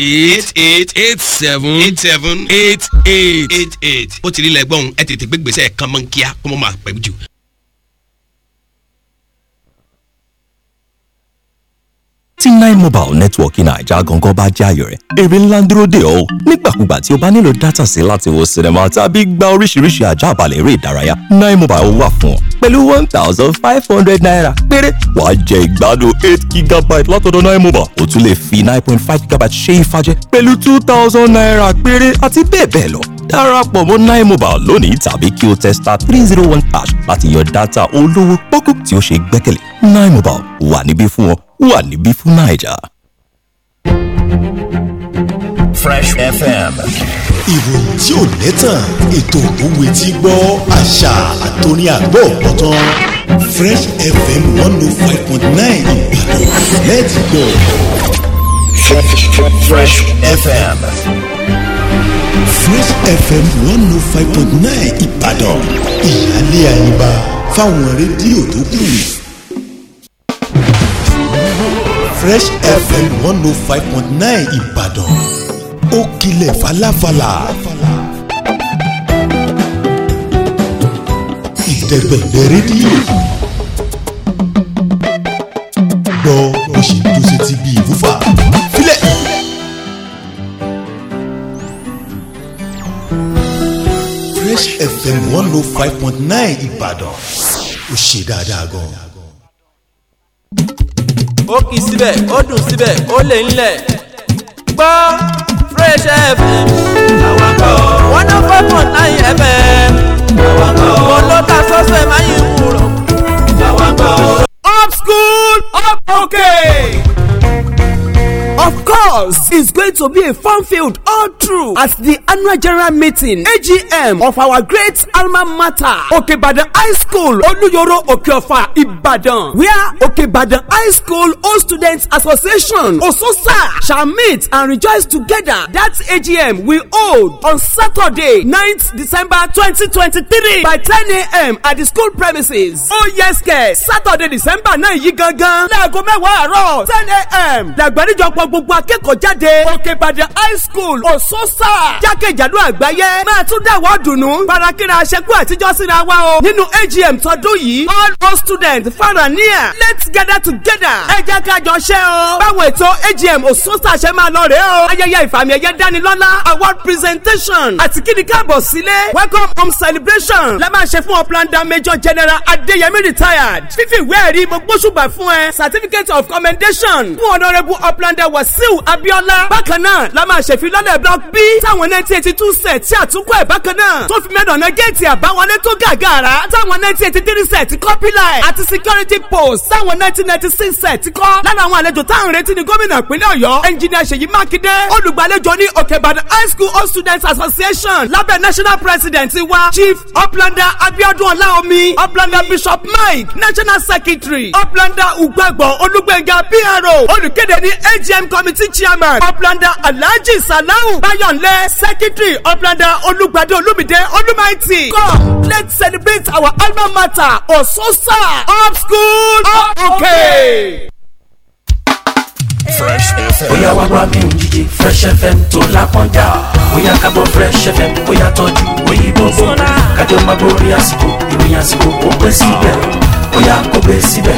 eight eight eight seven eight seven eight eight eight eight ó ti rí lẹ́gbọ̀n ẹ tètè gbégbèsè kan mọ́ kíá kó mọ́ máa pẹ́ jù. tí nine mobile network naija gangan bá jẹ́ àyò rẹ̀ èrè ńlá ń dúró dè ọ́ nígbàkúgbà tí o bá nílò dátà sí láti wo sinimá tàbí gba oríṣiríṣi àjàbalẹ̀ eré ìdárayá nine mobile wà fún ọ pẹ̀lú one thousand five hundred naira péré wàá jẹ ìgbádùn eight gigabyte látọ̀dọ̀ nine mobile o tún lè fi nine point five gigabyte ṣe ìfàjẹ pẹ̀lú two thousand naira péré àti bẹ́ẹ̀ bẹ́ẹ̀ lọ darapọ̀ mọ́ nine mobile lónìí tàbí kí o tẹ star three zero one hash láti yọ dátà olówó pọ́kú tí o ṣe gbẹ́kẹ̀lé nine mobile wà níbí fún ọ wà níbí fún naija. Fresh FM. ìròyìn tí ò lẹ́tàn ètò òwe tí gbọ́ àṣà àtòrin àgbọ̀ ọ̀tán Fresh FM one oh five point nine Ìbàdàn let's go. Fresh FM. Fresh FM one oh five point nine Ìbàdàn ìyáálé àyíbá fáwọn rédíò tó kù. Fresh FM one oh five point nine Ìbàdàn ó kilẹ̀ falafala ìdẹ́gbẹ̀gbẹ̀ rédíò gbọ́ bó ṣe tó ṣe ti bí ìwúfà Fresh FM one oh five point nine Ìbàdàn ó ṣe dáadáa gan-an ó kì í síbẹ̀ ó dùn síbẹ̀ ó lè ńlẹ̀. gbọ́ fresh fm àwàkọ́ one oh five point nine fm àwàkọ́ mo ló ta sọ́sẹ̀ máa yín wúrọ̀ àwàkọ́. up school up okay of course, it's going to be a fun filled all through at the annual general meeting AGM of our great alma mater Okebadan High School Oluyoro Okeofa Ibadan where Okebadan High School All Students Association Ososa shall meet and rejoice together. That AGM we hold on Saturday 9th December 2023 by 10 a.m. at the school premises. Oh yes guys! Saturday December 9 yìí gangan láago mẹ́wàá àárọ̀ 10 a.m. làgbàdìjọpọ̀ gbogbo akẹ́kọ̀ọ́ jáde òkèbàdàn high school òṣòṣà jákèjádò àgbáyé máa tún dáwọ́ dùnú parakíra aṣẹ́kù àtijọ́ síra wa o nínú agm tọdún yìí all our students fara níà let's gather together ẹ jẹ́ ká jọ ṣe o báwọn ètò agm òṣòṣà ṣe máa lọ rèé o ayẹyẹ ìfàmì ẹ̀yẹ dánilọ́lá award presentation àti kíni káàbọ̀ sílé welcome home celebration la máa ṣe fún ọ̀planda major general adéyẹmí retired fífi ìwé ẹ̀rí mo gbóṣùbà fún ẹ certificate of commendation fún honourable ọ̀planda wà wàsíù abíọ́lá bákan náà la máa ṣèfilọ́lẹ̀ block b táwọn nineteen eighty two set tí àtúnkọ ẹ̀ bákan náà tó fi mẹ́dọ̀nà géètì àbáwọlé tó gàgàrà táwọn nineteen eighty three set kọ́ pílà àti security post táwọn nineteen ninety six set kọ́ lára àwọn àlejò táwọn retí ni gómìnà ìpínlẹ̀ ọ̀yọ́ ẹnjìnìà ṣèyí mákindé olùgbàlejò ní òkèbàdàn high school all students association lábẹ́ national president wa chief uplander abiodun ọláomi uplander bishop mike national secretary uplander ugbàgbọ́ olùgbẹ̀ngà pro olùkéde ní agm committee chairman ọ̀planda alhaji salau bayonle secretary ọ̀planda olùgbàdé olùmìdé olùmáìtì come let's celebrate our alma mater ososa up school up oh, okay. fresh fm. bóyá wá wá mi ò jíjẹ fresh fm tó lápọ́njà bóyá kábọ̀ fresh fm bóyá tọ́jú òyìnbó bò kájọ máa borí àsìkò ìròyìn àsìkò ó pẹ́ síbẹ̀ ó yá kò bẹ̀ síbẹ̀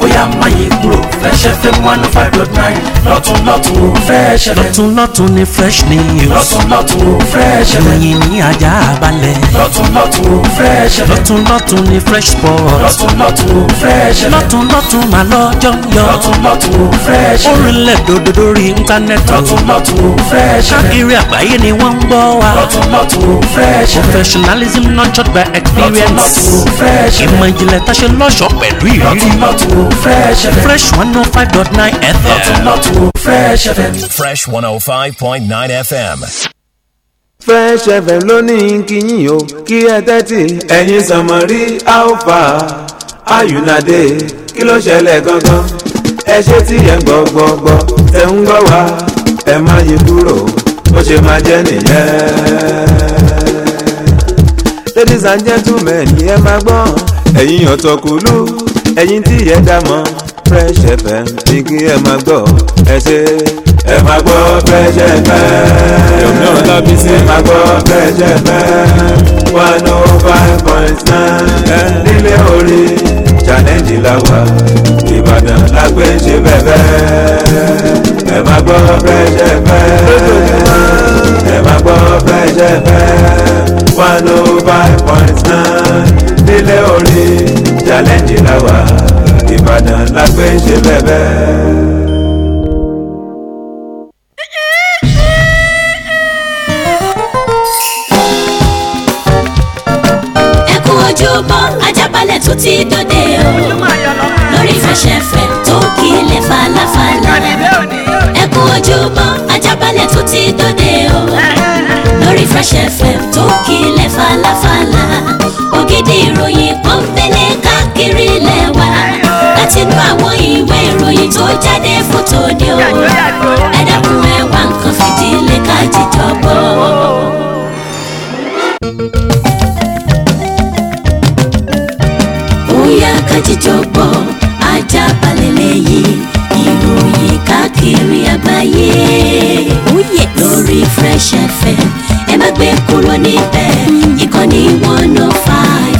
ó yá máyé kúrò Fresh FM one oh five dot nine lọ́tún lọ́tún Fresh FM. lọ́tún lọ́tún ni fresh news. lọ́tún lọ́tún Fresh FM. ròyìn ní ajá balẹ̀. lọ́tún lọ́tún Fresh FM. lọ́tún lọ́tún ni fresh sport. lọ́tún lọ́tún Fresh FM. lọ́tún lọ́tún mà lọ́jọ́ yọ. lọ́tún lọ́tún Fresh FM. orílẹ̀ dòdò lórí íńtánẹ́ẹ̀tì. lọ́tún lọ́tún Fresh FM. káàkiri àgbáyé ni wọ́n ń gbọ́ wa. lọ́tún lọ́tún Fresh FM. professionalism nurtured by experience. lọ́tún lọ́tún Fresh FM. ìmọ̀ ìjìnlẹ̀ tá a ṣe lọ́ ọlọ́ṣọ́ pẹ̀lú ìrírí. lọ́tùlọ́tù fresh fm. fresh one oh five dot nine fm. lọ́tùlọ́tù fresh fm. fresh one oh five point nine fm. fresh fm lónìí kìyìn o kí ẹ tẹ́tì. ẹ̀yin sọmọrí alfa ayùnádé kí ló ṣẹlẹ̀ gangan. ẹ ṣe tí ẹ gbọ́ gbọ́ gbọ́ ẹ ń gbọ́ wá ẹ má yí kúrò bó ṣe máa jẹ́ nìyẹn. ladies and gentlemen ẹ máa gbọ́n ẹ̀yin ọ̀tọ̀kùlú ẹ̀yin tí ẹ dá mọ̀ Fresh FM ní kí ẹ máa gbọ́ ẹ ṣe. ẹ máa gbọ́ Fresh FM yomi ọlábí sí. ẹ máa gbọ́ Fresh FM one oh five point nine nílé orí challenge la wà Ìbàdàn la gbé ṣe bẹ́ẹ̀ ẹ máa gbọ́ Fresh FM ẹ máa gbọ́ Fresh FM one oh five point nine nílẹ̀ orí challenge la Ìbàdàn la gbé ṣe bẹ́ẹ̀ ẹ ojúbọ Ajaabale tó ti dòde sínú àwọn ìwé ìròyìn tó jáde fún tòde o ẹ dákun ẹ wá nǹkan fìdílé ká jíjọ bóyá ká jíjọ ajá balẹ̀ lẹ́yìn ìròyìn káàkiri àgbáyé oh, lórí Fresh FM ẹ má gbé kúrò níbẹ̀ ìkànnì one oh five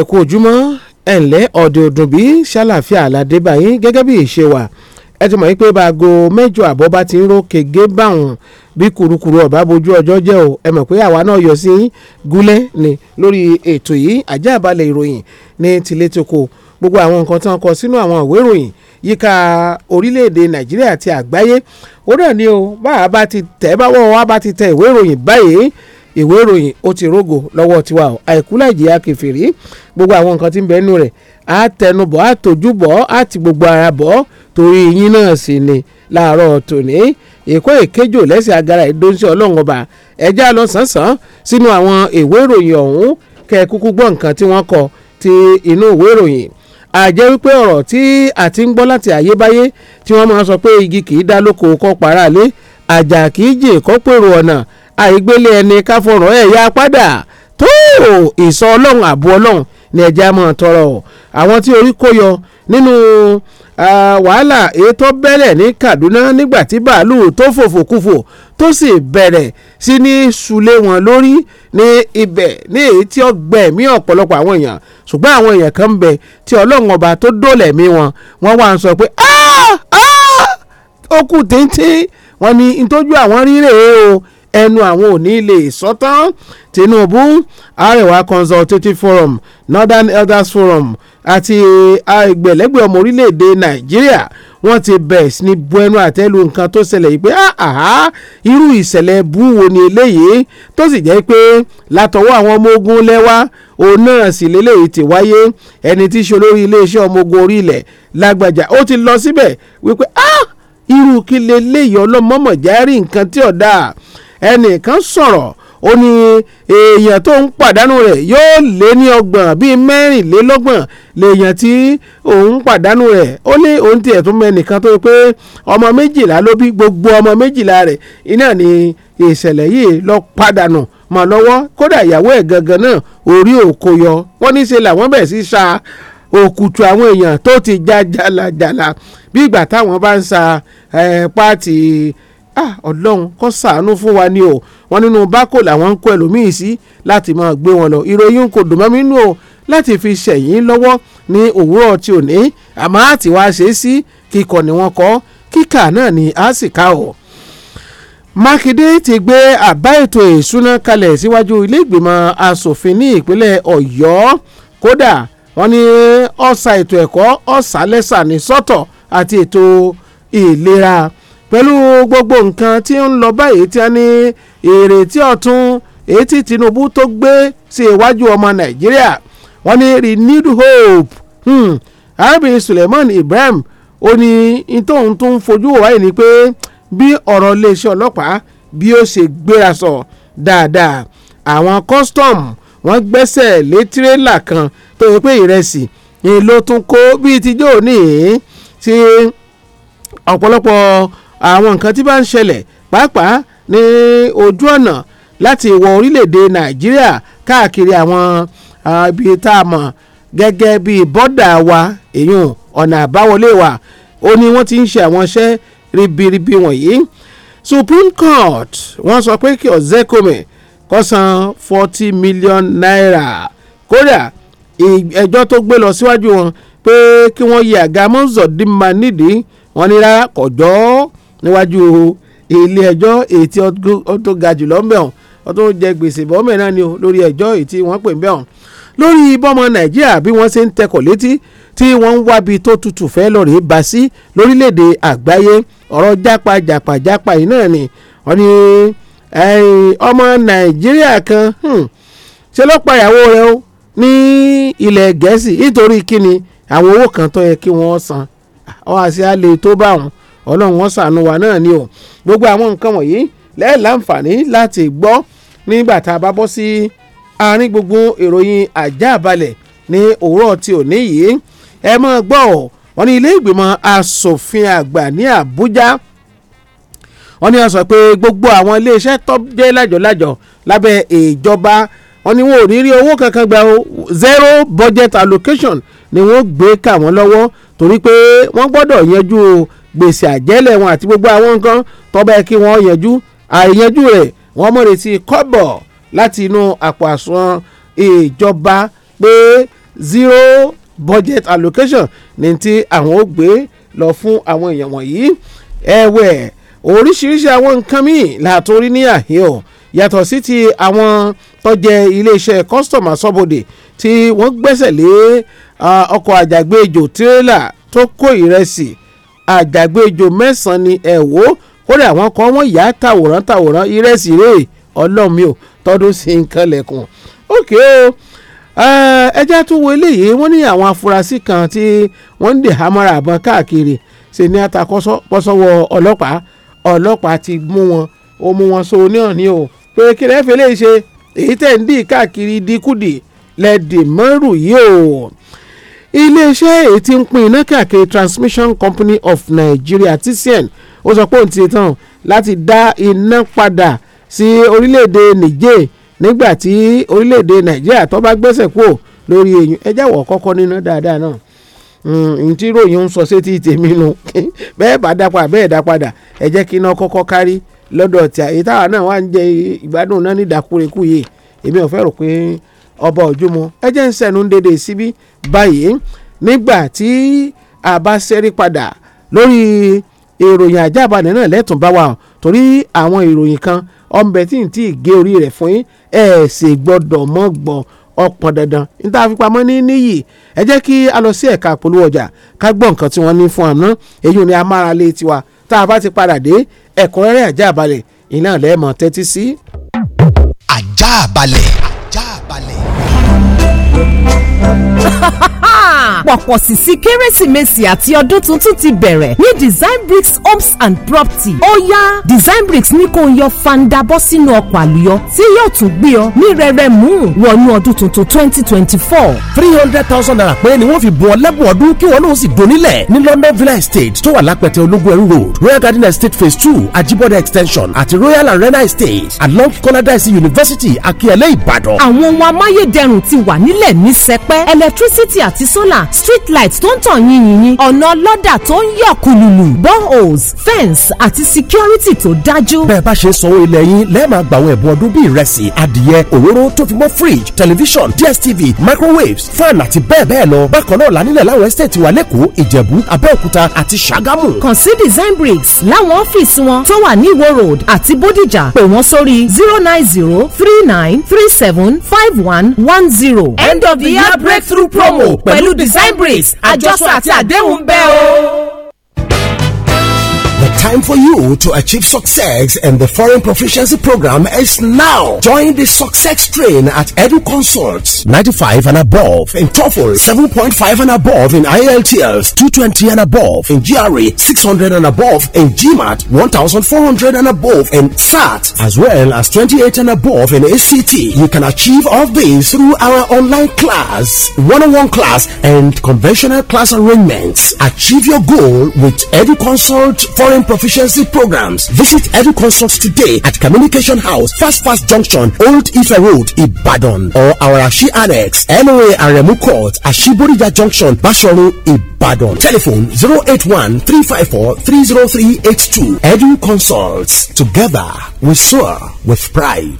ẹ kú ojúmọ́ ẹ̀ ǹlẹ́ ọ̀dẹ̀ ọdún bí ṣàlàfíà aládébà yín gẹ́gẹ́ bí ìṣe wà ẹ ti mọ̀ yín pé báago mẹ́jọ àbọ̀ bá ti ń ró kege báwọn bí kurukuru ọ̀bá bojú ọjọ́ jẹ́ o ẹ mọ̀ pé àwa náà yọ sí gúlẹ́ ni lórí ètò yìí ajá àbálẹ̀ ìròyìn ní tilétoko gbogbo àwọn nǹkan tí wọ́n kọ sínú àwọn ìwé ìròyìn yíká orílẹ̀-èdè nàìjíríà àti àgbáyé ó dà ní o bá a bá ti tẹ̀ báwọ̀ wa bá ti tẹ̀ ìwé ìròyìn báyìí ìwé ìròyìn ó ti rógò lọ́wọ́ tiwa o àìkú láì jìyà kẹfìrí gbogbo àwọn nǹkan tí ń bẹ nínú rẹ̀ á tẹnubọ̀ á tójúbọ̀ á ti gbogbo ara bọ̀ torí yín náà sì ni láàárọ̀ tòní èkó èkéjò lẹ́sìn agara ìdóńsí ọlọ́run ọba ẹja lọ sánsan sínú àwọn ìwé ìròyìn ọ̀hún kẹ́ kúkú gbọ́ nǹkan tí wọ́n kọ ti inú ìwé ìròyìn àjẹ́ wípé ọ̀rọ̀ tí àti ń gbọ́ láti àyébáyé tí wọ́n máa sọ pé igi kì í dá lóko kọ́ para àjà kì í jè kó pèrò ọ̀nà àìgbélé ẹni káfọ̀rọ̀ ẹ̀ yá padà tó ìsọ ọlọ́run àbú ọlọ́run ní ẹja mọ̀ tọrọ àwọn tí orí kó yọ nínú wàhálà ètò bẹ̀rẹ̀ ní Kaduna nígbà tí bàálù tó fòfò kúfò tó sì bẹ̀rẹ̀ sí ní sulé wọn lórí ní ibẹ̀ ní èyí tí ó gbẹ̀mí ọ̀pọ̀lọpọ̀ àwọn èèyàn ṣùgbọ́n àwọn èèyàn kan ń bẹ tí ọlọ́run ọba tó dólẹ̀mí wọn wọ́n wá ń sọ pé ó kù tíntín wọ́n ní ìtọ́jú àwọn rírè o ẹnu àwọn ò ní lè sọ́tán Tinubu Arewa Consultative Forum Northern Elders Forum àti ẹgbẹ̀lẹ́gbẹ̀ ọmọ orílẹ̀-èdè Nàìjíríà wọ́n ti bẹ̀rẹ̀ sí ní bu ẹnu àtẹ́lu nǹkan tó ṣẹlẹ̀ yìí pé irú ìṣẹ̀lẹ̀ bú wo ni eléyìí tó sì jẹ́ pé látọwọ́ àwọn ọmọ ogun lẹ́wà òun náà sì lélẹ́yìí ti wáyé ẹni tí í ṣe olórí iléeṣẹ́ ọmọ ogun orí lágbàjá ó ti lọ síbẹ̀ wípé á irú kí leléyìí ọlọ́mọ́mọ̀ járí nǹkan tí ọ̀dà ẹnìkan sọ̀rọ̀ ó ní èèyàn tó ń pàdánù rẹ̀ yóò lé ní ọgbọ̀n bíi mẹ́rìnlélọ́gbọ̀n lèèyàn tí òun pàdánù rẹ̀ ó ní òun tiẹ̀ tún mẹ́nìkan tó pé ọmọ méjìlá ló bí gbogbo ọmọ méjìlá rẹ̀ iná ni ìṣẹ̀lẹ̀ yìí lọ pàdánù mọ́ lọ́wọ́ kódà ìyàwó ẹ̀ gangan náà orí òkò yọ wọ́n ní í ṣe làwọn bẹ̀ sí sa òkùtù àwọn èèyàn tó ti já jálajàla bí ìgbà táwọn bá ń sa páàtì ah, ọlọ́run kó ṣàánú fún wa ni o wọn nínú bákò làwọn ń kó ẹlòmíì sí láti máa gbé wọn lọ ìròyìn kò dùn mọ́ mi nù o láti fi ṣẹ̀yìn lọ́wọ́ ní òwúrọ̀ tí ò ní àmọ́ àti wá ṣe é sí kíkọ́ ni wọ́n kọ́ kíkà náà ni a sì ká o. Mákindé ti gbé àbá ètò ìṣúná kalẹ̀ síwájú ilé ìgbìmọ̀ asòfin ní ìpínlẹ̀ Ọ̀yọ́ kódà wọ́n ní ọ̀sà ètò ẹ̀kọ́ ọ̀sà lẹ́sà ní sọ́tọ̀ so àti ètò ìlera pẹ̀lú gbogbo nǹkan tí ń lọ báyìí tí a ní ìrètí ọ̀tun èyí tí Tinubu tó gbé sí iwájú ọmọ Nàìjíríà wọ́n ní renewed hope hmm. arábìnrin Suleiman Ibrahim ó ní tóun tún fojú wáyé ni pé bí ọ̀rọ̀ iléeṣẹ́ ọlọ́pàá bí ó ṣe gbéra sọ dáadáa àwọn custom wọ́n gbẹ́sẹ̀ lé tirẹ́là kan tó yẹ pé ìrẹsì ni ló tún kó bíi tíjọ́ òní yìí tí ọ̀pọ̀lọpọ̀ àwọn nǹkan tí bá ń ṣẹlẹ̀ pàápàá ní ojú ọ̀nà láti wọ orílẹ̀-èdè nàìjíríà káàkiri àwọn ibi tá a mọ̀ gẹ́gẹ́ bí bọ́dà wa èyàn ọ̀nà àbáwọlé wa ó ní wọ́n ti ń ṣe àwọn iṣẹ́ ribiribi wọ̀nyí supreme court wọ́n sọ pé kí ọ̀zẹ́kọ̀mẹ̀ kó san forty million naira kódà ẹjọ́ tó gbé lọ síwájú wọn pé kí wọ́n yẹ àga mọ́sọ̀dínmà nídìí wọ́n ní rárá kọjọ́ níwájú ilé ẹjọ́ ètí ọtún ga jùlọ ń bẹ̀ hàn ọtún jẹ gbèsè bọ́mẹ̀ náà ni o lórí ẹjọ́ ètí wọ́n pè ń bẹ̀ hàn lórí bọ́mọ nàìjíríà bí wọ́n ṣe ń tẹkọ̀ létí tí wọ́n ń wábi tó tutù fẹ́ lọ́ọ̀rẹ́ bá sí lórílẹ̀‐èdè àgbáyé ọ̀rọ̀ jápa jápa jápa yìí náà ni wọ́n ní ọmọ nàìjíríà kan hmm, ṣe ló pa ìyàwó rẹ̀ ní ilẹ̀ gẹ̀ẹ́sì nítorí kíni àwọn owó kan tó yẹ kí wọ́n san ọ àti alẹ́ tó bá wọn ọlọ́run wọn ṣàánú wa náà ni o gbogbo àwọn nǹkan wọ̀nyí lẹ́ẹ̀ láǹfààní láti gbọ́ nígbà tá a bá bọ́ sí àárín gbogbo ìròyìn àjàbalẹ̀ ní òwúrọ̀ tí ò ní yìí ẹ máa gbọ́ ọ wọn ní ilé ìgbìmọ̀ asòfin àgbà ní Àbújá wọn ní wọn sọ pé gbogbo àwọn iléeṣẹ́ tó jẹ́ lájọ̀lájọ̀ lábẹ́ ìjọba wọn ní wọn ò ní rí owó kankan gba o zero budget allocation ni wọ́n gbé kà wọ́n lọ́wọ́ torí pé wọ́n gbọ́dọ̀ yanjú gbèsè àjẹ́lẹ̀ wọn àti gbogbo àwọn nǹkan tọ́ba kí wọ́n yanjú àìyanjú rẹ̀ wọ́n mọ̀ retí kọ́bọ̀ láti inú àpò àsùnwọ̀n ìjọba pé zero budget allocation ní ti àwọn ó gbé lọ fún àwọn èèyàn wọ̀nyí ẹ̀wẹ̀ oríṣiríṣi àwọn nǹkan míì làtòrí ní àhíọ̀ yàtọ̀ sí ti àwọn tó jẹ́ iléeṣẹ́ custom asọ́bodè tí wọ́n gbẹ́sẹ̀ lé Ah, ọkọ̀ àjàgbéjò tirẹ́là tó kó ìrẹsì àjàgbéjò mẹ́sàn-án ni ẹ̀wọ́ kódà àwọn kan wọ́n yà á tàwòrán tàwòrán ìrẹsì rèé ọlọ́run mi ò tọdún sí nǹkan lẹ̀kùn òkè o ah, ẹjẹ́ àtúnwò eléyìí wọ́n ní àwọn afurasí kan tí wọ́n ń dè hámọ́ra àbọ̀n káàkiri ṣe ní àtàkọ́sọ́wọ́ ọlọ́pàá ọlọ́pàá ti mú wọn ó mú wọn so oníhàn ní o pé kí lẹ́ fi léyìí ṣe èyí tẹ̀ ń dì káàkiri dikúdì lẹ́ẹ̀dì mọ́rù yìí o iléeṣẹ́ èyí tí ń pín iná káàkiri transmission company of nigeria tcn ó sọ pé òun ti tán láti dá iná padà sí orílẹ̀-èdè niger nígbà tí orílẹ̀-èdè nigeria tó bá gbẹ́sẹ̀ kúrò lórí eyín ẹjẹ́ wọ̀ kọ́kọ́ nínú dáadáa náà hmm, n tí ròyìn ń sọ sétí tèmi nu bẹ́ẹ̀ bá dá padà bẹ́ẹ̀ dá padà ẹ jẹ́ kí iná kọ́kọ́ kárí lọ́dọ̀ tí àyè táwa náà wà ń jẹ ìgbádùn náà ní yìí èmi ò fẹ́ rò pé ọba òjúmu ẹ jẹ́ ń sẹ́nu dédé síbí báyìí nígbà tí a bá ṣẹ́rí padà lórí ìròyìn àjábalẹ̀ náà lẹ́tùn bá wa torí àwọn ìròyìn kan ọmọbẹ tí n tí ì gé orí rẹ̀ fún yín ẹ ṣe gbọ́dọ̀ mọ́ gbọ́ ọ̀pọ̀ dandan níta fipamọ́ ní níyì ẹ jẹ́ kí a lọ sí ẹ̀ka polówó ọjà ká gbọ́ nǹkan tí wọ́n ní fún àná èyí ni a mára lé tiwa tá a bá ti padà dé ẹ̀kúnrẹ́rẹ́ àjábalẹ̀ ìlànà lẹ́ẹ̀mọ́ tẹ́tí sí. àjábalẹ̀ àjábalẹ̀. 哈哈。pọ̀pọ̀ sì sí kérésìmesì àti ọdún tuntun ti bẹ̀rẹ̀ ní design bricks homes and property ó yá design bricks ní kò ń yọ fanda bọ́ sínú ọkọ̀ àlùyọ tí yóò tún gbé ọ ní rẹ̀rẹ̀ mú wọnú ọdún tuntun twenty twenty four. three hundred thousand naira pé ni wọ́n fi bu ọlẹ́bùn ọdún kí wọ́n lòun sì donílẹ̀ ní london villa estate tó wà lápẹ̀tẹ̀ ológun ẹrú road royal garden estate phase two ajibode extension àti royal arena estate along kọ́ládàísí university akíọ̀lẹ̀ ìbàdàn. àwọn ohun amáyédẹrùn ti wà nílẹ̀ ní sẹpẹ́ ẹlẹtírísítì àti sólà street light tó ń tàn yínyínyín ọ̀nà lọ́dà tó ń yọ̀ kùlùlù boreholes fence àti security tó dájú. bẹ́ẹ̀ bá ṣe sanwó ilẹ̀ yín lẹ́ẹ̀ma gba àwọn ẹ̀bùn ọdún bíi ìrẹsì adìyẹ òróró tó fi mọ́ fridge television dstv microwaves fan àti bẹ́ẹ̀ bẹ́ẹ̀ lọ bákan náà la nílẹ̀ láwọn estate wa lẹ́kọ̀ọ́ ìjẹ̀bú abẹ́òkúta àti ṣàgámù. kàn sí design bricks láwọn ọ́fíìsì wọn tó wà ní ìwó road àti bódìjà pè wọ́n sórí zero nine zero three nine three seven five one one zero. end of the year breakthrough promo pẹ̀lú design. Time Breeze àjọṣọ àti àdéhùn bẹ́ẹ̀ o. time for you to achieve success in the foreign proficiency program is now. Join the success train at Edu Consults 95 and above in TOEFL 7.5 and above in IELTS 220 and above in GRE 600 and above in GMAT 1400 and above in SAT as well as 28 and above in ACT. You can achieve all these through our online class, one-on-one class and conventional class arrangements. Achieve your goal with Edu Consult Foreign proficiency programs. Visit Edu Consult today at Communication House, Fast Fast Junction, Old Ife Road, Ibadan, or our Ashi Annex, NOA Aremu Court, Ashiborija Junction, Bashoru, Ibadan. Telephone 081 354 30382. Edu Consults. Together, we soar with pride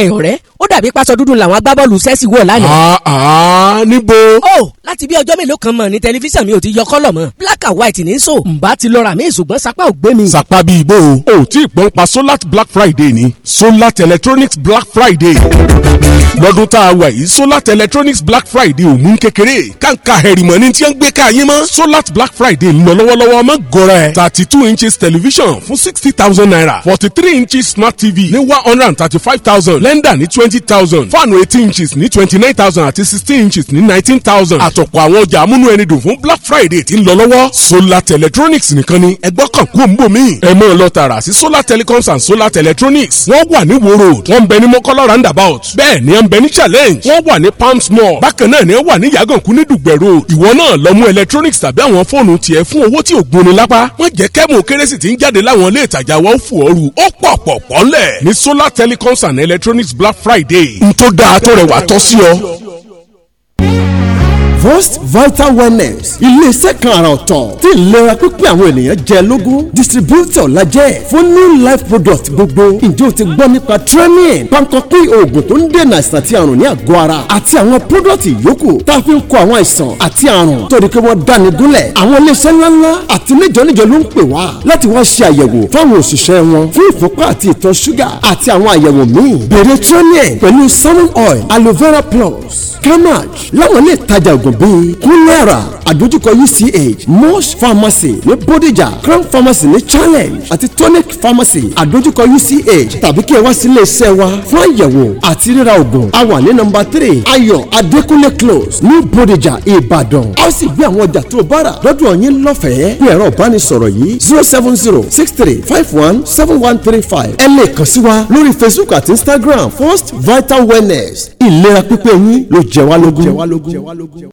ẹ ọ̀rẹ́ ó dàbí pásọ dúdú làwọn agbábọ́ọ̀lù Chelsea wọ̀ lánàá. àá ah, ah, níbo. ó láti bí ọjọ́ mélòó kan mọ̀ ní tẹlifíṣàn mi ò ti yọ kọ́lọ̀ mọ́ black and white ní so ǹbá ti lọ́ra mi ìṣùgbọ́n sapa ò gbé mi. sapa bíi ibo o ò tí ì gbọ́n pa Black Friday ni Solat Electronics Black Friday lọ́dún tá a wà yìí solar electronics black friday ò mú kékeré kàǹkà hẹ̀rìmọ̀ ni tí wọ́n gbé káyé mọ́ solar black friday ń lọ lọ́wọ́lọ́wọ́ ọmọ gọ́ra thirty two inches television fún sixty thousand naira forty three inches smart tv ní one hundred and thirty five thousand blender ní twenty thousand fan eighteen inches ní twenty nine thousand àti sixteen inches ní nineteen thousand àtọ̀pọ̀ àwọn ọjà amúnú ẹni dùn fún black friday tí ń lọ lọ́wọ́ solar electronics nìkan ni ẹgbọ́ kan kú òǹbò mi ẹ mọ̀ lọ tààrà sí solar telecoms and solar electronics wọ́n wà ní wo road wọ́n ń bẹ ní mọ́kọ́lá roundabout bẹ́ẹ̀ ni ẹ̀ ń bẹ challenge wọ́n wà ní palms mall bákan náà ni wọ́n wà ní yàgànkú ní dùgbẹ̀rù ìwọ náà lọ mú electronics tàbí àwọn fóònù tiẹ̀ fún owó tí ò gbóni lápá wọ́n jẹ́ kẹ́mù kérésì tí ń jáde láwọn ilé ìtajà wa ó fò ooru ó pọ̀ pọ̀ pọ̀ ńlẹ̀ ní solar telecoms and electronics black friday n tó dáa tó rẹwà tọ́ sí ọ. First, vital wellness iléeṣẹ́ kan àrà ọ̀tọ̀ tí ìlera pípé àwọn ènìyàn jẹ lógún distributor la jẹ́ fún new life product gbogbo ǹjẹ́ o ti gbọ́ nípa trenin pankọ́pì oògùn tó ń dènà àìsàn àti àrùn ní àgọ́ ara àti àwọn product yòókù tá a fi ń kọ àwọn àìsàn àti àrùn torí pé wọ́n dáni gúnlẹ̀ àwọn iléeṣẹ́ ńláńlá àti níjọ́níjọ́ ló ń pè wá láti wá ṣe àyẹ̀wò fáwọn òṣìṣẹ́ wọn fún ìfúnpá àti ìtọ̀ ṣúgà àti àwọn àyẹ̀wò míì bèrè trenin pẹ̀lú salmon oil aloe vera plus canage láwọn ilé ìtajà ògùn ìbàdàn bíi kúlọ́ra àdójúkọ uch mosh pharmacy ní bódìjà crown pharmacy ní challenge àti tonic pharmacy àdójúkọ uch tàbí kí ẹ wá sí iléeṣẹ́ wa fún àyẹ̀wò àti ríra oògùn a wà ní nọ́mbà three ayọ̀ adékúnlé close ní bódìjà ìbàdàn a ó sì gbé àwọn ọjà tó o bá rà lọ́dún ọ̀yìn lọ́fẹ̀ẹ́ bí ẹ̀rọ ìbánisọ̀rọ̀ yìí zero seven zero six three five one seven one three five ẹ lè kàn sí wa lórí facebook àti instagram first vital wellness ìlera pípé yín ló jẹ wá lógún.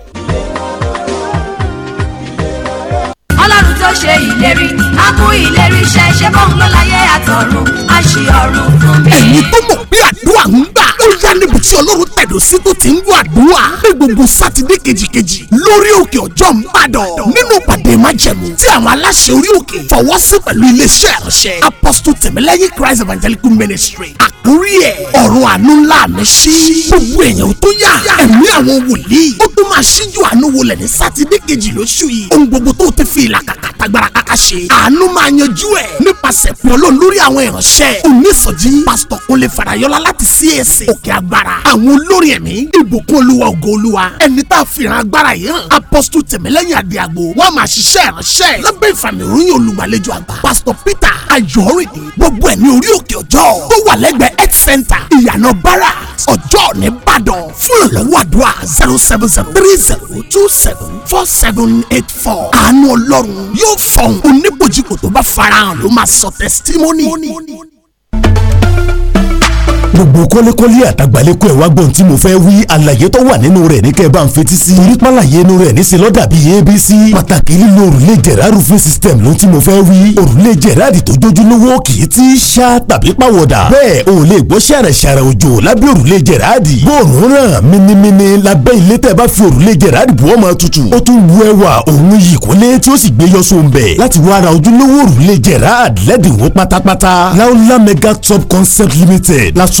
tó ṣe ìlérí a kú ìlérí iṣẹ́ ṣe bóun ló láyé àtọ̀run a ṣì ọ̀run fún mi. ẹ̀yin tó mọ̀ pé àdúrà ń gbà ó yá níbi tí ọlọ́run àdó síkù tí ń gbọ́ àdúrà ní gbogbo sátidé kejìkejì lórí òkè ọjọ́ ńbàdàn nínú pàdé májẹ̀mú tí àwọn aláṣẹ orí òkè fọwọ́ sí pẹ̀lú iléeṣẹ́ ìránṣẹ́ apọ́sítù tẹ̀mẹ́lẹ́yìn christ evangelical ministry àkórí ẹ̀ ọ̀run àánú ńlá mi ṣí gbogbo èèyàn tó yà ẹ̀mí àwọn wòlíì ó tó máa ṣíjú àánú wọlé ní sátidé kejì lóṣù yìí ohun gbogbo tó ti fi ìlàkàkà tagbára kàkà ṣe àánú máa yanjú ẹ̀ nípasẹ̀ pọ́lọ́ lórí àwọn ìránṣẹ́ onísọjí pásítọ̀ kúnlé farayọlá láti csc òkè agbára àwọn olórí lórí ẹ̀mí ìbùkún olúwa ògo olúwa ẹni tá a fìràn agbára yìí hàn apọ́sítù tẹ̀mẹ́lẹ́yìn àdìàgbò wọ́n máa ṣiṣẹ́ ìránṣẹ́ lábẹ́ ìfàmì ìròyìn olùgbàlejò àgbà pásítọ̀ peter ayọ̀rìndì gbogbo ẹ̀ ní orí òkè ọjọ́ tó wà lẹ́gbẹ̀ẹ́ health center ìyànà bára ọjọ́ nìbàdàn fún ìrànlọ́wọ́ àdúrà zero seven zero three zero two seven four seven eight àánú ọlọ́run yóò fọ̀hún testimony gbogbo kọ́lékọ́lé àtàgbàlékọ́ ẹ̀ wá gbọ́n tí mo fẹ́ wí àlàyé tó wà nínú rẹ̀ ní kẹ́ ẹ bá ń fetí sí. torí pàlàyé inú rẹ̀ ní sílọ́dà bíi abc pàtàkì lílo òrùlé jẹ̀rá roofing system ló tí mo fẹ́ wí. òrùlé jẹ̀rá tó jójúlówó kì í ti ṣá tàbí pàwọ̀dà. bẹ́ẹ̀ o lè gbọ́ ṣàrẹ̀ṣàrẹ̀ òjò lábẹ́ òrùlé jẹ̀rá dì. bóòrùn ràn minimini lábẹ́ ilé tẹ́ bá fi òrùlé jẹ̀rá dì bọ́ máa tutù. ó tún wú ẹwà òun yìí kólé tí ó sì gbé yọ sóńbẹ̀. láti wá ara òjúlówó òrùlé jẹ̀rá lẹ́dínwó pátápátá. laola mega top concept limited la sọ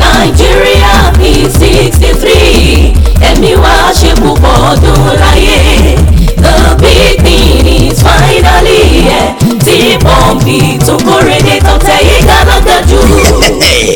nàìjíríà p sixty three ẹ̀mí wa ṣe púpọ̀ ọdún láyé the big thing. It's finally here tí pọ́ǹpì tó kórè dé tọ́tẹ̀ yìí gánagà jù.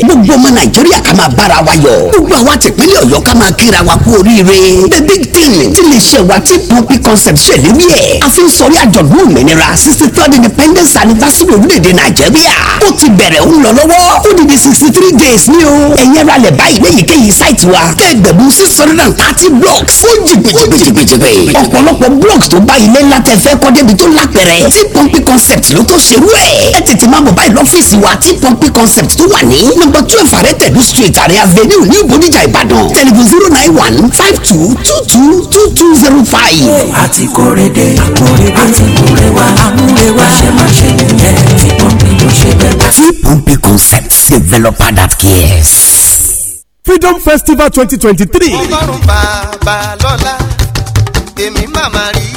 gbogbo ọmọ nàìjíríà ká máa bára wa yọ gbogbo àwa tìpínlẹ̀ ọ̀yọ́ ká máa kíra wa kú oríire the big thing ti lè ṣe wa tí pọ́ǹpì concept ṣèlérí ẹ̀ a fi ń sọrí àjọ̀dún òmìnira sixty third independence anniversary orílẹ̀-èdè nàìjíríà ó ti bẹ̀rẹ̀ ń lọ lọ́wọ́ ó di di sixty three days ní o ẹ̀yẹ́ ra lẹ̀ báyìí léyìíkéyìí sáìtì wa tẹ́gbẹ̀bù six hundred and thirty blocks ó jìgbìjìgbìjìgbìjìgbì ọ̀pọ̀lọpọ̀ blocks tó bá ilé ńlá tẹ fẹ́ kọ́dé kéde tó lápẹ̀rẹ̀ tí pọ́ńpì concept ló tó ṣerú ẹ̀ ẹ tètè máa bọ̀ báyìí lọ́fíìsì wa tí pọ́ńpì concept tó wà ní nọ́mbà twelve àrẹ tẹ̀lú street àrẹ avenue new Bodija Ìbàdàn tẹlifon zero nine one five two two two two two zero five. àti kórede àkórede àti múrewa àmúrewa ṣe máa ṣe nìyẹn tí pọ́ńpì ló ṣe bẹ́ẹ̀. tí pọ́ńpì concept developer that cares. Freedom Festival twenty twenty three. ó bá rún bàbá lọ́la èmi máa máa rí i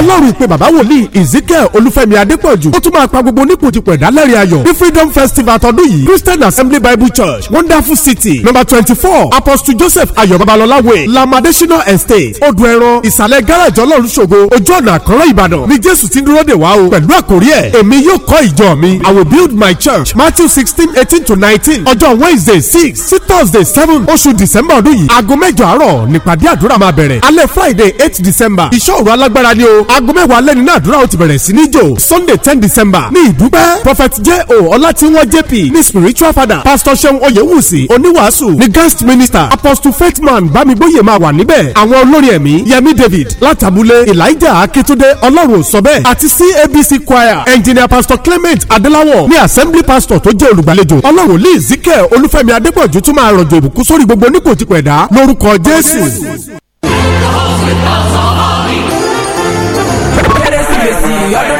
ọlọ́run ìpè bàbá wòlíì ezekiel olúfẹ́mi adépọ̀jù ó tún máa pa gbogbo onípojúpọ̀ ìdálẹ́rìn ayọ̀ ní freedom festival tọdún yìí christian assembly bible church wonderful city number twenty four apostle joseph ayọ̀ babalọ́lá way lamadesina estate odò ẹran ìsàlẹ̀ gáràjì ọlọ́run ṣògo ojú ọ̀nà àkọ́rọ́ ìbàdàn ni jésù ti ń dúró dè wá o pẹ̀lú àkórí ẹ̀ èmi yóò kọ́ ìjọ mi i will build my church matthew sixteen eighteen to nineteen ọjọ́ wednesday six sí thursday seven oṣù december ọdún yìí aago mẹ́jọ àárọ̀ nípàdé àdúrà máa bẹ̀rẹ̀ alẹ́ friday eight december ìṣọ́ òru alágbára ni o aago mẹ́wàá lẹ́ni náà àdúrà ó ti bẹ̀rẹ̀ sí ní jò sunday ten december ní ìdúpẹ́ prophet j o ọlátíwọ́n jp ní spiritual father pastor seun oyewusi oníwàásù ní guest minister apostle faithman bámigbóyè máa wà níbẹ̀ àwọn olórin ẹ̀mí yẹmi david látàbúlé elijah akitunde ọlọ́run sọ bẹ́ẹ̀ àti cabc choir engineer pastor clement adelawo ní assembly pastor tó jẹ́ olùgbàlejò ọlọ́run lee zikẹ́ olúfẹ́mi adépọ̀jù tún máa rọ̀jò ìbùkún sórí gbogbo oníkòtìpẹ̀dá lórúkọ jésù. you don't.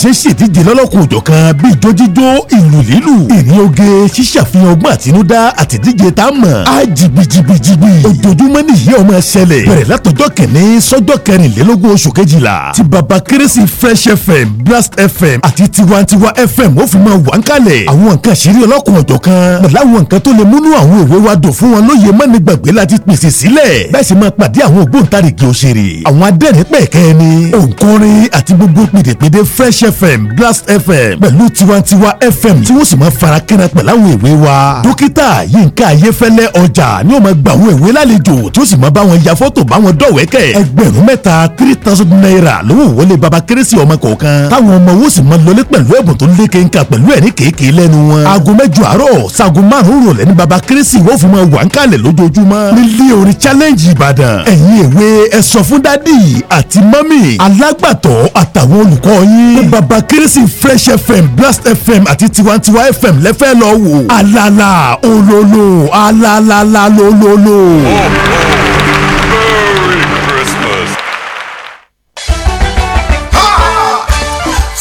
ṣe ń ṣèdíje lọ́lọ́kùn òjọ̀ kan bíi jójíjó ìlú lílù ìní oge ṣíṣàfihàn ọgbọ́n àtinúdá àtìdíje tá a mọ̀ á jìbìjìbìjìbì ojoojúmọ́ nìyí ọmọ ṣẹlẹ̀ bẹ̀rẹ̀ látọjọ́ kìíní sọ́jọ́ kẹrìnlélógún oṣù kejìlá ti baba kérésì fresh fm blast fm àti tiwantiwa fm ó fi máa wà ń kalẹ̀ àwọn nǹkan àṣírí ọlọ́kùn ọ̀jọ̀ kan pẹ̀lú àwọn nǹkan tó lè múnú àwọn òwe wa dùn fún wọn lóye mọ́ni gbàgbé láti pèsè sílẹ̀ bẹ́ẹ̀ sì máa pàdé àwọn ògbóǹtarìgì òṣèré àwọn adẹ́rìn pẹ̀kẹ́ ni òǹkọrin àti gbogbo pèdèpèdè fresh fm blast fm pẹ̀lú tiwantiwa fm tí wọ́n sì máa fara kẹ́ra pẹ̀lú àwọn ìwé wa. dókítà yínká ayéfẹ́lẹ́ ọjà ni ó máa gba àwọn ìwé lálejò tí ó sì máa bá wọn ya fọ́tò bá wọn dọ̀wẹ́kẹ̀. ẹgbẹ̀rún mẹ́ta three thousand naira lówó wọlé baba kérésì ọmọ kọ̀ọ̀kan táwọn ọmọ wo sì máa lọlé pẹ̀lú ẹ̀bùn tó lé kéńkà pẹ̀lú ẹ̀ ní kéèké lẹ́nu wọn. aago mẹ́jọ àárọ̀ baba kérésì wọ́n fi máa wà ń kalẹ̀ lójoojúmọ́. nílé challenge ìbàdàn ẹ̀yin èwe ẹ sọ fún dádì àti mọ́mì alágbàtọ́ àtàwọn bàbá kérésì fresh fm blast fm àti tiwantiwa fm lẹ́fẹ́ lọ wò alala ololo alalala lololo.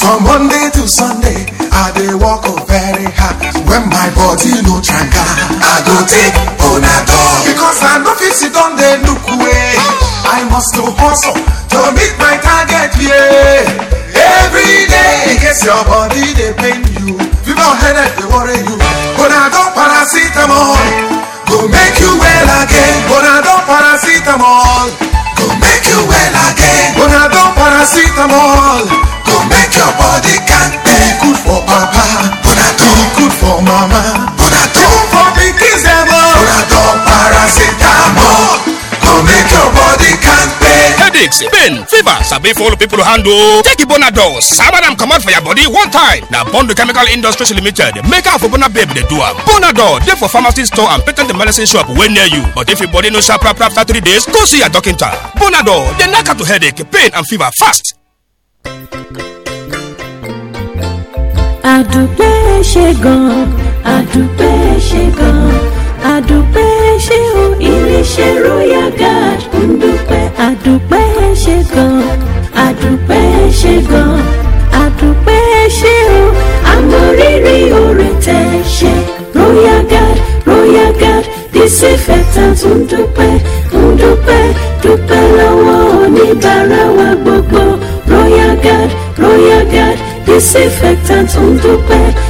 From Monday to Sunday, I dey work oh very hard. When my body no tranga, I go take on a dog. Because I no fit sit down dey look away. I must go hustle to meet my target, yeah. case your body they pain you fever headache dey worry you do don paracetamol go make you well again do don paracetamol go make you well again do don paracetamol go make your body can't be good for papa headaches pain fever sabi for all people handle take ibonadol sabi am comot for your body one time Now, bondo chemical Industries limited maker of bona babe dey do am bonadol dey for pharmacy store and patent the medicine shop when near you but if your body no sharp sharp after three days go see your doctor bonadol They knock out to headache pain and fever fast. àdùpẹ́ ṣe gan-an àdùpẹ́ ṣe gan-an Adupe ṣe o iléeṣẹ́ royal guard ń dúpẹ́ àdùpẹ́ ṣe gan àdùpẹ́ ṣe gan àdùpẹ́ ṣe o àmọ̀rírì oore tẹ̀ ṣe royal guard royal guard disinfectant ń dúpẹ́ ń dúpẹ́ dúpẹ́ lọ́wọ́ oníbàárà wa gbogbo royal guard royal guard disinfectant ń dúpẹ́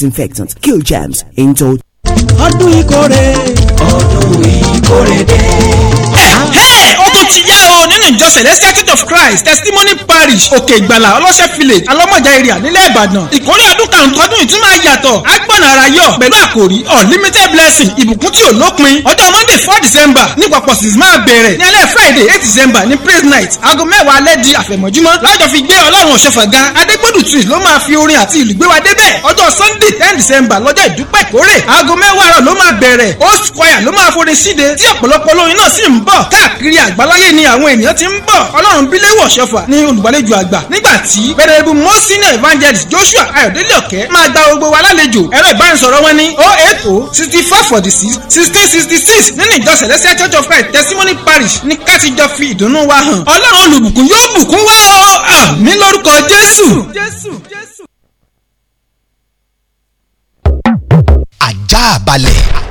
disinfectant, kill germs, into. ọdún ìkórè ọdún ìkórè dé. ẹ ẹ yá nínú ìjọ celestial church of christ testimony parish òkè ìgbàlà ọlọ́sẹ̀ village alọ́mọjà area nílẹ̀ ìbàdàn ìkórè ọdún kan tọdún ìtún máa yàtọ̀ agbọ̀nà ara yọ pẹ̀lú àkòrí unlimited blessing ìbùkún tí ò lópin ọjọ́ monday four december ní papọ̀ sì máa bẹ̀rẹ̀ ní alẹ́ friday eight december ní praise night aago mẹ́wàá alẹ́ di àfẹ̀mọ́júmọ́ lájọ fi gbé ọlọ́run òṣèfà ga adégbòdù twins ló máa fi orin àti ìlú gbé wa débẹ̀ ọjọ́ sunday ten december lọ́jọ́ ìdúpẹ́ kórè aago mẹ́wàá àárọ̀ ló máa bẹ̀rẹ̀ host choir ló máa forin síde tí ọ̀pọ̀lọpọ̀ lórin náà sì ń bọ̀ káàkiri àgbáláyé ni àwọn ènìyàn ti ń bọ̀ ọlọ́run bílẹ̀ wọ̀ṣọ́fà ní olùgbàlejò àgbà nígbà tí bẹ̀rẹ̀bù mọ́sínà evangelist joshua ayọ̀délé ọ̀kẹ́ máa gba gbogbo wa lálejò ẹ̀rọ ìbánisọ̀rọ̀ wọn ní oh eight oh sixty four forty six sixteen sixty six nínú ìjọ Celestial church of christ testimony parish ní kátijọ́ fi ìdùnnú wa hàn ọlọ́run olùbùkún yóò bùkún wá o àmín lórúkọ jésù. àjà balẹ̀.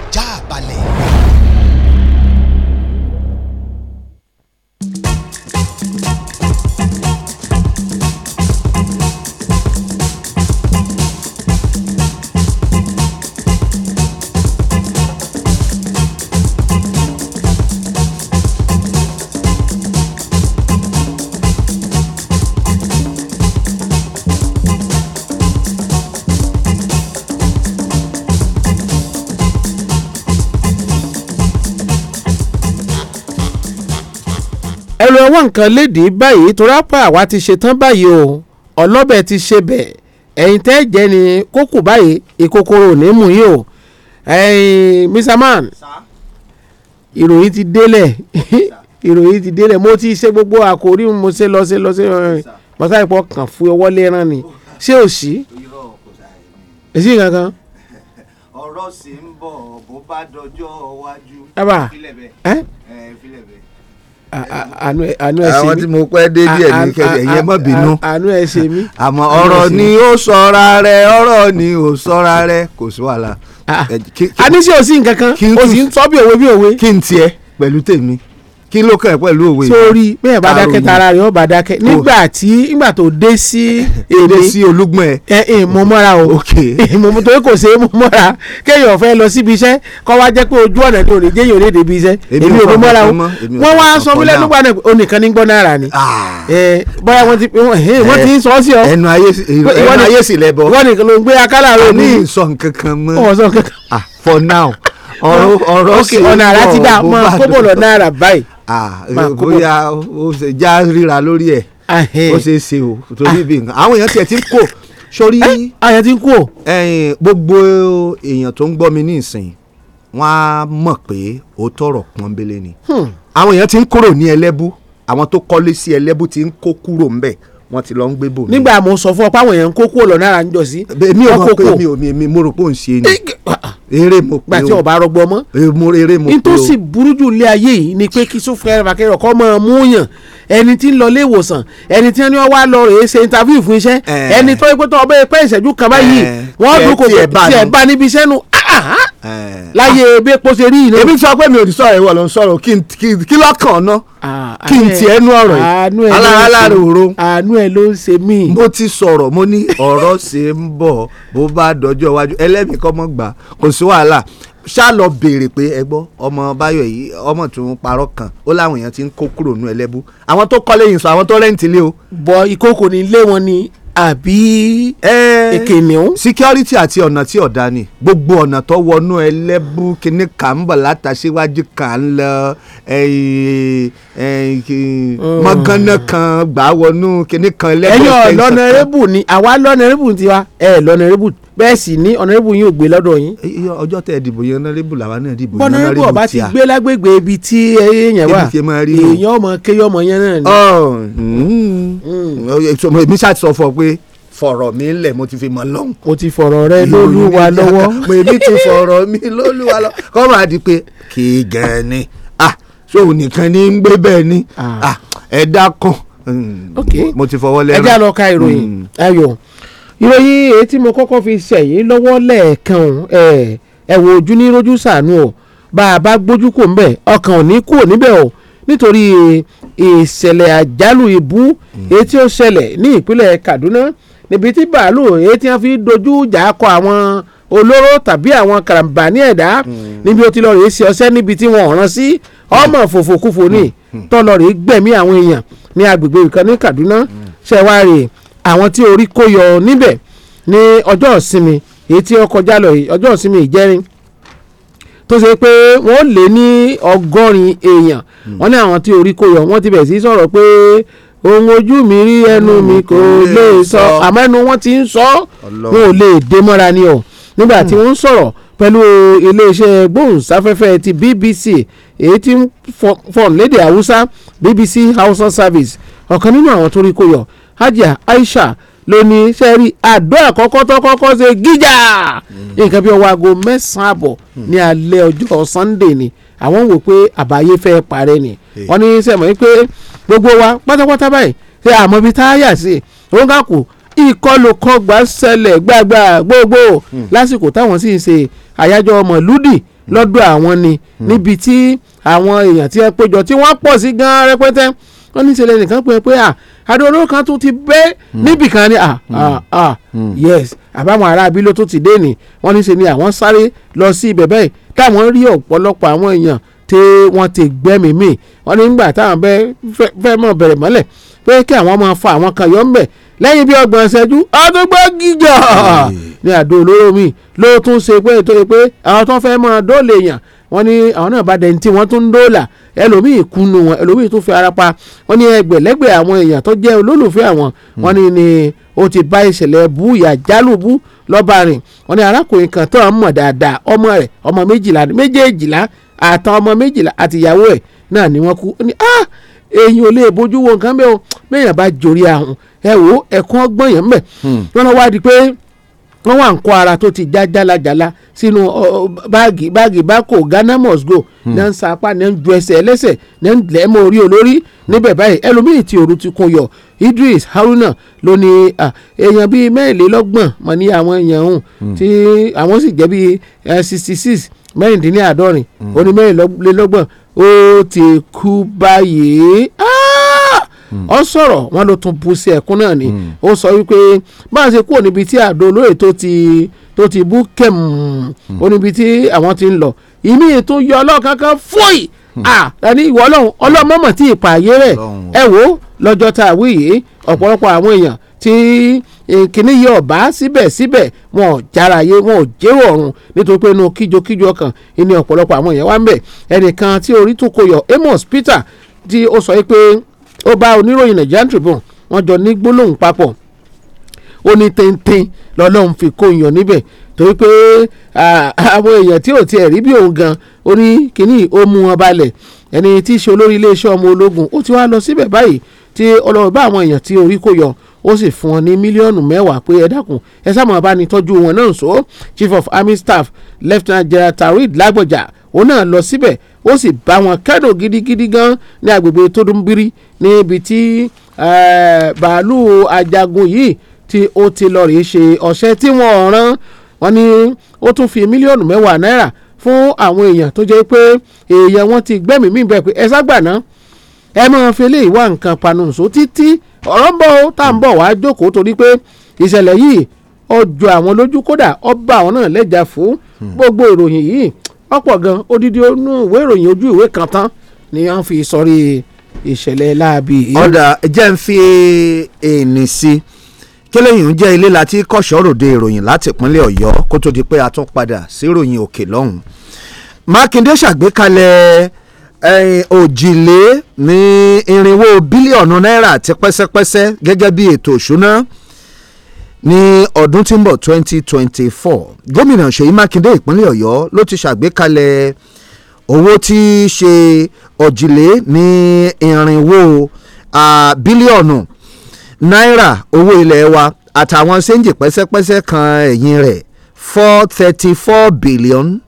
nǹkan lédìí báyìí tó rápá àwa ti ṣetán báyìí o ọlọ́bẹ̀ ti ṣe bẹ̀ ẹ̀yin tẹ́ jẹ́ ni kókò báyìí ìkòkòrò ò ní mú yìí o ẹ̀yin Mr. Man ìròyìn ti délẹ̀ ìròyìn ti délẹ̀ mo ti ṣe gbogbo àkórí mo ṣe lọ ṣe lọ ṣe mọ̀sáì kàn fún ọwọ́ lẹ́ran ni ṣé ò sí èsì kankan. ọ̀rọ̀ sì ń bọ̀ bó bá dọjọ́ iwájú. ẹ bá ẹ filẹ̀ bẹ́ẹ̀ àánú ẹ ṣe mí àwọn tí mo pẹ́ dé díẹ̀ ní kẹ̀kẹ́ yẹn má bínú àánú ẹ ṣe mí. àmọ́ ọ̀rọ̀ ni ó sọra rẹ ọ̀rọ̀ ni ó sọra rẹ kò sí wàhálà. a ní sí òsín kankan o sọ bí òwe bí òwe. kí n tiẹ̀ pẹ̀lú tèmi kí ló kàn pẹ̀lú òwe yìí. sórí bẹ́ẹ̀ bá dákẹ́ tara rẹ̀ ó bá dákẹ́ oh. nígbà tí nígbà tó dé sí èmi dé sí olúgbọ̀n ẹ. ẹ ẹ mo mọ́ra o mo torí kò ṣe é mo mọ́ra kéèyàn fẹ́ lọ síbi iṣẹ́ kọ́ wá jẹ́ pé ojú ọ̀nà ni òní jẹ́yìn òní débi iṣẹ́ èmi ò mo mọ́ra o wọ́n wá sọ mí lẹ́nu gbàdán o nìkan ní gbọ́ náírà ni ah. bóyá wọ́n ti wọ́n ti sọ sí ọ. ẹnu ayé sì lẹ bọ. wọ́n nìkan ló ń gbé akálà rẹ̀ ní. àmì sọ nǹkan kan mọ́ ah, for now ọ̀rọ̀ sì ń bọ̀ ọ̀rọ̀ bó bá dùn. ọ̀nà àrà ti dà mọ́ kóbò lọ náírà báyìí bóyá ó ṣe já ríra lórí ẹ̀ ó ṣe é ṣe o torí ah. bí nǹkan àwọn èèyàn tiẹ̀ ti ń kó sórí. àyàn ti ń kó. gbogbo èèyàn tó ń gbọ́ mi ní ìsìn wọ́n á mọ̀ pé ó tọrọ pọ́nbélé ni. Hmm. àwọn èèyàn ti ń kúrò ní ẹlẹ́bú àwọn tó kọ́lé sí ẹlẹ́bú ti ń kó kúrò ńbẹ̀ wọ́n ti lọ ń gbé bò nígbà mo sọ fún ọ pé èèyàn ń kó kúrò lọ náírà ń jọ sí. mi ò mọ̀ pé mi ò mi mo rò pé ò ń ṣe ni eré mo pe o gbàtí ọba arọgbọ mọ eré mo pe o nítòsí burú jù lé ayé yìí ni pé kí sófin ẹ̀rọ kọ́ máa mú yàn ẹni tí ń lọ ilé ìwòsàn ẹni tí wọ́n wá lọ rèé ṣe interview fún iṣẹ́ ẹni tó yẹ pé tó ọba ẹ̀pẹ́ ìṣẹ́jú kan báyìí wọ́n dúkòó tí ẹ̀ bá níbi iṣẹ́ nu Eh. láyé bí epo ṣe rí ilé. èmi sọ pé mi ò ní sọ̀rọ̀ ìwọ ló ń sọ̀rọ̀ kí lọ́kàn ná kí n ah, tiẹ̀ nu ọ̀rọ̀ yìí alára òru. àánú ẹ ló ń ṣe mí. mo ti sọ̀rọ̀ mo ní ọ̀rọ̀ ṣe ń bọ̀ bó bá dọjọ́ iwájú ẹlẹ́mìí kọ́ mọ́ gbà kò sí wàhálà ṣá lọ béèrè pé ẹ gbọ́ ọmọ báyọ̀ yìí ọmọ tó ń parọ́ kan ó láwọn èèyàn ti ń kó kúrò nú ẹlẹ́bú àwọn tó kọ́ lẹ́yìn sọ àwọn tó rẹ́ǹtì lé o. bọ ìkókò ní ilé wọn ni àbí èkèmíún. security àti ọ̀nà tí ọ̀dà ni gbogbo ọ̀nà tó wọnú ẹlẹ́bù kínní kà ń bọ̀ látàṣíwájú kà ń lọ mm. mọ́gánná kan gbà wọnú kínní kan lẹ́bù. ẹ̀yin ọ̀lọ́nà erébù ni àwa lọ́nà erébù tiwa ẹ̀ lọ́nà erébù bẹ́ẹ̀ sì ni ọ̀nàrẹ́bù yín ò gbé lọ́dọ̀ yín. ọjọ́ tẹ ìdìbò yẹn ọ̀nàrẹ́bù làwa náà dìbò yẹn ọ̀nàrẹ́bù tíya ọ̀nàrẹ́bù ọba ti gbé lágbègbè ibi tí èèyàn wà èèyàn ọmọ ọmọ yẹn náà ni. Oh, mm. mm. mi ṣáà ti sọ fún ọ pé fọ̀rọ̀ mi lẹ̀ mo ti fi mọ̀ lọ́hùn. o ti fọ̀rọ̀ rẹ lólúwa lọ́wọ́. ti fọ̀rọ̀ mi lólúwa lọ́wọ́ kọ́ máa di pé ah. mm. mo ti fọwọ́ lẹ́rọ. ẹ já ka ìròyìn ìròyìn èyí tí mo kọ́kọ́ fi ṣẹ̀yìn lọ́wọ́ lẹ́ẹ̀kan ẹ̀ wò ojú ní rojú sànú o bá a bá gbójú kò ń bẹ̀ ọkàn ò ní kúrò níbẹ̀ o nítorí ìṣẹ̀lẹ̀ àjálù ìbú hmm. èyí tí ó ṣẹlẹ̀ ní ìpínlẹ̀ Kaduna níbi tí bàálù èyí tí wọ́n fi dojú ìjà kọ àwọn olóró tàbí àwọn karambà ní ẹ̀dá hmm. níbi ó ti lọ rèé ṣe ọṣẹ́ níbi tí wọ́n rán sí ọmọ hmm. fòfòkúfò ní tọ́lọ rèé gbẹ̀mí àwọn èèyàn ní agbègbè ìkan ní Kaduna ṣẹ̀wá rèé àwọn tí orí kó yọ níbẹ̀ ní ọjọ́ ìsinmi èyí tí ó kọjá lọ yìí ọjọ́ ìsinmi ìjẹrin tó ṣe pé wọ́n lé ní ọgọ́rin èèyàn hmm. wọ́n ní àwọn tí orí kó yọ wọ́n ti bẹ̀ sí sọ̀rọ̀ pé ohun ojú mi rí ẹnu mi kò lè sọ hmm. àmọ́ ẹnu wọn ti ń sọ wọn ò lè dé mọ́ra ni o nígbà tí hmm. wọ́n ń sọ̀rọ̀ pẹ̀lú iléeṣẹ́ gbóhùnsáfẹ́fẹ́ ti BBC èyí tí ń fọ̀n lédè haúsá BBC Hausa Service ọ̀kan nínú àwọn tó rí kó yọ Hajiya Aisha ló ní sẹ́rí àdó àkọ́kọ́ tó kọ́kọ́ ṣe gíjà hmm. nǹkan bí ọwọ́ aago mẹ́sàn-án àbọ̀ hmm. ní alẹ́ ọjọ́ Sunday ni àwọn wò pé àbáyé fẹ́ parẹ́ ni wọ́n ní sẹ́mọ̀ yìí pé gbogbo wa pátápátá báyìí ṣe àmọ́ bíi táyà sí òun kà kù ìkọlù kan gbà ṣẹlẹ̀ gbàgbà gbogbo hmm. lásìkò táwọn sì ń ṣe àyájọ́ ọmọlúdì lọ́dọ̀ àwọn ni níbi tí àwọn èèyàn ti ẹ péjọ tí wọ́n pọ̀ sí gan-an rẹpẹtẹ wọ́n ní ìṣẹ̀lẹ̀ nìkan pé pé à àdó olóró kan tún ti bẹ́ hmm. níbìkan ni hmm. Hmm. yes àbáwọn aráabí ló tún ti dé ni wọ́n ní ṣe ni àwọn sáré lọ sí ibẹ̀ bẹ́ẹ̀ táwọn rí ọ̀pọ̀lọpọ̀ àwọn èèyàn tí wọ́n ti gbẹ́mìí mì wọ́n ní gbà táwọn fẹ́ mọ̀ bẹ̀rẹ̀ mọ́lẹ̀ pé kí àwọn máa fa àwọn kan yọ̀ ń bẹ̀ lẹ́yìn bí ọgbọ̀n ṣẹ́jú ọdúngbọ́ gíjọ ní àdó olóró mi ló tún ṣe pé ètò pé àwọn tó fẹ́ mọ dóòlè èèyàn wọ́n ní àwọn náà bá dẹni tí wọ́n tún ń dóòlà ẹlòmíì kunu wọn ẹlòmíì tún fi ara pa wọ́n ní ẹgbẹ̀lẹ́gbẹ̀ àwọn èèyàn tó jẹ́ olólùfẹ́ àwọn hmm. wọ́n ní ni ó ti bá ìṣẹ̀lẹ̀ bú ìyà jálùbú lọ́ba rìn wọ́n ní arákùnrin kan tó ń mọ̀ dáadáa ọmọ rẹ̀ ọmọ méjìlá méjèèjìlá àtàn ọmọ méjìlá àtìyàwó ẹ̀ náà ni wọ́n kú ó ní ah èyí ò lè bójú wo nǹkan bẹ́ẹ̀ o méèyàn bá jorí ahùn ẹ wò ẹ̀kún ọgbọ́n yẹn mẹ́ hmm. wọ́n náà wá di pé wọ́n wà ń kó ara tó ti já jálajàla sínú báàgì báàgì báko Ghana must go hmm. ní ń sapá ní ń ju ẹsẹ̀ ẹlẹ́sẹ̀ ní ń lẹ́ mọ́ orí olórí hmm. níbẹ̀ báyìí ẹlòmíì tí òru ti kun yọ Idris Haruna ló ní èèyàn bíi mẹ́rìnlélọ́gbọ̀n mọ̀ ní àwọn èèyàn ọ̀hún hmm. tí àwọn sì jẹ́ bíi sixty six mẹ́rìndínláàádọ́rin oní mẹ́rìnlélọ́gbọ̀n ó ti kú báyìí. Ah! ọ ń sọ̀rọ̀ wọn ló tún bu sí ẹkún náà ni hmm. ó sọ wípé bá a ṣe kúrò níbi tí àdó olóyè tó ti tó ti bú kẹ̀m hmm. ó níbi tí àwọn ti ń lọ ìmí ìtún yọ ọlọ́ọ̀kan kan fúì hmm. àní ìwọ ọlọ́run ọlọ́mọ̀mọ̀ tí ìpààyè rẹ̀ ẹ wò lọ́jọ́ tá a wí yìí ọ̀pọ̀lọpọ̀ àwọn èèyàn tí kìnìún yìí ọ̀bá síbẹ̀síbẹ̀ wọn ò wọn ò jẹ́wọ̀ ọ̀run nítorí pé inú kíjokíjo ọkàn ìní ọ̀pọ̀lọpọ̀ àwọn èèyàn wá ń bẹ̀ ẹnìkan tí orí tún kò yọ Amos Peter tí ó sọ pé ó bá oníròyìn Nigerian Tribune wọ́n jọ ní gbólóhùn papọ̀ ó ní téńtéń lọ́lọ́run fi kó yan níbẹ̀ torí pé àwọn èèyàn tí ò tiẹ̀ rí bí òun gan ó ní kínní ó mú wọn balẹ̀ ẹni tí í ṣe olórí iléeṣẹ́ ọmọ ológun ó ti wá lọ síbẹ̀ báyìí tí ọlọ́run bá àwọn èèyàn tí orí kó yọ ó sì fún wọn ní mílíọ̀nù mẹ́wàá pé ẹ dákun ẹ sáà bá ní tọ́jú wọn náà so chief of army staff lieutenant general tarid lágbọ̀jà òun náà lọ síbẹ̀ ó sì bá wọn kẹ́dùn gidigidi gan ní agbègbè tódúnbírí níbi tí eh, bàálù ajagun yìí tí ó ti lọ rèé ṣe ọ̀sẹ̀ tí wọ́n rán wọn ni ó tún fi mílíọ̀nù mẹ́wàá náírà fún àwọn èèyàn tó jẹ́ pé èèyàn wọn ti gbẹ́mìí mí bẹ́ẹ̀ pé ẹ ságbàná ẹ máa fi lè wá nǹkan panùsó títí ọ̀rọ̀ ń bọ̀ ó tá à ń bọ̀ wá jókòó torí pé ìṣẹ̀lẹ̀ yìí ọjọ́ àwọn lójú kódà ọba àwọn náà lẹ́jà fún hmm. gbogbo ìròyìn yìí ọ̀pọ̀ gan odidi onú ìwé ìròyìn ojú ìwé kan tán ni wọ́n fi sọrí ìṣẹ̀lẹ̀ láabi. ọ̀dà jẹ́ ń fi èèní sí kílẹ̀yìn jẹ́ ilé láti kọ́ṣọ́ròde ìròyìn láti ìpínlẹ̀ ọ̀yọ́ kó tó di pé a tún padà sí ìròyìn òkè lọ́hùn. mákindé ṣàgbékalẹ̀ òjìlé ní irinwó bílíọ̀nù náírà ti pẹ́sẹ́pẹ́sẹ́ gẹ́gẹ́ bí ètò òṣùná ní ọdún tí ń bọ̀ twenty twenty four gómìnà Ṣèyí Mákindé ìpínlẹ̀ Ọ̀yọ́ ló ti ṣàgbékalẹ̀ owó tí í ṣe ọ̀jìlé ní irinwó bílíọ̀nù náírà owó ilẹ̀ wa àtàwọn sẹ́ńjì pẹ́sẹ́pẹ́sẹ́ kan ẹ̀yìn rẹ̀ four thirty four billion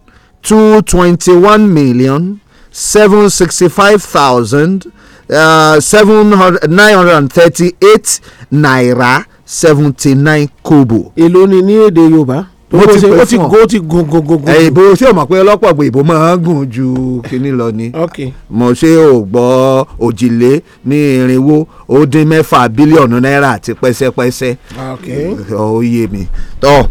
two twenty one million seven sixty five thousand uh, seven nine hundred and thirty eight naira seventy nine kobo. èló ni ní èdè yorùbá mo ti pè fún ọ ó ti gùn gùn gùn gùn. ìbò tí o mọ̀ pé ọlọ́pọ̀ pé ìbò máa ń gùn ju kínní lọ ni. mo ṣe ò gbọ́ òjìlé ní irinwó ó dín mẹ́fà bílíọ̀nù náírà àti pẹ́sẹ́pẹ́sẹ́. ó yé mi tọ́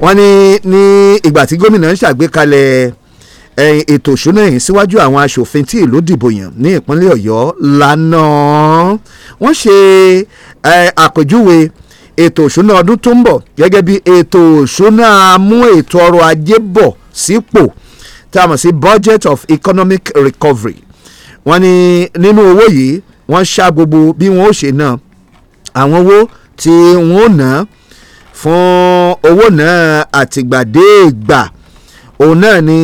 wọ́n ní ní ìgbà tí gómìnà ń ṣàgbékalẹ̀ ètò ìṣúná yìí síwájú àwọn aṣòfin tí ìlú dìbò yàn ní ìpínlẹ̀ ọ̀yọ́ lánàá wọ́n ṣe àpèjúwe. Eh, ètò òṣùnà ọdún tó ń bọ̀ gẹ́gẹ́ bí ètò òṣùnà mú ètò ọrọ̀ ajé bọ̀ sípò tá a mọ̀ sí budget of economic recovery wọ́n ní nínú owó yìí wọ́n ṣá gbogbo bí wọ́n ó ṣe ná àwọn owó tí wọ́n ó ná fún owó náà àtìgbàdégbà òun náà ni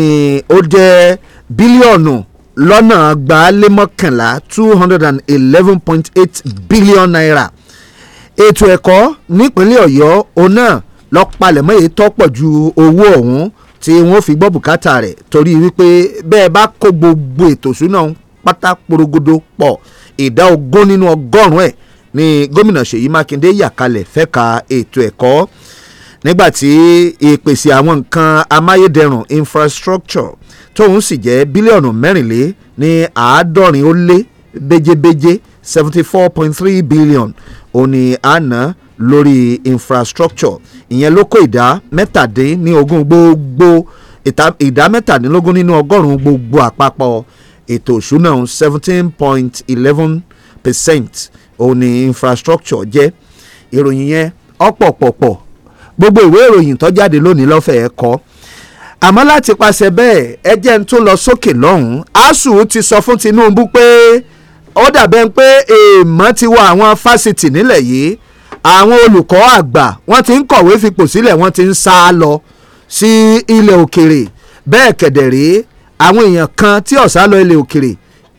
ó jẹ́ bílíọ̀nù lọ́nà gbàálémọ́kànlá two hundred and eleven point eight billion naira ètò ẹ̀kọ́ nípínlẹ̀ ọ̀yọ́ òun náà lọ palẹ̀mọ́ èyí tọ́pọ̀ ju owó ọ̀hún tí wọ́n fi gbọ́ bùkátà rẹ̀ torí wípé bẹ́ẹ̀ bá kó gbogbo ètò ìṣúná pátá porogodo pọ̀ ìdá ogún nínú ọgọ́rùn-ún ẹ̀ ni gómìnà Ṣèyí Mákindé yà kalẹ̀ fẹ́ka ètò ẹ̀kọ́ nígbàtí ìpèsè àwọn nǹkan amáyédẹrùn infrastructure tóun sì jẹ́ bílíọ̀nù mẹ́rìnlé ní àádọ́rin ó lé béjébéjé seventy four point three billion òní àná lórí infrastructure ìyẹn ló kó ìdá mẹ́tàdínlógún gbogbo ìdá mẹ́tàdínlógún nínú ọgọ́rùn-ún gbogbo àpapọ̀ ètò òṣùnà seventeen point eleven percent òní infrastructure jẹ́ ìròyìn yẹn ọ̀pọ̀pọ̀pọ̀ gbogbo ìwé ìròyìn tó jáde lónìí lọ́fẹ̀ẹ́ kọ́ àmọ́ láti paṣẹ bẹ́ẹ̀ ẹjẹ́ ń tún lọ sókè lọ́hùn-ún asuu ti sọ fún Tinubu pé ó dàbẹ̀ pé èèmọ̀ ti wọ àwọn fásitì nílẹ̀ yìí àwọn olùkọ́ àgbà wọ́n ti ń kọ̀wé fipò sílẹ̀ wọ́n ti ń sá lọ sí ilẹ̀ òkèrè bẹ́ẹ̀ kẹ̀dẹ̀ rèé àwọn èèyàn kan tí ọ̀sá lọ ilẹ̀ òkèrè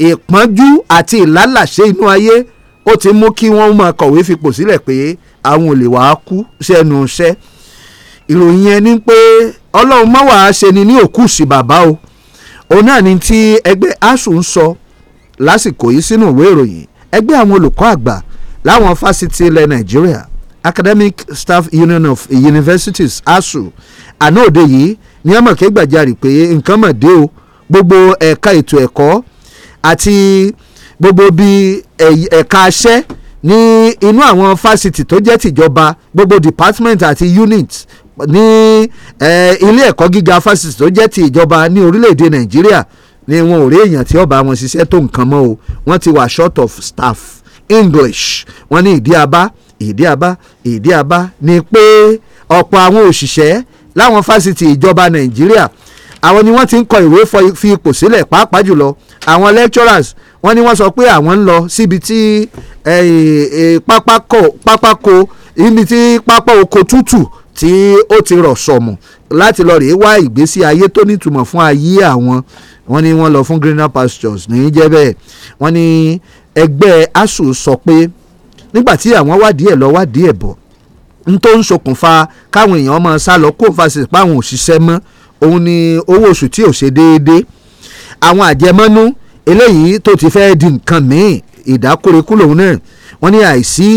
ìpọ́njú àti ìlálàṣe inú ayé ó ti mú kí wọ́n máa kọ̀wé fipò sílẹ̀ pé àwọn ò wàá kú sẹ́nu iṣẹ́ ìròyìn yẹn ni pé ọlọ́run mọ́wàá ṣe ni ní òkú sí bàbá o òun náà ni ti ẹgbẹ́ asuu sọ so, lásìkò yìí sínú ìwé ìròyìn ẹgbẹ́ àwọn olùkọ́ àgbà láwọn fásitì ilẹ̀ nàìjíríà academic staff union of universities asu àná òde yìí ní amọ̀ké gbàjarì pé nǹkan mọ̀ dé o gbogbo ẹ̀ka ètò ẹ̀kọ́ àti gbogbo bí ẹ̀ka aṣẹ́ ní inú àwọn fásitì tó jẹ́ tìjọba gbogbo department àti unit ní ilé ẹ̀kọ́ gíga fásitì tó jẹ́ tìjọba ní orílẹ̀-èdè nàìjíríà ni wọn ò rí èèyàn tí ó bá wọn ṣiṣẹ́ tó nǹkan mọ́ o wọ́n ti wà short of staff english wọ́n ní ìdí abá ìdí abá ìdí abá ni pé ọ̀pọ̀ àwọn òṣìṣẹ́ láwọn fásitì ìjọba nàìjíríà àwọn ni wọ́n ti ń kọ ìwé fi ipò sílẹ̀ pàápàá jùlọ àwọn lecturers wọ́n ní wọ́n sọ pé àwọn ń lọ síbi tí pápákọ̀ ibi tí pápá oko tútù tí ó ti rọ̀ sọ̀mù láti lọ rèé wá ìgbésí ayé tó nítumọ̀ fún ayé àwọn wọ́n ní wọ́n lọ fún greener pastures ní í jẹ́ bẹ́ẹ̀ wọ́n ní ẹgbẹ́ asuu sọ pé nígbà tí àwọn wádìí ẹ̀ lọ wádìí ẹ̀ bọ̀ n tó ń ṣokùnfà káwọn èèyàn máa sá lọ kó fásitì páwọn òṣìṣẹ́ mọ́ òun ni owó oṣù tí ò ṣe déédéé àwọn àjẹmọ́nú eléyìí tó ti fẹ́ di nǹkan míì ìdákórekú lòun náà wọ́n ní àìsí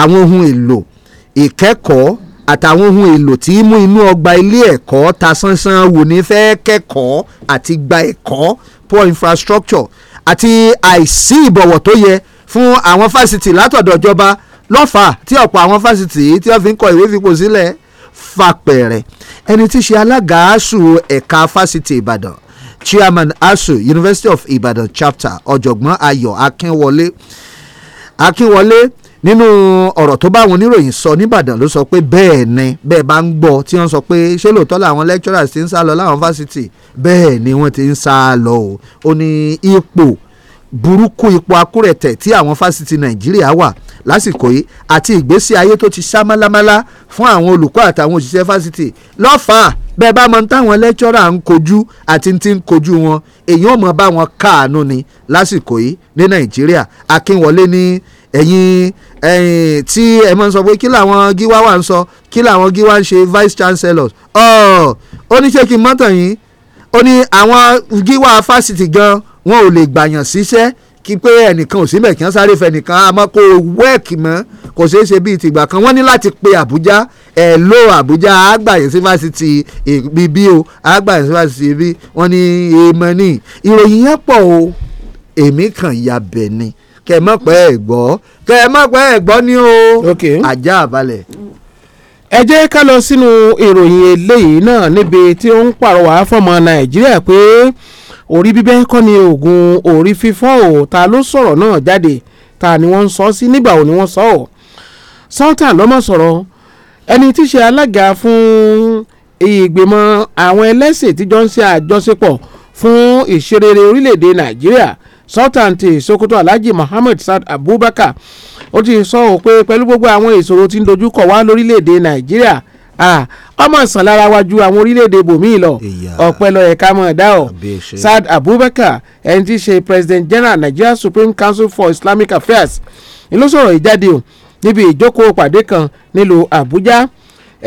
àwọn ohun èlò ìkẹ́kọ̀ọ́ àtàwọn ohun èlò tí mú inú ọgbà ilé ẹ̀kọ́ ta sánsán wò ní fẹ́ kẹ́kọ̀ọ́ àti gba ẹ̀kọ́ poor infrastructure àti àìsí ìbọ̀wọ̀ tó yẹ fún àwọn fásitì látọ̀dọ̀ ìjọba lọ́fà tí ọ̀pọ̀ àwọn fásitì tí wọ́n fi ń kọ ìwé fipò sílẹ̀ fapẹ̀rẹ̀ ẹni tí í ṣe alága asuu ẹ̀ka fásitì ìbàdàn chairman asu university of ibadan chapter ọ̀jọ̀gbọ́n ayọ̀ akínwọlé akínwọlé nínú ọ̀rọ̀ tó bá àwọn oníròyìn sọ nìbàdàn ló sọ pé bẹ́ẹ̀ ni bẹ́ẹ̀ bá ń gbọ́ tí wọ́n sọ pé ṣé lóòótọ́ làwọn lecturers ti ń sá lọ láwọn fásitì bẹ́ẹ̀ ni wọ́n ti ń sá lọ o ó ní ipò burúkú ipò akúrẹ̀tẹ̀ tí àwọn fásitì nàìjíríà wà lásìkò yìí àti ìgbésí ayé tó ti sá málámálá fún àwọn olùkọ́ àtàwọn òṣìṣẹ́ fásitì lọ́fàá bẹ́ẹ̀ bá mọ táwọn lecturer ń kojú àti ti ń kojú wọn èyí ò mọ bá wọn káàánú ni lásìkò yìí ní nàìjíríà akínwọlé ní ni ẹ̀yin ẹ̀yin tí ẹ mọ̀ ń sọ pé kí làwọn gíwá wà ń sọ kí làwọn gíwá ń ṣe vice chancellor ọ̀ oh, ó ní ṣé kí n mọ́tàn yín ó ní àwọn gíwá fásitì gan wọn ò lè gbàyàn síṣẹ́ kí pé ẹnìkan ò síbẹ̀ kí wọ́n sáré fẹ́ nìkan àmọ́ kò wẹ́ẹ̀kì mọ́ kò ṣeé ṣe bíi tìgbà kan wọ́n ní láti pe Àbújá ẹ̀ ló Àbújá àgbàyàn sí fásitì ibi bí o àgbàyàn sí fásitì ibi wọ́n ní èèmọ̀ ni ìròyìn yẹn pọ̀ o èmi kàn ya bẹ̀ ni. kẹ mọ̀ pé ẹ gbọ́ kẹ mọ̀ pé ẹ gbọ́ ni o ajá balẹ̀. ẹ jẹ́ ká lọ sínú ìròyìn eléyìí náà níbi tí ó ń pàrọwà fọmọ nàìjíríà pé orí bíbẹ́ kọ́ ni oògùn orí fífọ́ o ta ló sọ̀rọ̀ náà jáde ta ni wọ́n ń sọ sí nígbà wo ni wọ́n sọ ọ́ sultan lọ́mọ sọ̀rọ̀ ẹni tí í ṣe alága fún ìgbìmọ̀ àwọn ẹlẹ́sìn tíjọ́ ń ṣe àjọṣepọ̀ fún ìṣerere orílẹ̀-èdè nàìjíríà sọ́tàǹtì sokoto alhaji muhammed saad abubakar ó ti sọ ọ́ pé pẹ̀lú gbogbo àwọn ìṣòro tí ń dojúkọ wá lórílẹ̀‐èdè nàìjíríà ọmọ ìsàn lára wájú àwọn orílẹ̀-èdè bòmíì lọ ọ̀pẹ lọ ẹ̀ka mọ̀ ọ̀ saad abubakar ẹni tí í ṣe president general nigeria supreme council for islamic affairs ni ló sọ̀rọ̀ ìjáde o níbi ìjókòó pàdé kan nílùú àbújá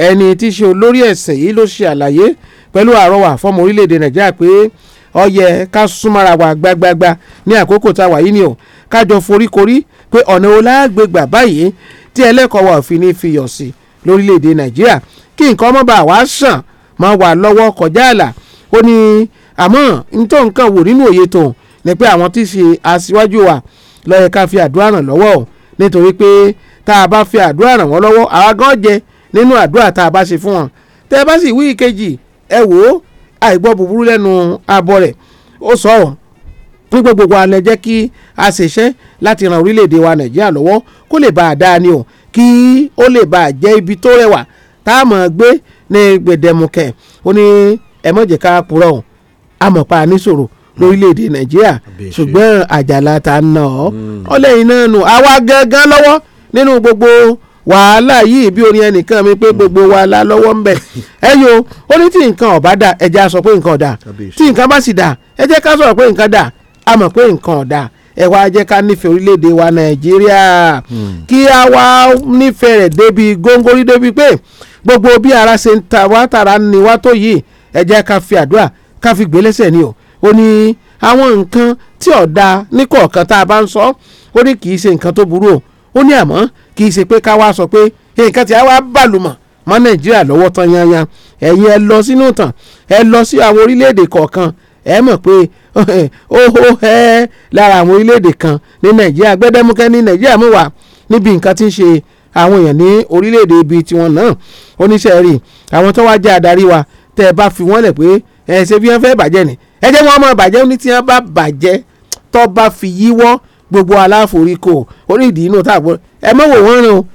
ẹni tí í ṣe olórí ẹ̀sìn yìí ló ṣe àlàyé pẹ̀lú àrọwà fọmọ orílẹ̀-èdè nàìjíríà pé ó yẹ ká súnmọ́ra wa gbagbagba ní àkókò tá a wà yìí ni o kájọ foríkorí pé ọ̀nà wo láàgbégbà báyìí tí ẹlẹ́kọ̀ọ́ wa ò fi ní fiyọ̀ sí lórílẹ̀‐èdè nàìjíríà kí nǹkan ọmọ bá wa sàn máa wà lọ́wọ́ kọjá àlà ó ní àmọ́ nítorí nǹkan wò nínú òye tòun ni pé àwọn tí ń ṣe aṣíwájú wa ló yẹ ká fi àdúrà ràn lọ́wọ́ o nítorí pé tá a bá fi àdúrà ràn wọ́n lọ́wọ́ àwa gan jẹ nínú àdúrà tá a bá ṣe fún wọn tẹ́ ẹ bá sì wí ìkejì ẹ wò ó àìgbọ́ búburú lẹ́nu abọ́ rẹ̀ ó sọ ọ́ nígbà gbogbo alẹ́ jẹ́ kí a ṣèṣẹ́ láti ran orílẹ̀-èdè wa nàìjíríà lọ́wọ́ kó lè bá a dáa ni o kí ó lè bá a jẹ́ ibi tó rẹwà tá a mọ̀ gbé ní gbèdémukẹ̀ ó ní ẹ purọ́ o àmọ̀pá níṣòro lórílẹ̀‐èdè nàìjíríà ṣùgbọ́n àjàlá ta nà ọ́ hmm. ọlẹ́yìn náà nù àwa gangan lọ́wọ́ nínú gbogbo wàhálà yìí bí orin ẹnìkan mi pé hmm. gbogbo wa la lọ́wọ́ ń bẹ̀ ẹ yo ó ní tí nǹkan ọ̀bá dà ẹ jẹ́ a sọ pé nǹkan ọ̀dà tí nǹkan bá sì dà ẹ jẹ́ ká sọ̀rọ̀ pé nǹkan dà a mọ̀ pé nǹkan ọ̀dà ẹ wá jẹ́ ká nífẹ̀ẹ́ orílẹ̀-èdè wa nàìjíríà hmm. kí a wá nífẹ̀ẹ́ rẹ̀ débi góńgórí débi pé gbogbo bí ara ṣe ń ta wá tara ni wá tó yìí ẹ jẹ́ ká fi àdúrà ká fi gbélẹ́sẹ̀ ni o ó ní àwọn nǹkan tí ọ̀dà níkọ̀ọ̀kan tá a bá ń sọ ó ní kì í ṣe nǹkan tó burú o ó ní àmọ́ kì í ṣe pé ká wá sọ pé nǹkan tí a wá bàlùmọ̀ mọ́ nàìjíríà lọ́wọ́ tán yanyan ẹ̀yin ẹ lọ sínú tàn ẹ lọ sí àwọn orílẹ̀-èdè kọ̀ọ̀kan ẹ mọ̀ pé óhó ẹ lára àwọn orílẹ̀-èdè kan ní nàìjíríà gbẹ́dẹ́múkẹ́ ní nàìjíríà mú wà níbi nǹkan tí ń ṣe àwọn èèyàn ní orílẹ̀-èdè ibi tiwọn náà oníṣẹ́ rí àwọn tó wá jẹ́ adarí wa tẹ́ ẹ bá fi wọ́n lẹ̀ pé ẹ ṣe bí wọ́n fẹ́ bàjẹ́ ni ẹ jẹ́ wọn máa bàjẹ́ ní tí wọ́n bá bàjẹ́ tó bá fi yíwọ́ gbogbo aláforíkò orí ìdí inú tá a gbọ́ ẹ mọ̀ wò wọ́n rìn o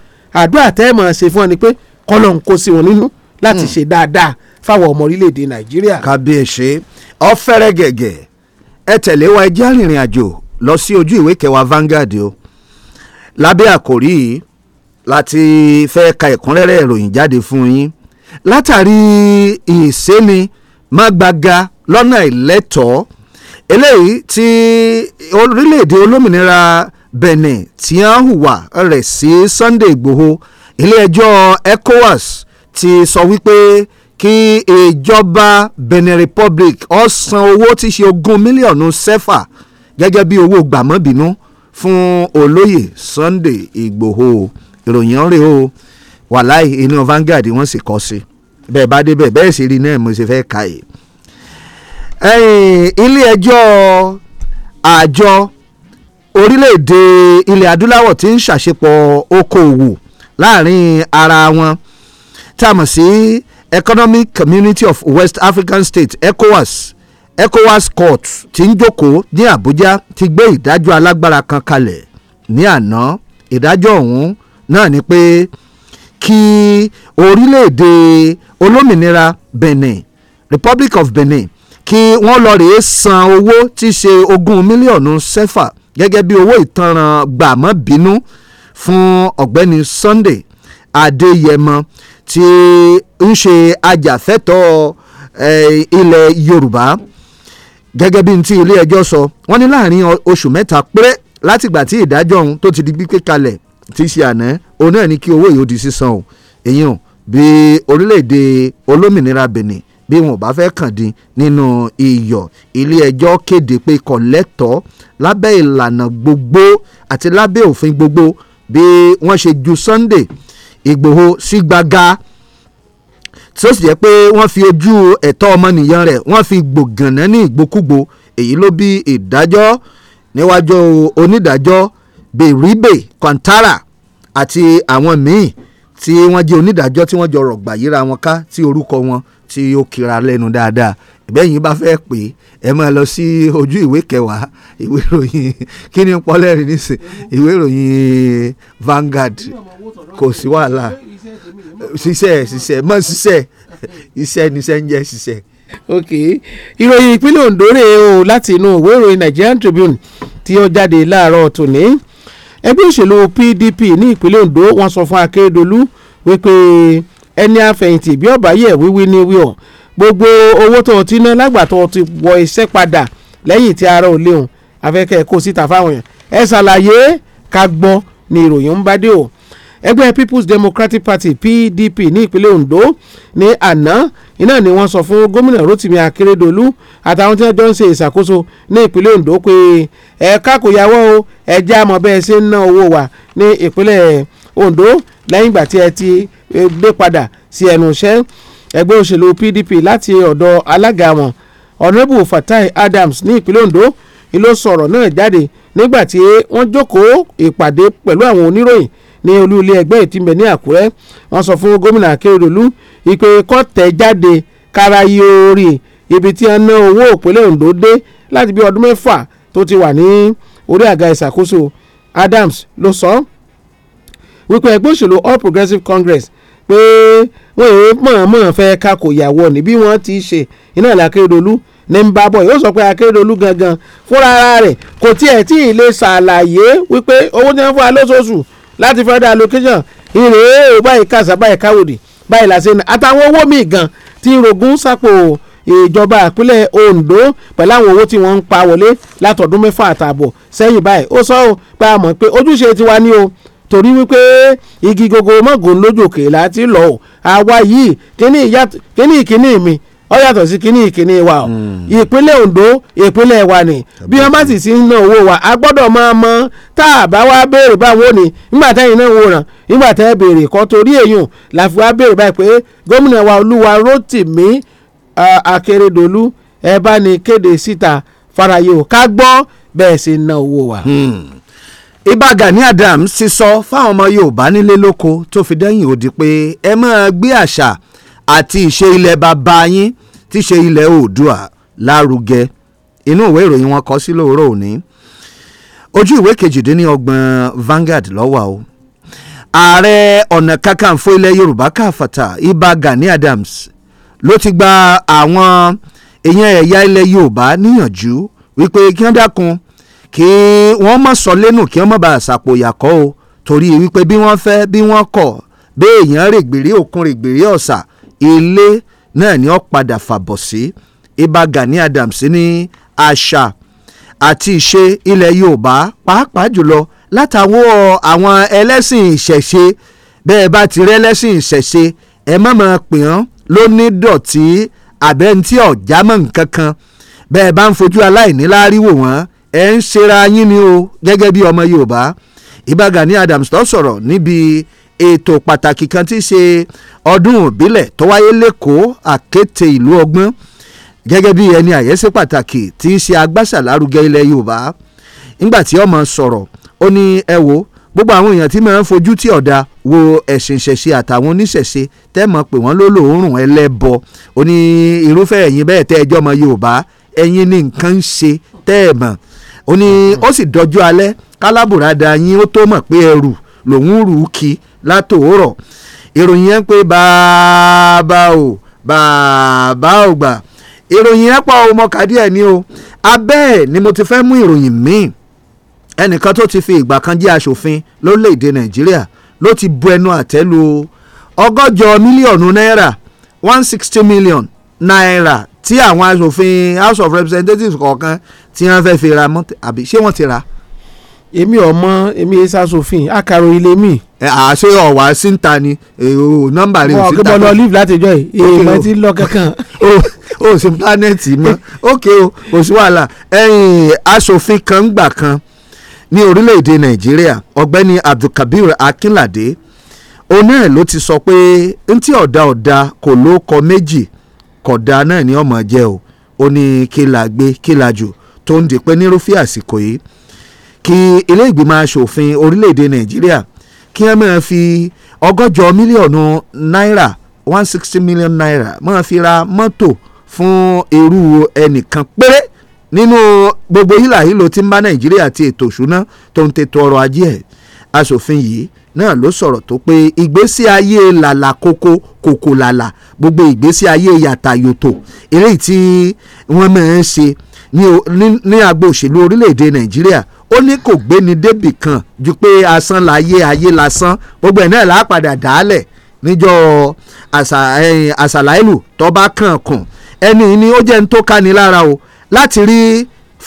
àdúrà tẹ́ ẹ̀ máa ṣe fún ọ ni pé kọ́lọ̀ ń kó sí wọn nínú láti hmm. ṣe dáadáa fáwọn ọmọ orílẹ̀-èdè nàìjíríà. kábíyèsí ọ̀fẹ́rẹ́ gẹ̀gẹ̀ ẹ tẹ̀lé wa ẹjẹ́ arìnrìn àjò lọ sí ojú ìwé kẹwàá Vanguard o lábẹ́ àkòrí yìí láti fẹ́ ka ẹ̀kúnrẹ́rẹ́ ìròyìn jáde fún yín látàrí ìsẹ́ni mágbága lọ́nà ìlẹ́tọ̀ọ́ eléyìí tí orílẹ̀-èdè olómìnira Benin tí wọ́n hùwà rẹ̀ sí Sunday Igbòho ilé-ẹjọ́ ECOWAS ti sọ wípé kí ìjọba Benin Republic ó san owó tí í ṣe ogún mílíọ̀nù sẹ́fà gẹ́gẹ́ bí owó gbàmọ́bínú fún olóyè Sunday Igbòho ìròyìn ọ̀rẹ́ o wàláì inú Vanguard wọ́n sì kọ́ sí bẹ́ẹ̀ bá débẹ̀ bẹ́ẹ̀ sì rí náà mo sì fẹ́ ka yìí ilé ẹjọ́ àjọ orílẹ̀-èdè ilẹ̀ adúláwọ̀ tí ń ṣàṣepọ̀ okòòwò láàrin ara wọn tá a mọ̀ sí economic community of west african states ecowas ecowas court tí ń jókòó ní àbújá ti gbé ìdájọ́ alágbára kan kalẹ̀ ní àná ìdájọ́ ọ̀hún náà ni pé kí orílẹ̀-èdè olómìnira benin republic of benin kí wọ́n lọ rèé san owó tí í ṣe ogún mílíọ̀nù sẹ́fà gẹ́gẹ́ bí owó ìtanràn gbàmọ́bínú fún ọ̀gbẹ́ni Sunday Adéyẹmọ tí ń ṣe ajàfẹ́tọ̀ọ́ ilẹ̀ Yorùbá gẹ́gẹ́ bí ti ilé ẹjọ́ sọ wọ́n ní láàrin oṣù mẹ́ta péré látìgbà tí ìdájọ́ ọ̀hún tó ti di gbígbé kalẹ̀ ti ṣe àná òun náà ni kí owó yìí ó di sísan o èyí hàn bí orílẹ̀-èdè olómìnira Benin bí wọn ò bá fẹ́ kàn dín nínú iyọ̀ ilé ẹjọ́ kéde pé kò lẹ́tọ̀ọ́ lábẹ́ ìlànà gbogbo àti lábẹ́ òfin gbogbo bí wọ́n ṣe ju Sunday Ìgbòho sí gbaga tí ó sì jẹ́ pé wọ́n fi ojú ẹ̀tọ́ ọmọnìyàn rẹ̀ wọ́n fi gbògànnà ní ìgbòkúgbò èyí ló bí ìdájọ́ níwájú onídàájọ́ Beribe Kwantara àti àwọn míì tí wọ́n jẹ́ onídàájọ́ tí wọ́n jọ rọ̀gbà yíra wọn ká tí orúkọ wọn tí ó kira lẹ́nu dáadáa bẹ́yìn bá fẹ́ pè é ẹ máa lọ sí ojú ìwé kẹwàá ìwé ìròyìn kí ni pọ́lẹ́rì nísìn ìwé ìròyìn Vanguard kò sí wàhálà ṣiṣẹ́ ṣiṣẹ́ mọ́ ṣiṣẹ́ iṣẹ́ níṣẹ́ ń jẹ́ ṣiṣẹ́. ok ìròyìn ìpínlẹ̀ Ondo rèé o láti inú ìwé ìròyìn Nigerian Tribune tí ó jáde láàárọ̀ tòní ẹgbẹ́ òṣèlú PDP ní ìpínlẹ̀ Ondo wọ́n sọ fún Akérédolú wípé ẹni àfẹ̀yìntì bí ọ̀bá yẹ̀ wíwí ní wíwọ̀ gbogbo owó tó ti ná lágbà tó ti wọ iṣẹ́ padà lẹ́yìn tí ara ò léhùn afẹ́kẹ́ kó síta fáwọn yẹn ẹ ṣàlàyé ká gbọ́ ni ìròyìn ń bá dé o ẹgbẹ́ People's Democratic Party PDP ní ìpínlẹ̀ Ondo ní àná iná ni wọ́n sọ fún gómìnà Rotimi Akeredolu àtàwọn tí wọ́n jọ ń ṣe ìṣàkóso ní ìpínlẹ̀ Ondo pé ẹ̀ka kò yàwọ́ o ẹ̀jẹ̀ àmọ́ bẹ́ẹ̀ ṣe ń ná owó wa ní ìpínlẹ̀ Ondo Ondo lẹ́yìn ìgbà tí ẹ ti dé padà sí ẹnu iṣẹ́ ẹgbẹ́ òṣèlú PDP láti ọ̀dọ̀ alága wọn Honourable Fatai Adams ní ìpínlẹ̀ Ondo ló sọ̀rọ̀ náà jáde nígbà tí wọ́n jókòó ìpàdé pẹ̀lú àwọn oníròyìn ní olú ilé ẹgbẹ́ ìtìmẹ̀ ní Àkúrẹ́ wọ́n sọ fún gómìnà Akérédolú ìpè kọ́tẹ̀ jáde káráyé orí ibi tí wọ́n ná owó ìpínlẹ̀ Ondo dé láti bí ọdún mẹ́fà tó ti wà ní orí àga ìṣàkóso Adams ló sọ wípé ẹgbẹ́ òṣèlú All Progressives Congress pé wọ́n èé mọ̀ọ́mọ̀ fẹ́ kakò ìyàwó ni bí wọ́n ti ṣe iná ìlà Akérédolú ní ń bá bọ̀ yóò sọ pé Akérédolú gangan fúnra ara rẹ̀ kò tiẹ̀ tí ì lè ṣàlàyé wípé owó tí wọ́n fún wa lóṣooṣù láti federal allocation ìrèé báyìí kàṣà báyìí káwòdì báyìí làṣẹ ní àtàwọn owó míì gan ti rògùn sápò ìjọba àpilẹ̀ Ondo pẹ̀lú àwọn owó tí wọ́n ń pa wọlé látọ̀dún mẹ́fà àtààbọ̀ sẹ́yìn báyìí ó sọ pé a mọ̀ pé ojúṣe tiwa ni o torí wípé igi gogo mọ́gùn lójòkè láti lọ ò àwa yìí kíní ìkíní mi ó yàtọ̀ sí kíní ìkíní wa ọ̀ hmm. ìpínlẹ̀ Ondo ìpínlẹ̀ wa ni bí wọ́n bá sì sí ń ná owó wa a gbọ́dọ̀ máa mọ tá a bá wá béèrè báwo ni nígbà táyìn náà wò ràn nígbà tá ẹ béèrè kọ́ torí èèyàn láfi wá béèrè báyìí pé gómìnà wa Olúwa Rótìmí Akérédolú ẹ bá ní kéde síta faraye ò ká gbọ́ bẹ́ẹ̀ sì ná owó wa. Hmm ibà gani Adam ti sọ fáwọn ọmọ yorùbá nílé lóko tó fi dẹ́yìn odi pé ẹ máa gbé àṣà àti ìṣe ilẹ̀ bàbá yín ti ṣe ilẹ̀ oòdùà lárugẹ inú ìwé ìròyìn wọn kọ sí lóòrọ̀ òní ojú ìwé kejìdínlọ́gbọ̀n Vanguard lọ́wọ́ o ààrẹ ọ̀nà kakanfò ilẹ̀ yorùbá káfàtà ibà gani adams ló ti gba àwọn èèyàn ẹ̀yà ilẹ̀ yorùbá níyànjú wípé kí wọ́n dákun kí wọ́n mọ̀ sọ lẹ́nu kí wọ́n mọ̀ bá àṣàpò yàkọ́ o torí wípé bí wọ́n fẹ́ bí wọ́n kọ̀ béèyàn règbèrè òkun règbèrè ọ̀sà ilé náà ni ó padà fàbọ̀ sí Ìbà Gani Adams ní àṣà àti ìṣe ilẹ̀ Yorùbá pàápàá jùlọ látàwọ́ àwọn ẹlẹ́sìn ìṣẹ̀ṣe bẹ́ẹ̀ bá ti rẹ́ ẹlẹ́sìn ìṣẹ̀ṣe ẹ má máa pè wọ́n ló ní dọ̀tí àbẹ́ntí ọ̀já mọ́ bẹ́ẹ̀ bá ń fojú aláìníláárí wò wọ́n ẹ̀ ń ṣera yín ni o gẹ́gẹ́ bí ọmọ Yorùbá Ìbà Gani Adams tó sọ̀rọ̀ níbi ètò pàtàkì kan tí í ṣe ọdún ìbílẹ̀ tó wáyé lẹ́kọ̀ọ́ àkété ìlú ọgbọ́n gẹ́gẹ́ bí ẹni àyẹ́sí pàtàkì tí í ṣe agbásàlárugẹ ilẹ̀ Yorùbá nígbà tí ọmọ sọ̀rọ̀ ó ní ẹ wo gbogbo àwọn èèyàn tí máa ń fojú tí ọ̀dà wo ẹ̀sìn ìṣẹ̀ṣe àtàwọn oníṣẹ̀ṣe tẹ́ mọ̀ pé wọ́n ló lòórùn ẹlẹ́bọ ó ní irúfẹ́ ẹ̀yin bẹ́ẹ̀ tẹ́ ẹjọ́ ọmọ Yorùbá ẹ̀yin ní nǹkan ń ṣe tẹ́ ẹ̀ mọ̀ ó ní mm-hmm. ó sì dọjọ́ alẹ́ kálábùradà yín ó tó mọ̀ pé ẹrù lòun rù ú kí látòórọ̀ ìròyìn yẹn pé bàbá o bàbá o gbà ìròyìn yẹn pa ọmọ kàdí ẹ̀ ní o abẹ́ ẹ̀ ni mo ti fẹ́ mú ìròyìn míì ẹnìkan tó ti fi ìgbà kan jẹ́ aṣòfin lórílẹ̀‐èdè nàìjíríà ló ti bu ẹnu àtẹ́ lu ọgọ́jọ mílíọ̀nù náírà one sixty million náírà tí àwọn aṣòfin house of representatives kọ̀ọ̀kan tí wọ́n fẹ́ fi ra mọ́tò àbí ṣé wọ́n ti ra. èmi ọmọ èmi èsì aṣòfin akaro ilé mi. àṣé ọ̀wá síta ni èrò nọ́mbà rẹ̀ síta. ọ̀gbọ́n lọ leave láti jọ yìí èèmọ̀ ti lọ kankan. o ò sí planẹ̀tì mọ́ ok o kò sí wàhálà aṣòfin kan gbà kan ní orílẹ̀-èdè nàìjíríà ọ̀gbẹ́ni abdulkabir akínládé onáà ló ti sọ pé ntí ọ̀dà ọ̀dà kò ló kọ méjì kódà náà ni ọmọ jẹ́ o ó ní kí la gbé kí la jù tó ń dìpẹ́ nírúfẹ́ àsìkò yìí kí ilé ìgbìmọ̀ asòfin orílẹ̀-èdè nàìjíríà kí wọ́n máa fi ọgọ́jọ mílíọ̀nù náírà one sixty million naira máa fi ra mọ́tò fún irú ẹnìkan péré nínú gbogbo hílàhílo tí ń bá nàìjíríà ti ètò ìṣúná tó ń tètò ọrọ̀ ajé ẹ̀ asòfin yìí náà ló sọ̀rọ̀ tó pé ìgbésí ayé làlà koko kòkò làlà gbogbo ìgbésí ayé yàtà yòtò eléyìí tí wọ́n máa ń ṣe ní agbo òṣèlú orílẹ̀-èdè nàìjíríà ó ní kò gbéni débì kan ju pé asán láyé ayé lásán gbogbo ẹ̀ náà làá padà dálẹ̀ níjọ́ àṣàláìlù tọ́ba kàn ẹni ni ó jẹ́ ń tó káni o láti rí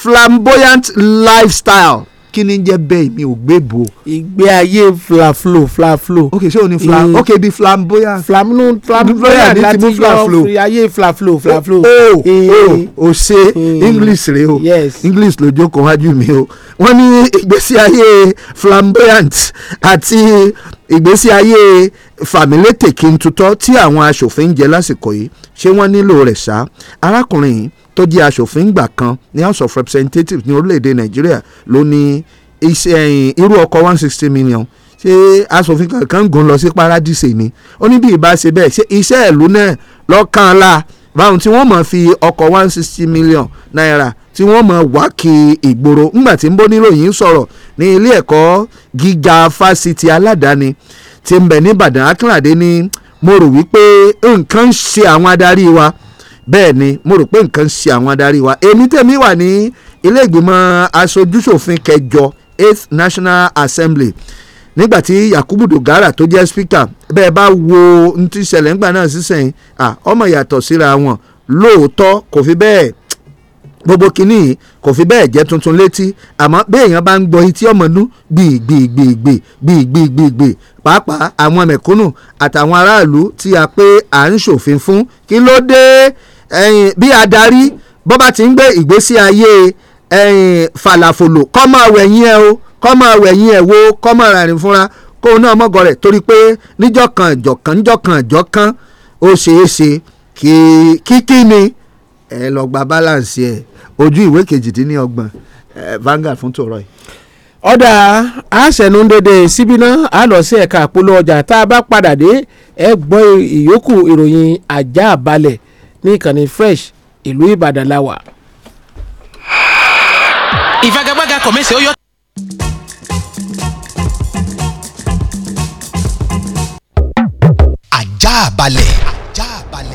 flamboyant lifestyle kí ni jẹ́ bẹ́ẹ̀ mi ò gbé bò. ìgbé ayé flaflo flaflo. ok ṣé o ní flam ok bí flamboyant. flam no flamboyant láti yọ ayé flaflo flaflo. o o eh. o ṣe hmm. english rẹ o english ló jókòó wájú mi o wọ́n ní ìgbésí ayé flamboyant àti ìgbésí ayé fàmílétè kí n tutọ́ tí àwọn aṣòfin ń jẹ lásìkò yìí ṣé wọ́n nílò rẹ̀ ṣá arákùnrin yìí tó jẹ́ aṣòfin gbà kan ní House of Representatives ní orílẹ̀-èdè Nàìjíríà ló ní irú ọkọ̀ one sixty million ṣé aṣòfin kankan gùn lọ sí paradise ni ó ní bí ìbá ṣe bẹ́ẹ̀ ṣe iṣẹ́ ìlú náà lọ́kàn la báwọn tí wọ́n mọ̀ fi ọkọ̀ one sixty million naira tí wọ́n mọ̀ wá kí ìgboro ńgbà tí ń bó níròyìn sọ̀rọ̀ ní ilé ẹ̀kọ́ gíga fásitì aládàáni tí ń bẹ ní Badàkàràdé ní mo rò wípé nǹkan ń ṣe àwọn adarí wa bẹ́ẹ̀ ni mo rò pé nǹkan ń ṣe àwọn adarí wa èmi tèmi wà ní ilé ìgbìmọ̀ aṣojúṣòfin kẹjọ eighth National Assembly nígbàtí Yakubu Dogara tó jẹ́ speaker bẹ́ẹ̀ bá wo ohun tí ṣẹlẹ̀ ńgbà náà sísẹ̀yìn ọmọ yàtọ̀ síra wọn lóòótọ́ kò fi bẹ́ẹ̀ gbogbo kínní kò fi bẹ́ẹ̀ jẹ́ tuntun létí àmọ́ béèyàn bá ń gbọ́ etí ọmọnú gbìgbìgbìgbì gbìgbìgbìgbì pàápàá àwọn mẹ̀kúnnù àtàwọn aráàlú tí a pé à ń ṣòfin fún kí ló dé bí adarí bó bá ti ń gbé ìgbésí ayé fàlàfòlò kọ́ máa wẹ̀yìn ẹ o kọ́ máa wẹ̀yìn ẹ wo kọ́ máa rìn fúnra kóun náà mọ́gọ́ rẹ̀ torí pé níjọ́ ìjọ̀kan níjọ́ ìjọ̀kan ó ṣeé ṣe kí kíkí ni ẹ lọ gba balance ẹ ojú ìwé kejìdínlọ́gbọ̀n Vanguard fún tòrọ yìí ọ̀dà àṣẹ̀nudẹ́dẹ́ síbí náà a lọ sí ẹ̀ka àpolówó ọjà tá a bá padà dé ẹ gbọ́ ìyókù ìròyìn ajá balẹ̀ ní ìkànnì fresh ìlú ìbàdàn la wà. ìfagagbága kọ̀mẹ́sì ó yọ. ajá balẹ̀. ajá balẹ̀.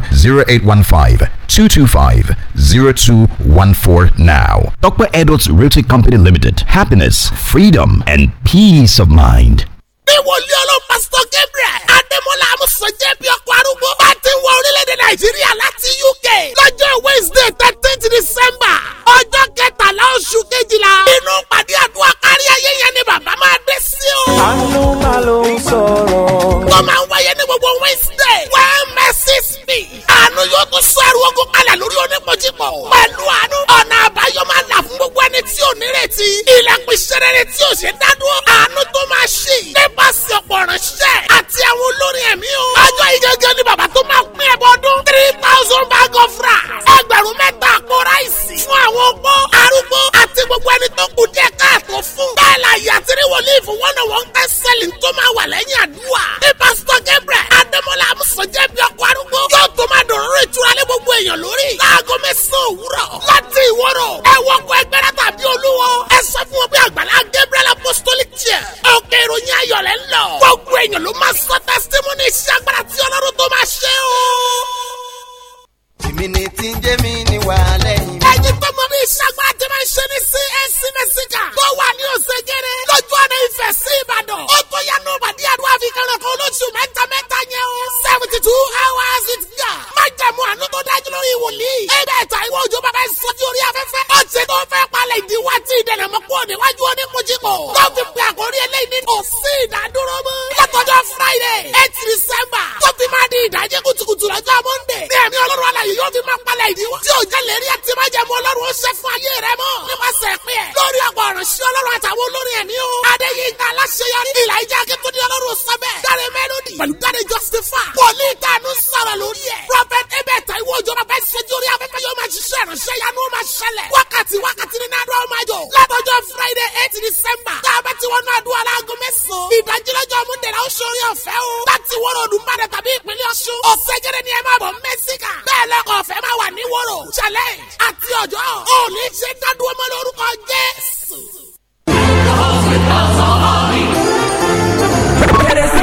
0815 225 0214 now. Dr. Edwards Realty Company Limited. Happiness, freedom, and peace of mind. ìwòlíì ọlọ́run pásítọ̀ Gabriel Adémọ́lá Amúsàn jẹ́ bí ọkọ̀ arúgbó bá ti wọ orílẹ̀-èdè Nàìjíríà láti UK lọ́jọ́ Wednesday thirteenth December ọjọ́ kẹtàlá oṣù kejìlá inú pàdé àdúrà lórí ayé yẹn ni bàbá máa dé sí o. àánú máa ló ń sọ̀rọ̀. tó máa ń wáyé ní gbogbo Wednesday. one message me. àánú yóò tún sọ̀rọ̀ ogun kalẹ̀ lórí onípojúpọ̀. pẹ̀lú àánú ọ̀nà àbáyọ máa là fún gbogbo ẹni tí ò nírètí. ìlẹ̀kùn ìṣẹ̀rẹ̀rẹ̀ tí ò ṣe dádúró. àánú tó máa ṣì. nípasẹ̀ ọ̀pọ̀ ránṣẹ́ àti àwọn olórin ẹ̀mí o. ọjọ́ ìjẹ́jẹ́ ni bàbá tó máa pín ẹbọ ọdún. three thousand bag of rice. ẹgbẹ̀rún mẹ́ta àpò ráìsì. fún àwọn opó arúgbó àti gbogbo ẹni tó kù díẹ̀ káàtó fún. bẹ́ẹ̀ la yàtìrí wòlíì fún wọn wọn fẹ́ sẹ́lì tó máa wà lẹ́yìn àdúrà. ní pásítọ̀ Gabriel Adémọ́lá amusanje bí ọkọ̀ arúgbó yóò tó máa dọ̀rọ̀ rẹ̀ tura lé gbogbo èèyàn lórí. láago mẹ́sàn-án òwúrọ̀ láti ìwọ́rọ̀ ẹ wọkọ̀ ẹgbẹ́rẹ́ tàbí olúwo ẹ sọ fún wọn bí àgbàlá Gabriel apostolic chair. òkè èmi ni tí ń jẹ́ mi ní wàá lẹ́yìn. ẹyin tó mọ ní ìṣàgbọ́n àti máa ń ṣe ní CAC mẹ́síkà tó wà ní òṣègèrè lójú ọ̀nà ìfẹ́ sí Ìbàdàn ó tó yá ní òbàdí àdúrà fi kẹrànkàn olóṣù mẹ́ta mẹ́ta yẹn o seventy two hours ìbùkún àánú tó dájú lórí wòlíì. ẹgbẹ́ ìta ìwọ òjò bàbá ìsọjí orí afẹ́fẹ́. ó ti tó fẹ́ palẹ̀ ìdíwọ́ àti ìdẹ̀nàmọ́ kúrò níwájú oníkojúkọ. tó fi pe àkórí eléyìí ní kò sí ìdádúró mọ́. látọjọ́ friday eight december tó fi máa di ìdájí kùtùkùtù lọ́jọ́ monday. ní ẹ̀mí ọlọ́run alàyè yóò fi máa palẹ̀ ìdíwọ́. tí ò jẹ́ lérí àti májẹ̀mú ọlọ́run ó prophet ebe mẹ́ta ìwọ ìjọba bá ṣẹ́jú orí afẹ́fẹ́ yóò máa ṣiṣẹ́ ìránṣẹ́ yanu ó máa ṣẹlẹ̀ wákàtí wákàtí ní náà ló máa jò látọjọ́ friday eight december tá a bá ti wọnú àdúrà láago mẹ́sàn-án ìdájílẹ́jọ́ múndẹ̀lá ó ṣe orí ọ̀fẹ́ o láti wọ́rọ̀ olùmọ̀dẹ tàbí ìpínlẹ̀ ọ̀ṣun ọ̀sẹ̀jẹ̀rẹ̀ ni ẹ máa bọ̀ mẹ́síkà bẹ́ẹ̀ lẹ́kọ̀ọ́ ọ̀fẹ́ máa wà ní wọ́rọ̀ challenge àti ọjọ́ ò ní ṣe dádúró mọ́ lórúkọ jésù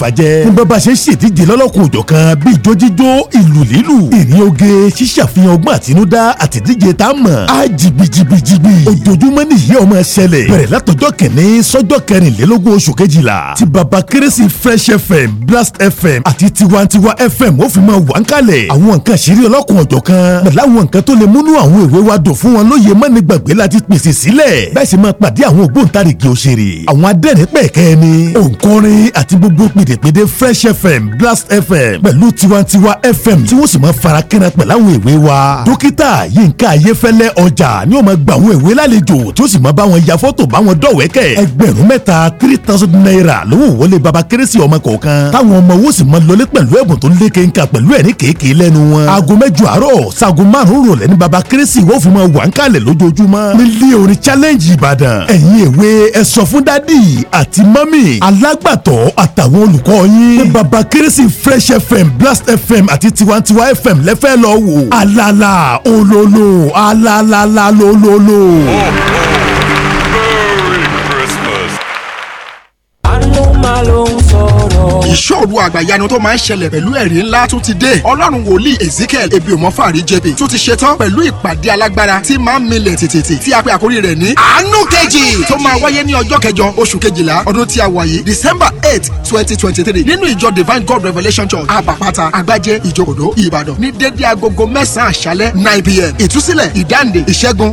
ìfàjẹ. ní bàbá ṣe ń ṣèdíje lọ́lọ́kùn òjọ̀ kan bíi ijó jíjó ìlú lílù ìrìn oge ṣíṣàfihàn ọgbọ́n àtinúdá àtìdíje tá a mọ̀ á jìgbìjìgbìjìgbì ojoojúmọ́ nìyí ọmọ ṣẹlẹ̀ bẹ̀rẹ̀ látọjọ́ kẹ̀ní sọ́jọ́ kẹrìnlélógún oṣù kejìlá ti bàbá kérésì fresh fm blast fm àti tiwantiwa fm ó fi máa wà ń kalẹ̀ àwọn nǹkan ṣeré ọlọ́kùn ọ̀jọ̀ kan pẹ̀lú àwọn nǹkan tó lè múnú àwọn èwe wa dùn fún wọn lóye mọ́ni gbàgbé láti pèsè sílẹ̀ bẹ́ẹ̀ sì máa pàdé àwọn ògbóǹtarìgì òṣèré àwọn adẹ́rìn pẹ̀kẹ́ ni òǹkọrin àti gbogbo pèd káàkiri ìpèdè fresh fm blast fm pẹ̀lú tiwantiwa fm tí wọ́n sì máa fara kẹ́ra pẹ̀lú àwọn ìwé wa. dókítà yínká ayéfẹ́lẹ́ ọjà ni ó máa gba àwọn ìwé lálejò tí ó sì máa bá wọn ya fọ́tò bá wọn dọ̀wẹ́kẹ̀. ẹgbẹ̀rún mẹ́ta three thousand naira lówó wọlé baba kérésì ọmọ kọ̀ọ̀kan táwọn ọmọ owó sì máa lọlé pẹ̀lú ẹ̀bùn tó léke ńkà pẹ̀lú ẹ̀rín kéèké lẹ́nu wọn. aago mẹ́jọ àárọ̀ sago márùn-ún baba kérésì wọ́n fi máa wà ń kalẹ̀ challenge ìbàdàn ẹ̀yin èwe ẹ sọ fún dádì àti mọ́mì alágbàtọ́ àtàwọn olùkọ́ yín ní baba kérésì fresh fm blast fm àti tiwantiwa fm lẹ́fẹ́ lọ wò alala ololo alalala lololo. Merry Christmas òru àgbàyanu tó máa ń ṣẹlẹ̀ pẹ̀lú ẹ̀rí ńlá tún ti dé ọlọ́run wòlíì ezekiel ebiomofari jp tún ti ṣetán pẹ̀lú ìpàdé alágbára tí máa ń milẹ̀ tètè tí a pè àkórí rẹ̀ ní àánú kejì tó máa wáyé ní ọjọ́ kẹjọ oṣù kejìlá ọdún tí a wà yìí december eight twenty twenty three nínú ìjọ divine god revelation church àbàpàtà àgbájé ìjókòdó ìbàdàn ní dédé agogo mẹ́sàn-án àṣálẹ́ nine pm ìtúsílẹ̀ ìdáǹdè ìṣẹ́gun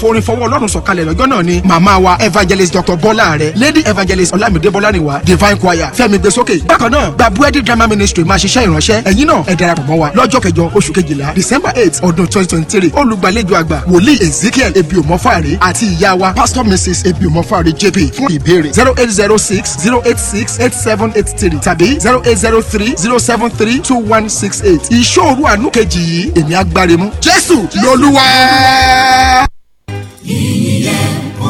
forin fọwọ́ ọlọ́run sọ̀kalẹ̀ lọ́jọ́ náà ni màmá wa evangelist dr bọ́lá rẹ̀ lady evangelist ọlámídé wa divine choir fẹ́mi gbèsókè bákan náà gbabuẹ́dì drama ministry máa ṣiṣẹ́ ìránṣẹ́ ẹ̀yin náà ẹ darapọ̀ mọ́ wa lọ́jọ́ kẹjọ oṣù kejìlá december eight ọdún twenty twenty three olùgbàlejò àgbà wòlíì ezekiel ebiomofari àti ìyá wa pastor mrs ebiomofari jp fún ìbéèrè zero eight zero six zero eight six eight seven eight three tàbí zero eight zero three zero seven three two one six eight ìṣòro àánú kejì yìí èmi agbárimú jésù lolúwa ìyìn yẹ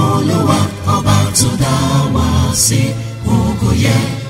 olúwa ọba tó dá wa sí ògo yẹ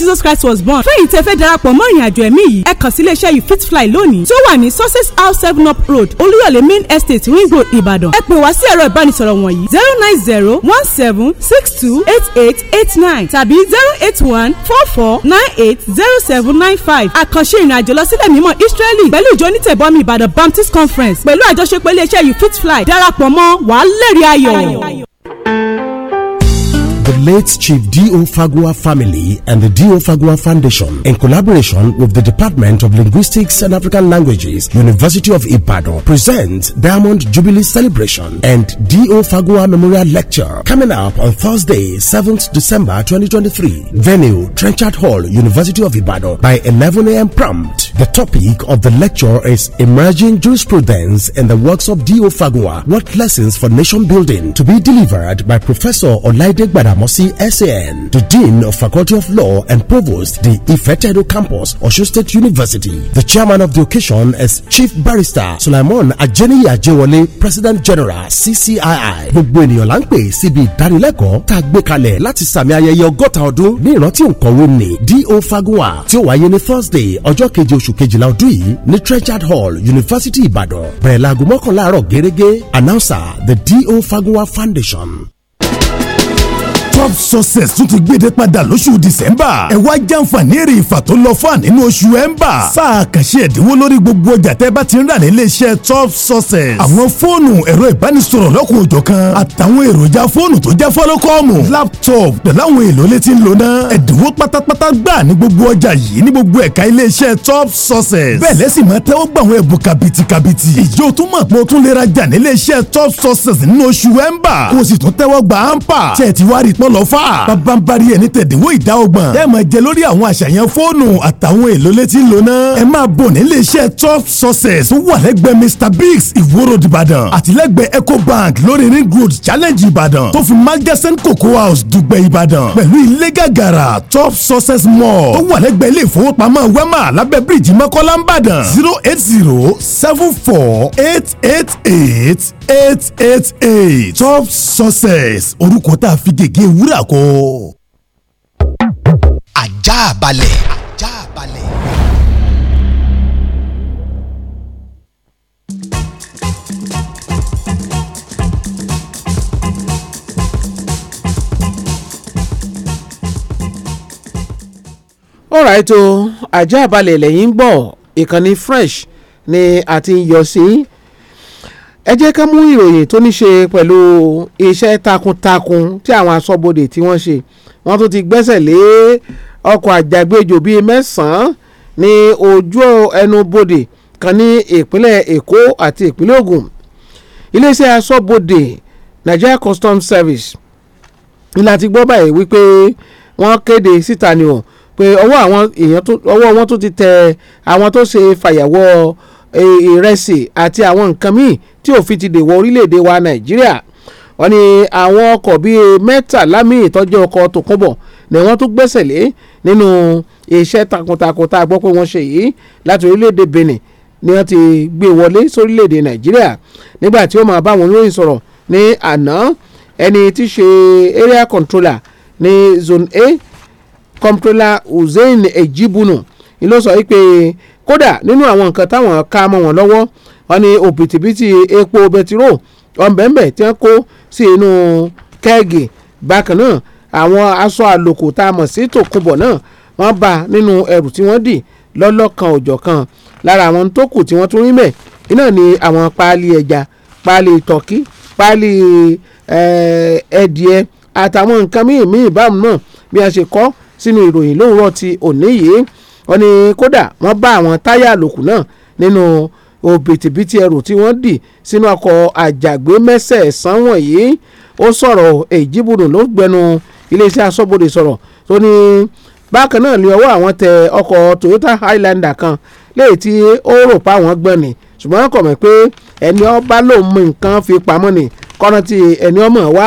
Jesus Christ was born fún ìtẹ́fẹ́ darapọ̀ mọ́ ìrìnàjò ẹ̀mí yìí ẹ kàn sí iléeṣẹ́ you fit fly lónìí tí ó wà ní success house seven up road olúyọ̀lé main estate ring road Ìbàdàn ẹ pè wá sí ẹ̀rọ ìbánisọ̀rọ̀ wọ̀nyí zero nine zero one seven six two eight eight eight nine tàbí zero eight one four four nine eight zero seven nine five àkànṣe ìrìnàjò lọ sílẹ̀ mímọ́ Israeli pẹ̀lú ìjọ onítẹ̀bọmi Ìbàdàn Baptist Conference pẹ̀lú àjọṣepọ̀ iléeṣẹ́ you fit fly darapọ̀ mọ́ wàá lẹ́rìí ayọ̀. the late Chief D.O. Fagua family and the D.O. Fagua Foundation in collaboration with the Department of Linguistics and African Languages, University of Ibadan, presents Diamond Jubilee Celebration and D.O. Fagua Memorial Lecture coming up on Thursday, 7th December 2023. Venue Trenchard Hall, University of Ibadan by 11 a.m. prompt. The topic of the lecture is Emerging Jurisprudence in the Works of D.O. Fagua. What lessons for nation building to be delivered by Professor Olaide Badam Samosi SAN, the Dean of Faculty of Law and Provost, the Ifetedo Campus, Osho State University. The chairman of the occasion is Chief Barrister Sulaimon Ajeniyi Ajewole, President General CCII. Gbogbo ènìyàn la ń pè síbi ìdánilẹ́kọ̀ọ́ tá a gbé kalẹ̀ láti sàmì ayẹyẹ ọgọ́ta ọdún ní ìrántí òǹkọ̀wé ni D.O. Fagunwa tí ó wáyé ní Thursday ọjọ́ keje oṣù kejìlá ọdún yìí ní Treasured Hall University Ìbàdàn. Bẹ̀rẹ̀ láago mọ́kànlá àárọ̀ gẹ́gẹ́ announcer the D.O. Fagunwa Foundation top success tún ti gbéde padà lóṣù december ẹ wá jàǹfààní èrè ìfà tó lọ fún ànínú oṣù ember sáà kàṣe ẹ̀dínwó lórí gbogbo ọjà tẹ́ bá ti ń rà nílé iṣẹ́ top success àwọn fóònù ẹ̀rọ ìbánisọ̀rọ̀ lọ́kùn òjọ̀ kan àtàwọn èròjà fóònù tó jẹ́ fọ́lọ́kọ́ọ̀mù laptop pẹ̀láwọn èlò létí ń lò náà ẹ̀dínwó pátápátá gbà ní gbogbo ọjà yìí ní gbogbo ẹ̀ka ilé top success bẹ́ẹ̀ lẹ́sìn máa tẹ́wọ́ gbà àwọn ẹ̀bùn kàbìtìkàbìtì ìjọ tún mọ̀ top success nínú oṣù ember kó o sì tún tẹ́wọ́ lọ́wọ́ lọ́fà. babambari ẹni tẹ̀dínwó ìdá ọgbọ̀n. ẹ máa jẹ lórí àwọn àṣàyàn fóònù àtàwọn èlò létí lóná. ẹ máa bọ̀ ní iléeṣẹ́ top success wà lẹ́gbẹ̀ẹ́ mr biggs ìwòrò ìbàdàn àtìlẹ́gbẹ̀ẹ́ ecobank lórí ring road challenge ìbàdàn tó fi magasin cocoa house dùgbẹ̀ ìbàdàn pẹ̀lú ilé gàgàrà top success mall tó wà lẹ́gbẹ̀ẹ́ ilé ìfowópamọ́ wema lábẹ́ bíríìjì mọ́kọ́lá ìbàdàn orúkọ tá a fi gègé wúrà kó. ajá balẹ̀. ajá balẹ̀. alright o ajá balẹ̀ lẹ́yìn ń bọ̀ ìkànnì fresh ni a ti ń yọ sí ẹ jẹ́ ká mú ìròyìn tó ní ṣe pẹ̀lú iṣẹ́ takuntakun tí àwọn aṣọ́bodè tí wọ́n ṣe wọ́n tún ti gbẹ́sẹ̀ lé ọkọ̀ àjàgbéjò bíi mẹ́sàn-án ní ojú ẹnu kan ní ìpínlẹ̀ Èkó àti ìpínlẹ̀ Ògùn iléeṣẹ́ aṣọ́bodè Nigeria Customs Service ni láti gbọ́ báyìí wípé wọ́n kéde síta ni o pé ọwọ́ àwọn èèyàn ọwọ́ wọn tún ti tẹ àwọn tó ṣe fàyàwọ́ ọ̀hún ìrẹsì àti àwọn nǹkan míì tí òfin ti dèwọ̀ orílẹ̀-èdè wa nàìjíríà wọ́n ní àwọn ọkọ̀ bíi mẹ́tàlá míì tọ́jú ọkọ̀ tòkunbọ̀ ni wọ́n tún gbẹ́sẹ̀ lé nínú iṣẹ́ takuntakun tá a gbọ́ pé wọ́n ṣe yìí láti orílẹ̀-èdè benin ni wọ́n ti gbé wọlé sórílẹ̀-èdè nàìjíríà nígbà tí ó máa bá wọn lóyìn sọ̀rọ̀ ní àná ẹni tí ṣe area controller ní zone a comptroller hussein ejibunu ló sọ wípé kódà nínú àwọn nǹkan táwọn ká mọ́ wọn lọ́wọ́ wọn ni òbítíbitì epo bẹtiró ọ̀nbẹ̀ǹbẹ̀ tí wọ́n kó sí inú kẹ́ẹ̀gì bákan náà àwọn aṣọ àlòkù tá a mọ̀ sí tòkunbọ̀ náà wọ́n bá nínú ẹrù tí wọ́n dì lọ́lọ́kan òjọ̀kan lára àwọn tó kù tí wọ́n tún rí mẹ́ iná ni àwọn páálí ẹja páálí tọ́kí páálí eh, ẹdìẹ àtàwọn nǹkan míì míì báwọn náà bí a ṣe kọ́ sínú ìròyìn lóòrọ̀ ti òní yìí wọ́n ní kódà wọ́n bá àwọn táyà àlòkù náà nínú òbítíbitì ẹrù tí wọ́n dì sínú ọkọ̀ àjàgbé mẹ́sẹ̀ẹ̀sán wọ̀nyí ó sọ̀rọ̀ èjìbùdùn ló gbẹnu iléeṣẹ́ aṣọ́bodè sọ̀rọ̀ tó ní bákan náà ni ọwọ́ àwọn tẹ ọkọ̀ Toyota Highlander kan léyìí tí ó rò pa àwọn gbẹ̀nì ṣùgbọ́n kọ̀ mọ̀ pé ẹni ọba lòun mú nǹkan fi pamọ́ ni kọ́nà tí ẹni ọmọ wa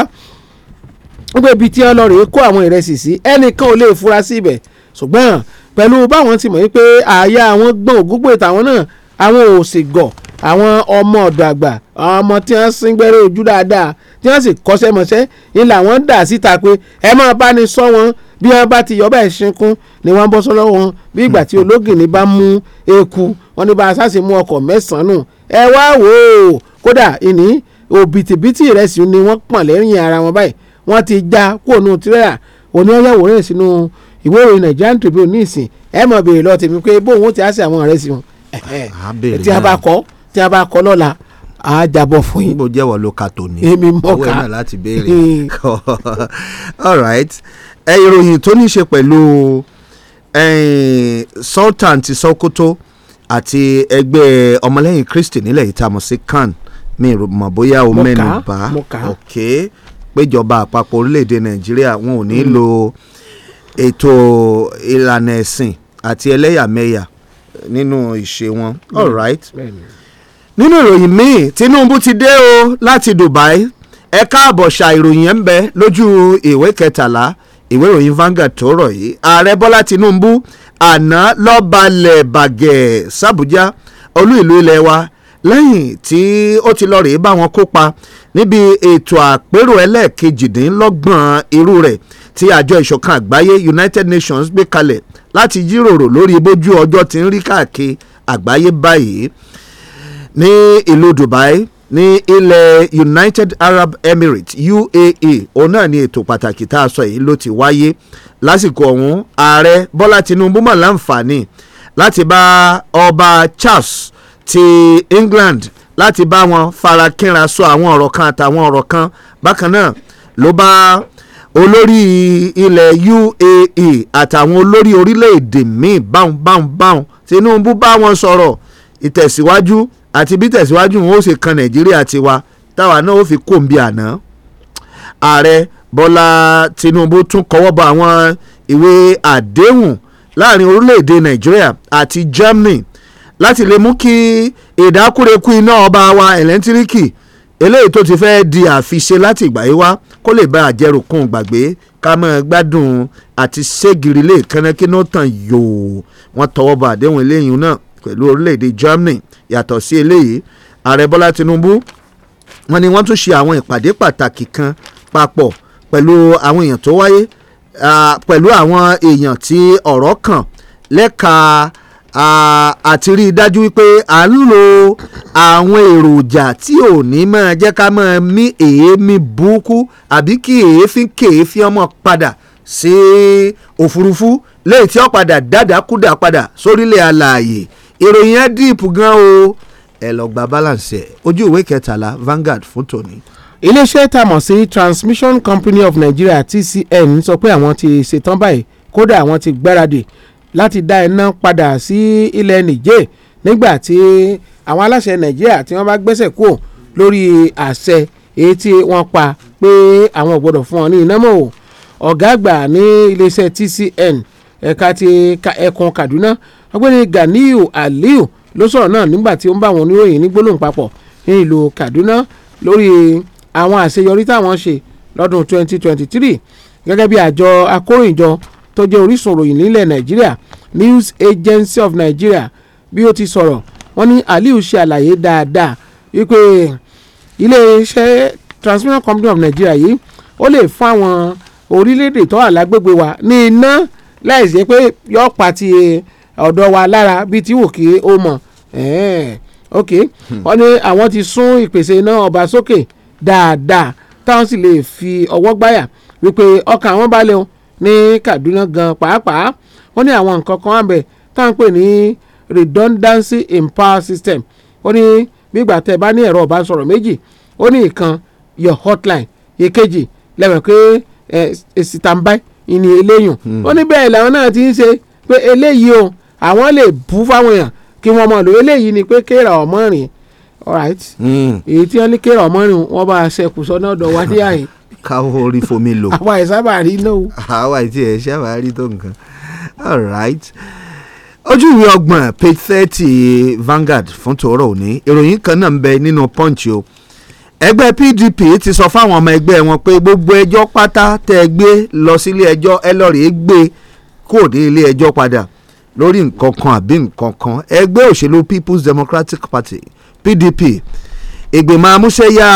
wípé ibi tí wọ́n lọ rèé kó àwọn ìrẹsì sí ẹnìkan ò lè fura sí ibẹ̀ ṣùgbọ́n pẹ̀lú báwọn ti mọ̀ wípé àyà àwọn gbọ́n ògúngbò ìtàwọn náà àwọn ò sì gọ̀ àwọn ọmọ ọ̀dọ̀ àgbà àwọn ọmọ tí wọ́n sín gbẹ́rẹ́ ojú dáadáa tí wọ́n sì kọ́ṣẹ́ mọṣẹ́ ni làwọn dà síta pé ẹ máa bá ní sọ wọn bí wọ́n bá ti yọ̀bá ìṣinkún ni wọ́n bọ́ sọ́lọ́ wọn bí ìgbà tí ni bá mú eku wọn ní bá a sáàsì mú ọkọ̀ mẹ́sàn-án ẹ wá wò ó kódà ìní òbítíbitì ìrẹsì ni wọ́n pọ̀n lẹ́yìn ara wọn báyìí wọ́n ti já kúònù tirẹ́là òní ọ̀yàwó rẹ̀ sínú ìwé ìròyìn Nigerian Tribune ní ìsìn ẹ mọ̀ béèrè lọ tèmi pé bóun ó ti á sí àwọn ọ̀rẹ́ sí wọn tí a bá kọ́ tí a bá kọ́ lọ́la a jábọ̀ fún yín. bó jẹ́wọ́ ló ka tòní èmi mọ̀ owó náà láti béèrè all right ẹ ìròyìn tó ní í ṣe pẹ̀lú Sultan ti Sokoto àti ẹgbẹ́ ọmọlẹ́yìn Kristi nílẹ̀ yìí tá a mọ̀ sí CAN mi mọ̀ bóyá o mẹ́nu bá ok péjọba àpapọ̀ orílẹ̀-èdè Nàìjíríà wọn ò ní mm. lo. Mm ètò ìlànà ẹ̀sìn àti ẹlẹ́yàmẹ̀yà nínú ìṣe wọn hmm. all right nínú ìròyìn míì Tinubu ti dé o láti Dubai ẹ̀ka àbọ̀ṣà ìròyìn ẹ̀ ń bẹ lójú ìwé kẹtàlá ìwé ìròyìn Vanguard tó rọ̀ yìí ààrẹ Bọ́lá Tinubu àná lọ́balẹ̀ bàgẹ́ sàbújá olú ìlú ilẹ̀ wa lẹ́yìn tí ó ti lọ rèé bá wọn kópa níbi ètò àpérò ẹlẹ́ẹ̀kejìdínlọ́gbọ̀n irú rẹ̀ tí àjọ ìṣọ̀kan àgbáyé United Nations gbé kalẹ̀ láti jíròrò lórí bójú ọjọ́ tí ń rí káàkiri àgbáyé báyìí ní ìlú Dubai ní ilẹ̀ United Arab Emirates UAE òun náà ni ètò pàtàkì tá a sọ yìí ló ti wáyé lásìkò ọ̀hún ààrẹ Bọ́lá Tinubu mọ̀ láǹfààní láti bá ọba Charles ti England láti bá wọn farakínra sọ àwọn ọ̀rọ̀ kan àtàwọn ọ̀rọ̀ kan bákan náà ló bá olórí ilẹ̀ uae àtàwọn olórí orílẹ̀-èdè míì báwọn báwọn báwọn tinubu bá wọn sọ̀rọ̀ ìtẹ̀síwájú àti bí tẹ̀síwájú wọn ó ṣe kan nàìjíríà tiwa táwa náà ó fi kòǹbi àná ààrẹ bọ́lá tinubu tún kọwọ́ bọ àwọn ìwé àdéhùn láàrin orílẹ̀-èdè nàìjíríà àti germany láti lè mú kí ìdákúrekú iná ọba wa ẹ̀lẹ́ntíríkì eléyìí tó ti fẹ́ẹ́ di àfiṣe láti ìgbà yìí wá kó lè bá àjẹrùkún gbàgbé ká máa gbádùn àti ségiri lè kánákínú tàn yòó wọ́n tọwọ́ bá àdéhùn eléyìí náà pẹ̀lú orílẹ̀-èdè Germany yàtọ̀ sí eléyìí ààrẹ Bọ́lá Tinubu wọ́n ní wọ́n tún ṣe àwọn ìpàdé pàtàkì kan papọ̀ pẹ̀lú àwọn èèyàn tó wáyé pẹ̀lú àwọn èèyàn tí ọ̀rọ̀ kàn lẹ́ka àti rí i dájú wípé à ń lo àwọn èròjà tí ò ní máa jẹ́ ká máa mí èémí burúkú àbí kí èéfín kèéfín ọmọ padà sí òfurufú léyìí tí ó padà dádàkúdà padà sórílẹ̀ alààyè ìròyìn ẹ̀ díìpù gan o ẹ lọ gba balance ẹ ojú ìwé kẹtàlá Vanguard fún tòní iléeṣẹ́ tá a mọ̀ sí transmission company of nigeria tcn sọ pé àwọn ti ṣetán báyìí kódà àwọn ti gbáradì láti dá iná padà sí ilẹ̀ Niger nígbà tí àwọn aláṣẹ Nàìjíríà tí wọ́n bá gbẹ́sẹ̀ kúrò lórí àṣẹ èyí tí wọ́n pa pé àwọn ò gbọ́dọ̀ fún ọ ní iná mọ́ o ọ̀gá àgbà ní iléeṣẹ́ TCN ẹ̀ka ti ẹkùn Kaduna ọgbẹ́ni Ganiu Aliu ló sọ̀rọ̀ náà nígbà tí ó ń bá àwọn oníròyìn ní gbólóhùn papọ̀ ní ìlú Kaduna lórí àwọn àṣeyọrí táwọn ṣe lọ́dún 2023 gẹ́gẹ́ bí àjọ akóròyìnjọ tó jẹ́ orísun òròyìn nílẹ̀ nàìjíríà news agency of nigeria bí ó ti sọ̀rọ̀ wọ́n ní aliu ṣe àlàyé dáadáa wípé iléeṣẹ́ transmission company of nigeria yìí ó lè fún àwọn orílẹ̀-èdè tó wà lágbègbè wa ní iná láì jẹ́ pé yọ pa ti ọ̀dọ̀ wa lára bíi tí wò kí ó mọ̀ ok hmm. wọ́n ní àwọn ti sún ìpèsè iná ọba sókè dáadáa táwọn sì lè fi ọwọ́ gbáyà wípé ọkàn àwọn balẹ̀ o ní Kaduna gan pàápàá ó ní àwọn nǹkan kan àbẹ̀ tá à ń pè ní redundancy in power system ó ní gbígbà tẹ́ bá ní ẹ̀rọ ìbánisọ̀rọ̀ méjì ó ní ìkan your hotline èkejì lẹ́wọ̀n pé èsì tàǹbá ìní eléyùn hmm. ó ní bẹ́ẹ̀ làwọn náà ti ń ṣe pé eléyìí o àwọn lè bú fáwọn èèyàn kí wọ́n mọ̀ lò eléyìí ni pé kéèrà ọmọ rìn alright hmm. èyí tí wọ́n ní kéèrà ọmọ rìn wọ́n bá a ṣẹkù sọ́nà ọ̀dọ̀ wádìí àyè káwọ́ orí fomi lò. àwa ẹ̀ sábà rí lò. àwa ẹ̀ tí ẹ̀ sábà rí tó nǹkan all right ojú ìwé ọgbọ̀n page thirty Vanguard fún tòórọ́ òní ìròyìn kan náà ń bẹ nínú punch o ẹgbẹ́ PDP ti sọ fáwọn ọmọ ẹgbẹ́ wọn pé gbogbo ẹjọ́ pátá tẹ́ ẹ gbé lọ sílé ẹjọ́ ẹ lọ́ọ́ rèé gbé kó dé ilé ẹjọ́ padà lórí nǹkan kan àbí nǹkan kan ẹgbẹ́ òṣèlú People's Democratic Party PDP ìgbìmọ̀ amúṣẹ́yá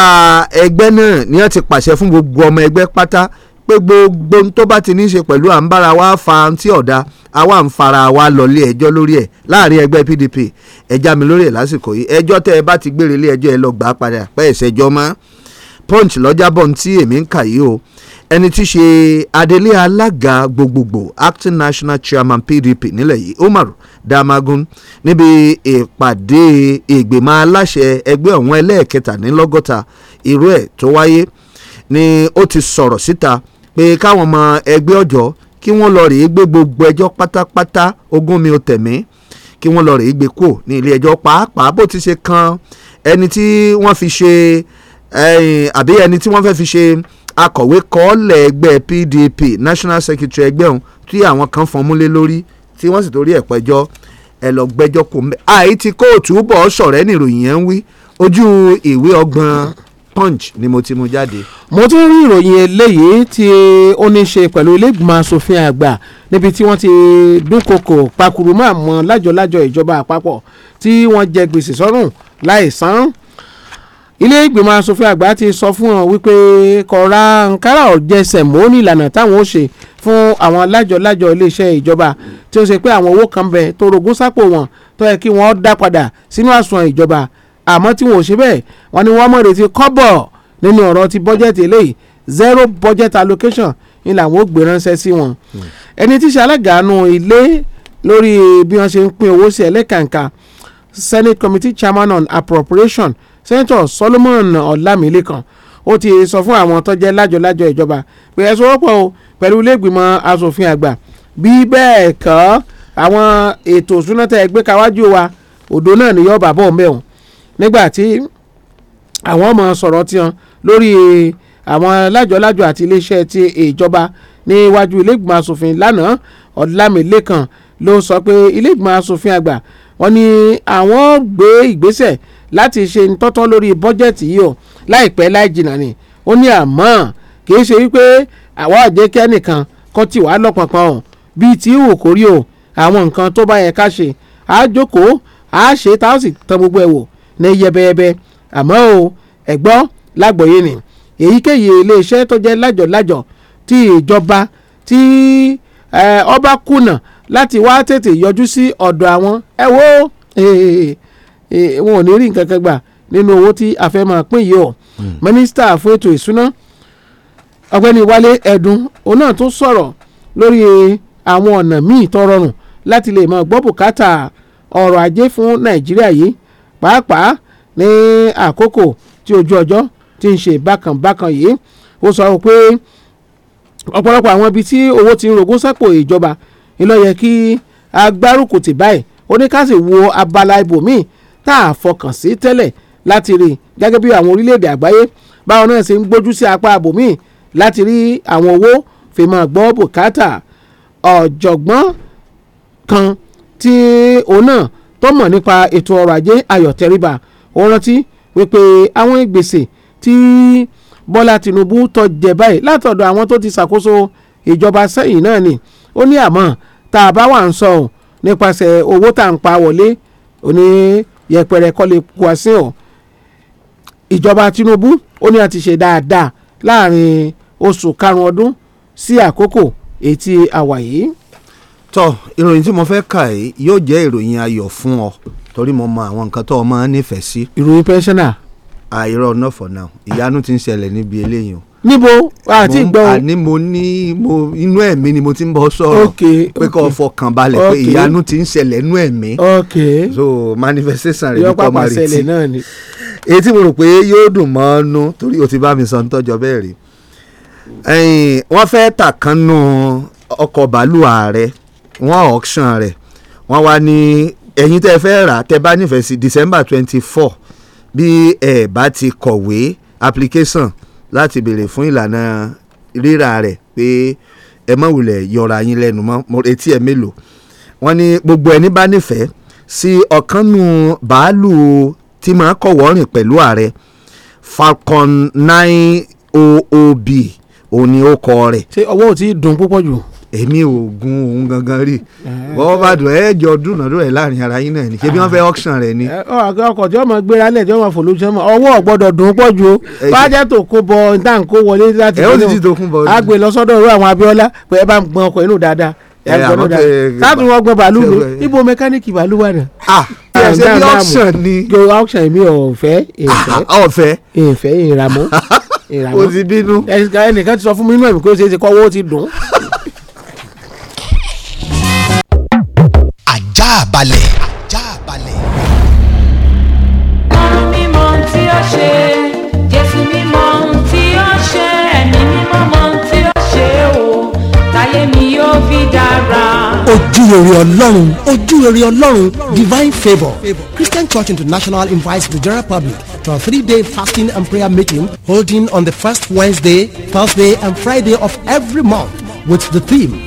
ẹgbẹ́ náà ni wọ́n ti pàṣẹ fún gbogbo ọmọ ẹgbẹ́ pátá pé gbogbo tó bá ti ní í ṣe pẹ̀lú à wa fa ti ọ̀dà àwa ń fara wa lọlé ẹjọ́ lórí ẹ̀ láàrin ẹgbẹ́ PDP ẹja mi lórí ẹ̀ lásìkò yìí ẹjọ́ tẹ́ ẹ bá ti gbére ilé ẹjọ́ ẹ lọ gbà padà pẹ́ ìṣẹ́jọ́ mọ́ punch lọ́jàbọ̀ tí èmi ń kà yìí o ẹni tí ṣe adelé alága gbogbogbò acting national chairman PDP nílẹ̀ yìí Umar damagun níbi ìpàdé ìgbìmọ̀ aláṣẹ ẹgbẹ́ ọ̀hún ẹlẹ́ẹ̀kẹtàdínlọ́gọ́ta irú ẹ̀ tó wáyé ni ó ti sọ̀rọ̀ síta pé káwọn ọmọ ẹgbẹ́ ọ̀jọ́ kí wọ́n lọ rèé gbé gbogbo ẹjọ́ pátápátá ogún mi ò tẹ̀mí kí wọ́n lọ rèé gbé kúrò ní ilé ẹjọ́ pàápàá bó ti ṣe kan ẹni tí wọ́n fi ṣe àbí ẹni tí wọ́n fẹ́ fi ṣe akọ̀wé kọ́ọ̀lẹ̀ ẹgbẹ́ PDP national secretary ẹgbẹ́ ọ̀hún tí àwọn kan fọnmúlé lórí tí wọ́n sì torí ẹ̀ pẹjọ́ ẹ lọ gbẹ́jọ́ kò mẹ́ àì ti kóòtù bọ̀ sọ̀rẹ́ nìròyìn yẹn ń wí ojú ìwé ọgbọ̀n punch ni mo ti mú jáde. mo tún rí ìròyìn eléyìí tí ó ní í ṣe pẹ̀lú ilégbìmọ̀ asòfin àgbà níbi tí wọ́n ti dúnkokò pakuru mọ́ àwọn lájọlájọ ìjọba àpapọ̀ tí wọ́n jẹ gbèsè sọ́rùn láì án ilé ìgbìmọ̀ asòfin àgbà ti sọ fún wọn wípé kọ̀ọ̀ra Ankara ọ̀jẹsẹ̀ mọ́ọ́nì ìlànà táwọn ó ṣe fún àwọn lájọ-lájọ iléeṣẹ́ ìjọba tí ó ṣe pé àwọn owó kan bẹ tó rogún sápò wọn tó yẹ kí wọ́n dá padà sínú àsùnwọ̀n ìjọba àmọ́ tí wọn ò ṣe bẹ́ẹ̀ wọ́n ní wọ́n mọ̀ retí kọ́bọ̀ nínú ọ̀rọ̀ ti bọ́jẹ́tì eléyìí zero budget allocation ni làwọn ó gbé ránṣẹ́ sí wọn. ẹni tí ṣe ilé lórí bí wọ́n ṣe ń pín owó sí ẹlẹ́kàǹkà Senate Committee Chairman on Appropriation sẹ́ńtọ̀ Solomon Ọlámilékan ó ti sọ fún àwọn tó jẹ́ lájọlájọ ìjọba pé ẹ sọ́wọ́pọ̀ o pẹ̀lú ilégbìmọ̀ asòfin àgbà bí bẹ́ẹ̀ kọ́ àwọn ètò ìṣúná tẹ́ gbé kawájú wa òdo náà ni yọ̀ọ́ bàbá òun bẹ̀rùn nígbà tí àwọn ọmọ sọ̀rọ̀ tiwọn lórí àwọn lájọlájọ àti iléeṣẹ́ ti ìjọba níwájú ilégbìmọ̀ asòfin lánàá Ọlámilékan ló sọ pé ilégbìmọ̀ asòfin àgbà wọ́n ní àwọn gbé ìgbésẹ̀ láti ṣe tọ́tọ́ lórí bọ́jẹ̀tì yìí o láìpẹ́ láì jìnnà ni ó ní àmọ́ kìí ṣe wípé àwa ọ̀jẹ̀ kẹ́nìkan kó tì wá lọ́pọ̀pọ̀ o bíi tí wò kó rí o àwọn nǹkan tó bá yẹ ká ṣe á jókòó á ṣe tá a sì tan gbogbo ẹ̀ wò ní yẹbẹyẹbẹ àmọ́ o ẹ̀gbọ́n lágbọ̀ọ́yé ni èyíkéyìí iléeṣẹ́ tó jẹ́ lájọ̀lájọ̀ tí ìjọba tí ọba kùnà láti wá tètè yọjú sí ọ̀dọ̀ àwọn ẹ wo eh, eh, wọn ò ní rí nǹkan kan gbà nínú owó tí a fẹ́ máa pín yìí o hmm. mínísítà fún ètò ìsúná ọ̀gbẹ́ni Wálé Ẹ̀dùn òun náà tún sọ̀rọ̀ lórí àwọn ọ̀nà míì tó rọrùn láti lè máa gbọ́ bùkátà ọrọ̀ ajé fún Nàìjíríà yìí pàápàá ní àkókò tí ojú ọjọ́ ti ń ṣe bákànbákan yìí ó sọ pé ọ̀pọ̀lọpọ̀ àwọn ibi tí owó ti ń rogún sápò ìjọba ńlọ yẹ kí agbárùkù tì báyìí oníkàsì wo abala ibòmíì tá a fọkàn sí tẹ́lẹ̀ láti rí gẹ́gẹ́ bí àwọn orílẹ̀-èdè àgbáyé báwọn náà ṣe ń gbójú sí apá ibòmíì láti rí àwọn owó fi máa gbọ́ bùkátà ọ̀jọ̀gbọ́n kan tí òun náà tó mọ̀ nípa ètò ọrọ̀ ajé Ayọ̀ Tẹríba ó rántí wípé àwọn gbèsè tí Bọ́lá Tinubu tó jẹ báyìí látọ̀dọ̀ àwọn tó ti ṣàkóso ìjọba sẹ́yìn náà ni ó ní àmọ́ tá a bá wà ń sọ ọ́ nípasẹ̀ owó tá à ń pa wọlé òní yẹpẹrẹ kọ́ lè kú àsìn ọ́ ìjọba Tinubu ó ní àti ṣe dáadáa láàrin oṣù karùn-ún ọdún sí àkókò ètí àwà yìí. tọ ìròyìn tí mo fẹ́ kà yìí yóò jẹ́ ìròyìn ayọ̀ fún ọ torí mo mọ àwọn nǹkan tó o máa nífẹ̀ẹ́ sí. ìròyìn pẹ́ńsánà. àìrọ̀ náà for now ìyanu ti ń ṣẹlẹ̀ níbi eléyìí o níbo àti ìgbọ́. àní mo ní mo inú ẹ̀mí ni mo ti ń bọ́ sọ̀rọ̀ pé kó fọkàn balẹ̀ pé ìyanu ti ń ṣẹlẹ̀ inú ẹ̀mí so manifestation rẹ̀ ní kọ́mọ̀rìtì etí mo rò pé yóò dùn mọ́ ọ́nú torí o ti bá mi sọ ní tọ́jọ́ bẹ́ẹ̀ rí wọ́n fẹ́ tàkánú ọkọ̀ bàálù ààrẹ wọ́n auction rẹ̀ wọ́n wá ní ẹ̀yin tẹ́ fẹ́ rà tẹ́ bá nífẹ̀ẹ́ sí December twenty four bí ẹ̀ bá ti kọ̀wé application láti béèrè fún ìlànà rírà rẹ̀ pé ẹ má wulẹ̀ yọra yín lẹ́nu mọ́ mo retí ẹ mélòó wọ́n ní gbogbo ẹni bá nífẹ̀ẹ́ sí ọ̀kánnù bàálù tí máa kọ̀wọ́ rìn pẹ̀lú ààrẹ Falcon nine oob oh oh òun ó kọ rẹ̀. ṣé ọwọ́ ò tí ì dùn púpọ̀ jù èmi ò gun òun gangan rí eh. bọ́wọ́ bá dùn ẹ́ jọ dúnàdúrà ẹ̀ láàrin ara yín náà ni ṣé bí wọ́n fẹ́ auction rẹ̀ ni. Eh, ọkọ̀ tí wọ́n máa gbéra lẹ̀ tí wọ́n máa fò lójú ọmọ ọwọ́ gbọ́dọ̀ dùn pọ̀ ju bájẹ́ tó kó bọ níta kó wọlé láti gbé àgbè lọ́sọ́dọ̀ ìlú àwọn Abíọ́lá pé ẹ bá ń gbọ́n ọkọ̀ inú dáadáa ẹ eh, gbọ́n ọkọ̀ bàálù ni ibo mẹkáníìkì bàálù wà náà ah, ṣe bí auction ni. yo auction mi ọ̀fẹ́ ìfẹ́. ọ̀fẹ́. ìfẹ́ o ti bínú. ẹnìkan ti sọ fún mi nínú ẹ̀mí kó ṣe é ṣe kọ́wọ́ ti dùn. ajá balẹ̀. ajá balẹ̀. ẹni mímọ́ ohun tí ó ṣe jésù mímọ́ ohun tí ó ṣe ẹni mímọ́ mọ ohun tí ó ṣe o se jesu mimo ti o se eni mimo mo ti o se o taye mi yóò fi dára. ojúrere ọlọ́run ojúrere ọlọ́run divine favour christian church international invites the general public to a three-day fasting and prayer meeting holding on the first wednesday thursday and friday of every month with the theme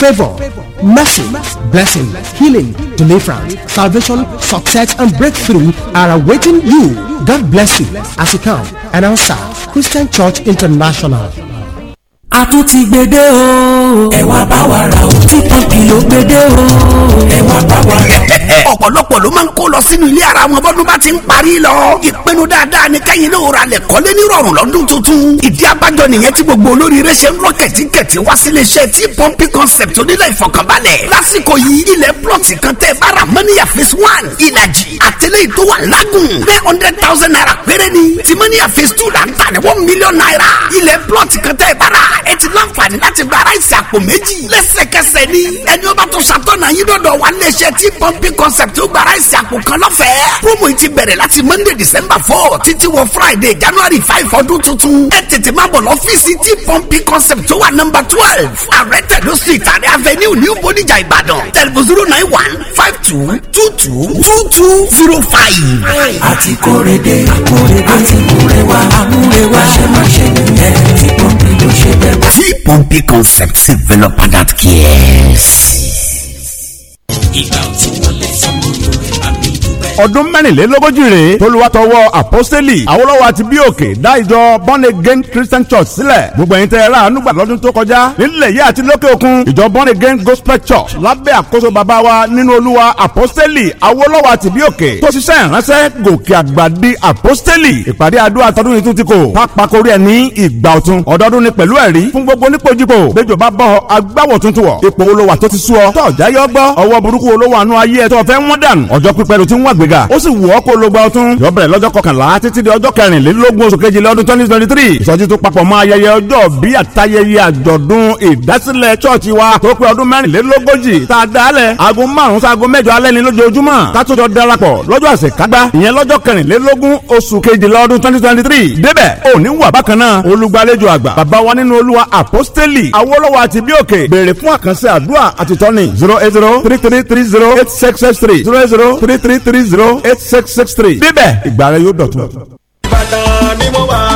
favor, mercy, blessing, healing, deliverance, salvation, success, and breakthrough are awaiting you. God bless you as you come and answer Christian Church International. a tún ti gbede o. ẹ bá wa ra o. tí gbede o ọ̀pọ̀lọpọ̀ ló máa ń kó lọ sínú ilé ara wọn bọ́dún bá ti ń parí lọ. ìpinnu dáadáa ni kẹ́yìn náà ra lẹ̀ kọ́lé ní rọ̀rùn lọ́dún tuntun. ìdí abájọ nìyẹn tí gbogbo olóríire ṣe ń rọ kẹ̀tíkẹ̀tí wá sílé iṣẹ́ tí pọ́ńpì concept onílẹ̀ ìfọ̀kànbalẹ̀. lásìkò yìí ilẹ̀ plọ̀tì kan tẹ́ bára mọ́níyà phase one ìlàjì àtẹlẹ́ ìtò wà lágùn three hundred thousand naira péré ni ti mọ́níyà phase two là ń tà ní one million naira. ilẹ̀ plọ̀tì kan tẹ́ bára ẹ ti láǹfààní láti gba aráàlú àpò méjì lẹ́sẹ̀kẹsẹ̀ ni ẹni ó bá tó ṣàtọ̀nà yín dọ̀dọ̀ wà nílé iṣẹ́ tí pọ́ńpì concept concept tó gba ráìsì àpò kan lọ́fẹ̀ẹ́. promo yìí ti bẹ̀rẹ̀ láti monday december four títí wọ friday january five ọdún tuntun. ẹ tètè máa bọ̀ lọ́fíìsì tí pọ́ǹpì concept tó wà number twelve arẹ́tẹ̀dó street àrẹ avenue new bodijà ìbàdàn tẹlifù zero nine one five two two two two two zero five. àti kórede àkórede àti múrewa àmúrewa ṣe máa ṣe nìyẹn tí pọ́ǹpì ló ṣe bẹ́ẹ̀. tí pọ́ǹpì concept developer that cares. ìgbà tí wọlé the gbogbo. ọdún mẹ́rìnlélógójì rèé tolúwàtọwọ́ àpọ́sítélì Awólọ́wọ̀ àti bíòkè dá ìjọ born again christian church sílẹ̀ gbogbo ẹ̀yin tẹ́ ẹ ráàánú gbà lọ́dún tó kọjá nílẹ̀ yìí àti lókè òkun ìjọ born again gospel church lábẹ́ àkóso bàbá wa nínú olúwa àpọ́sítélì Awólọ́wọ̀ àti bíòkè tó ṣiṣẹ́ ìránṣẹ́ gòkè àgbà di àpọ́sítélì ìpàdé àdúrà tọdún yìí tún ti kò pápákórí ẹ̀ ní ìgbà ọ̀tun ọ̀dọ́dún ni pẹ̀lú ẹ̀rí fún gbogbo nípojúpò gbẹjọ bá bọ̀ agbáwọ̀ tuntun wọ̀ ipò olówà tó gbéraga ó sì wù ọ́ kó lo gba ọtún yóò bẹ̀rẹ̀ lọ́jọ́ kọkànlá títí di ọjọ́ kẹrìnlélógún oṣù kejìlá ọdún twenty twenty three ìsọjí tó papọ̀ mọ́ ayẹyẹ ọjọ́ bí àtayẹyẹ àjọ̀dún ìdásílẹ̀ chọ́ọ̀chì wa tó pé ọdún mẹ́rìnlélógójì tá a dálẹ̀ aago márùn-ún sáago mẹ́jọ alẹ́ ni lójoojúmọ́ kátó darapọ̀ lọ́jọ́ àṣekágbá ìyẹn lọ́jọ́ kẹrìnlélógún oṣù kejìlá ọdún twenty twenty three débẹ̀ òní wà bákan náà olùgbàlejò àgbà bàbá wa nínú olúwa àpọ́stélì awólọ́wọ̀ àti bíòkè béèrè fún àkànṣe àdúrà àtìtọ́ni zero eight zero three three three zero eight six six three zero eight zero three three three zero eight six six three. bíbẹ̀ ìgbà rẹ yóò dọ̀tun. ìbàdàn ni mo wà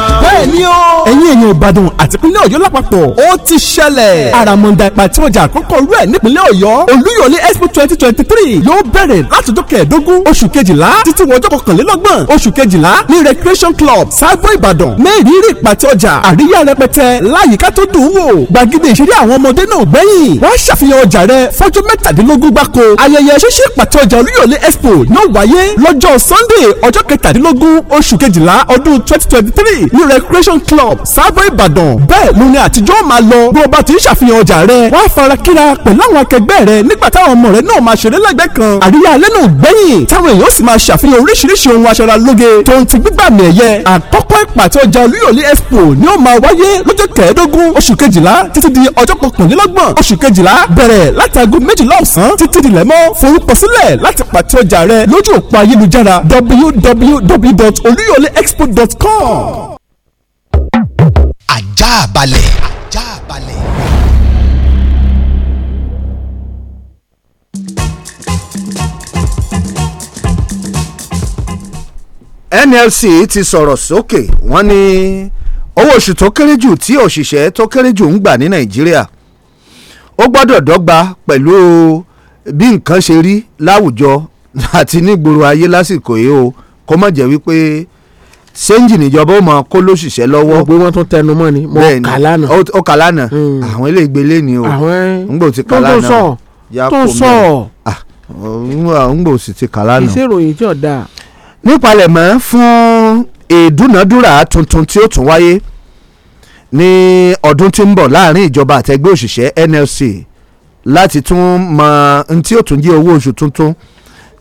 bẹ́ẹ̀ ni o. ẹ̀yin èèyàn ìbàdàn àti ìpínlẹ̀ ọ̀yọ́ lápapọ̀ ó ti ṣẹlẹ̀ àràmọ̀ǹdà ìpàtí ọjà àkọ́kọ́ rẹ̀ nípínlẹ̀ ọ̀yọ́ olúyọ̀lé expo twenty twenty three yóò bẹ̀rẹ̀ látọjọ́ kẹẹ̀ẹ́dógún oṣù kejìlá títí wọjọ́ kọkànlélọ́gbọ̀n oṣù kejìlá ní recreation club sábọ̀ ìbàdàn mẹ́rìírí ìpàtí ọjà àríyá rẹpẹtẹ láyìíká tó dùn wò gbàgede ìṣeré àwọn ọmọdé náà gbẹ̀yìn wọ́n ṣàfihàn ọjà rẹ fọ́jọ́ mẹ́tàdínlógún gbáko ayẹyẹ ṣíṣe ìpàtí ọjà olúyọ̀lé expo yóò wáyé lọ́jọ́ sunday ọjọ́ kẹtàdínlógún oṣù kejìlá ọdún twenty twenty three ní recreation celebration club sábò ìbàdàn bẹ́ẹ̀ ló ní àtijọ́ máa lọ bí o bá ti ń ṣàfihàn ọjà rẹ wá fara kíra pẹ̀lú àwọn akẹgbẹ́ rẹ nígbà táwọn ọmọ rẹ náà máa ṣeré lẹ́gbẹ́ kan àríyá alẹ́ náà gbẹ̀yìn táwọn èèyàn sì máa ṣàfihàn oríṣiríṣi ohun aṣara lóge tó ń ti gbígbà mí ẹ̀yẹ àkọ́kọ́ ìpàtẹ ọjà olúyọ̀lé expo ni ó máa wáyé lọ́jọ́ kẹẹ̀ẹ́dógún oṣù kejìlá títí di ọjọ́ kọkànlélọ́gbọ̀n oṣù kejìlá bẹ̀rẹ̀ látago méjìlá ọ̀sán títí dilẹ̀ mọ́ forúkọsílẹ̀ láti pàtẹ ọjà rẹ lójú òpó ayélujára www.oluyọleexpo.com ajá balẹ̀. NLC ti sọ̀rọ̀ sókè wọ́n ní owó oṣù tó kéré jù tí òṣìṣẹ́ tó kéré jù ń gbà ní Nàìjíríà ó gbọ́dọ̀ dọ́gba pẹ̀lú bí nǹkan ṣe rí láwùjọ àti nígboro ayé lásìkò yìí o kó má jẹ́ wípé sẹ́ńjì níjọba ó mọ kó lóṣìṣẹ́ lọ́wọ́. mo gbé wọn tún tẹnu mọ́ ni mo kà lánàá. ó kà lánàá hmm. àwọn ilé ìgbélé ni o ngbò ti kà lánàá tó tó sọ ah, ngbò sì ti kà lánàá. ìṣèròyìn tí ò dáa. nípalẹ̀mọ́ fún ìdúnàdúrà tuntun tí ó tún wáyé ní ọdún tí ń bọ̀ láàrin ìjọba àtẹgbẹ́ òṣìṣẹ́ NLC láti tún mọ ohun tí ó tún jẹ́ owó oṣù tuntun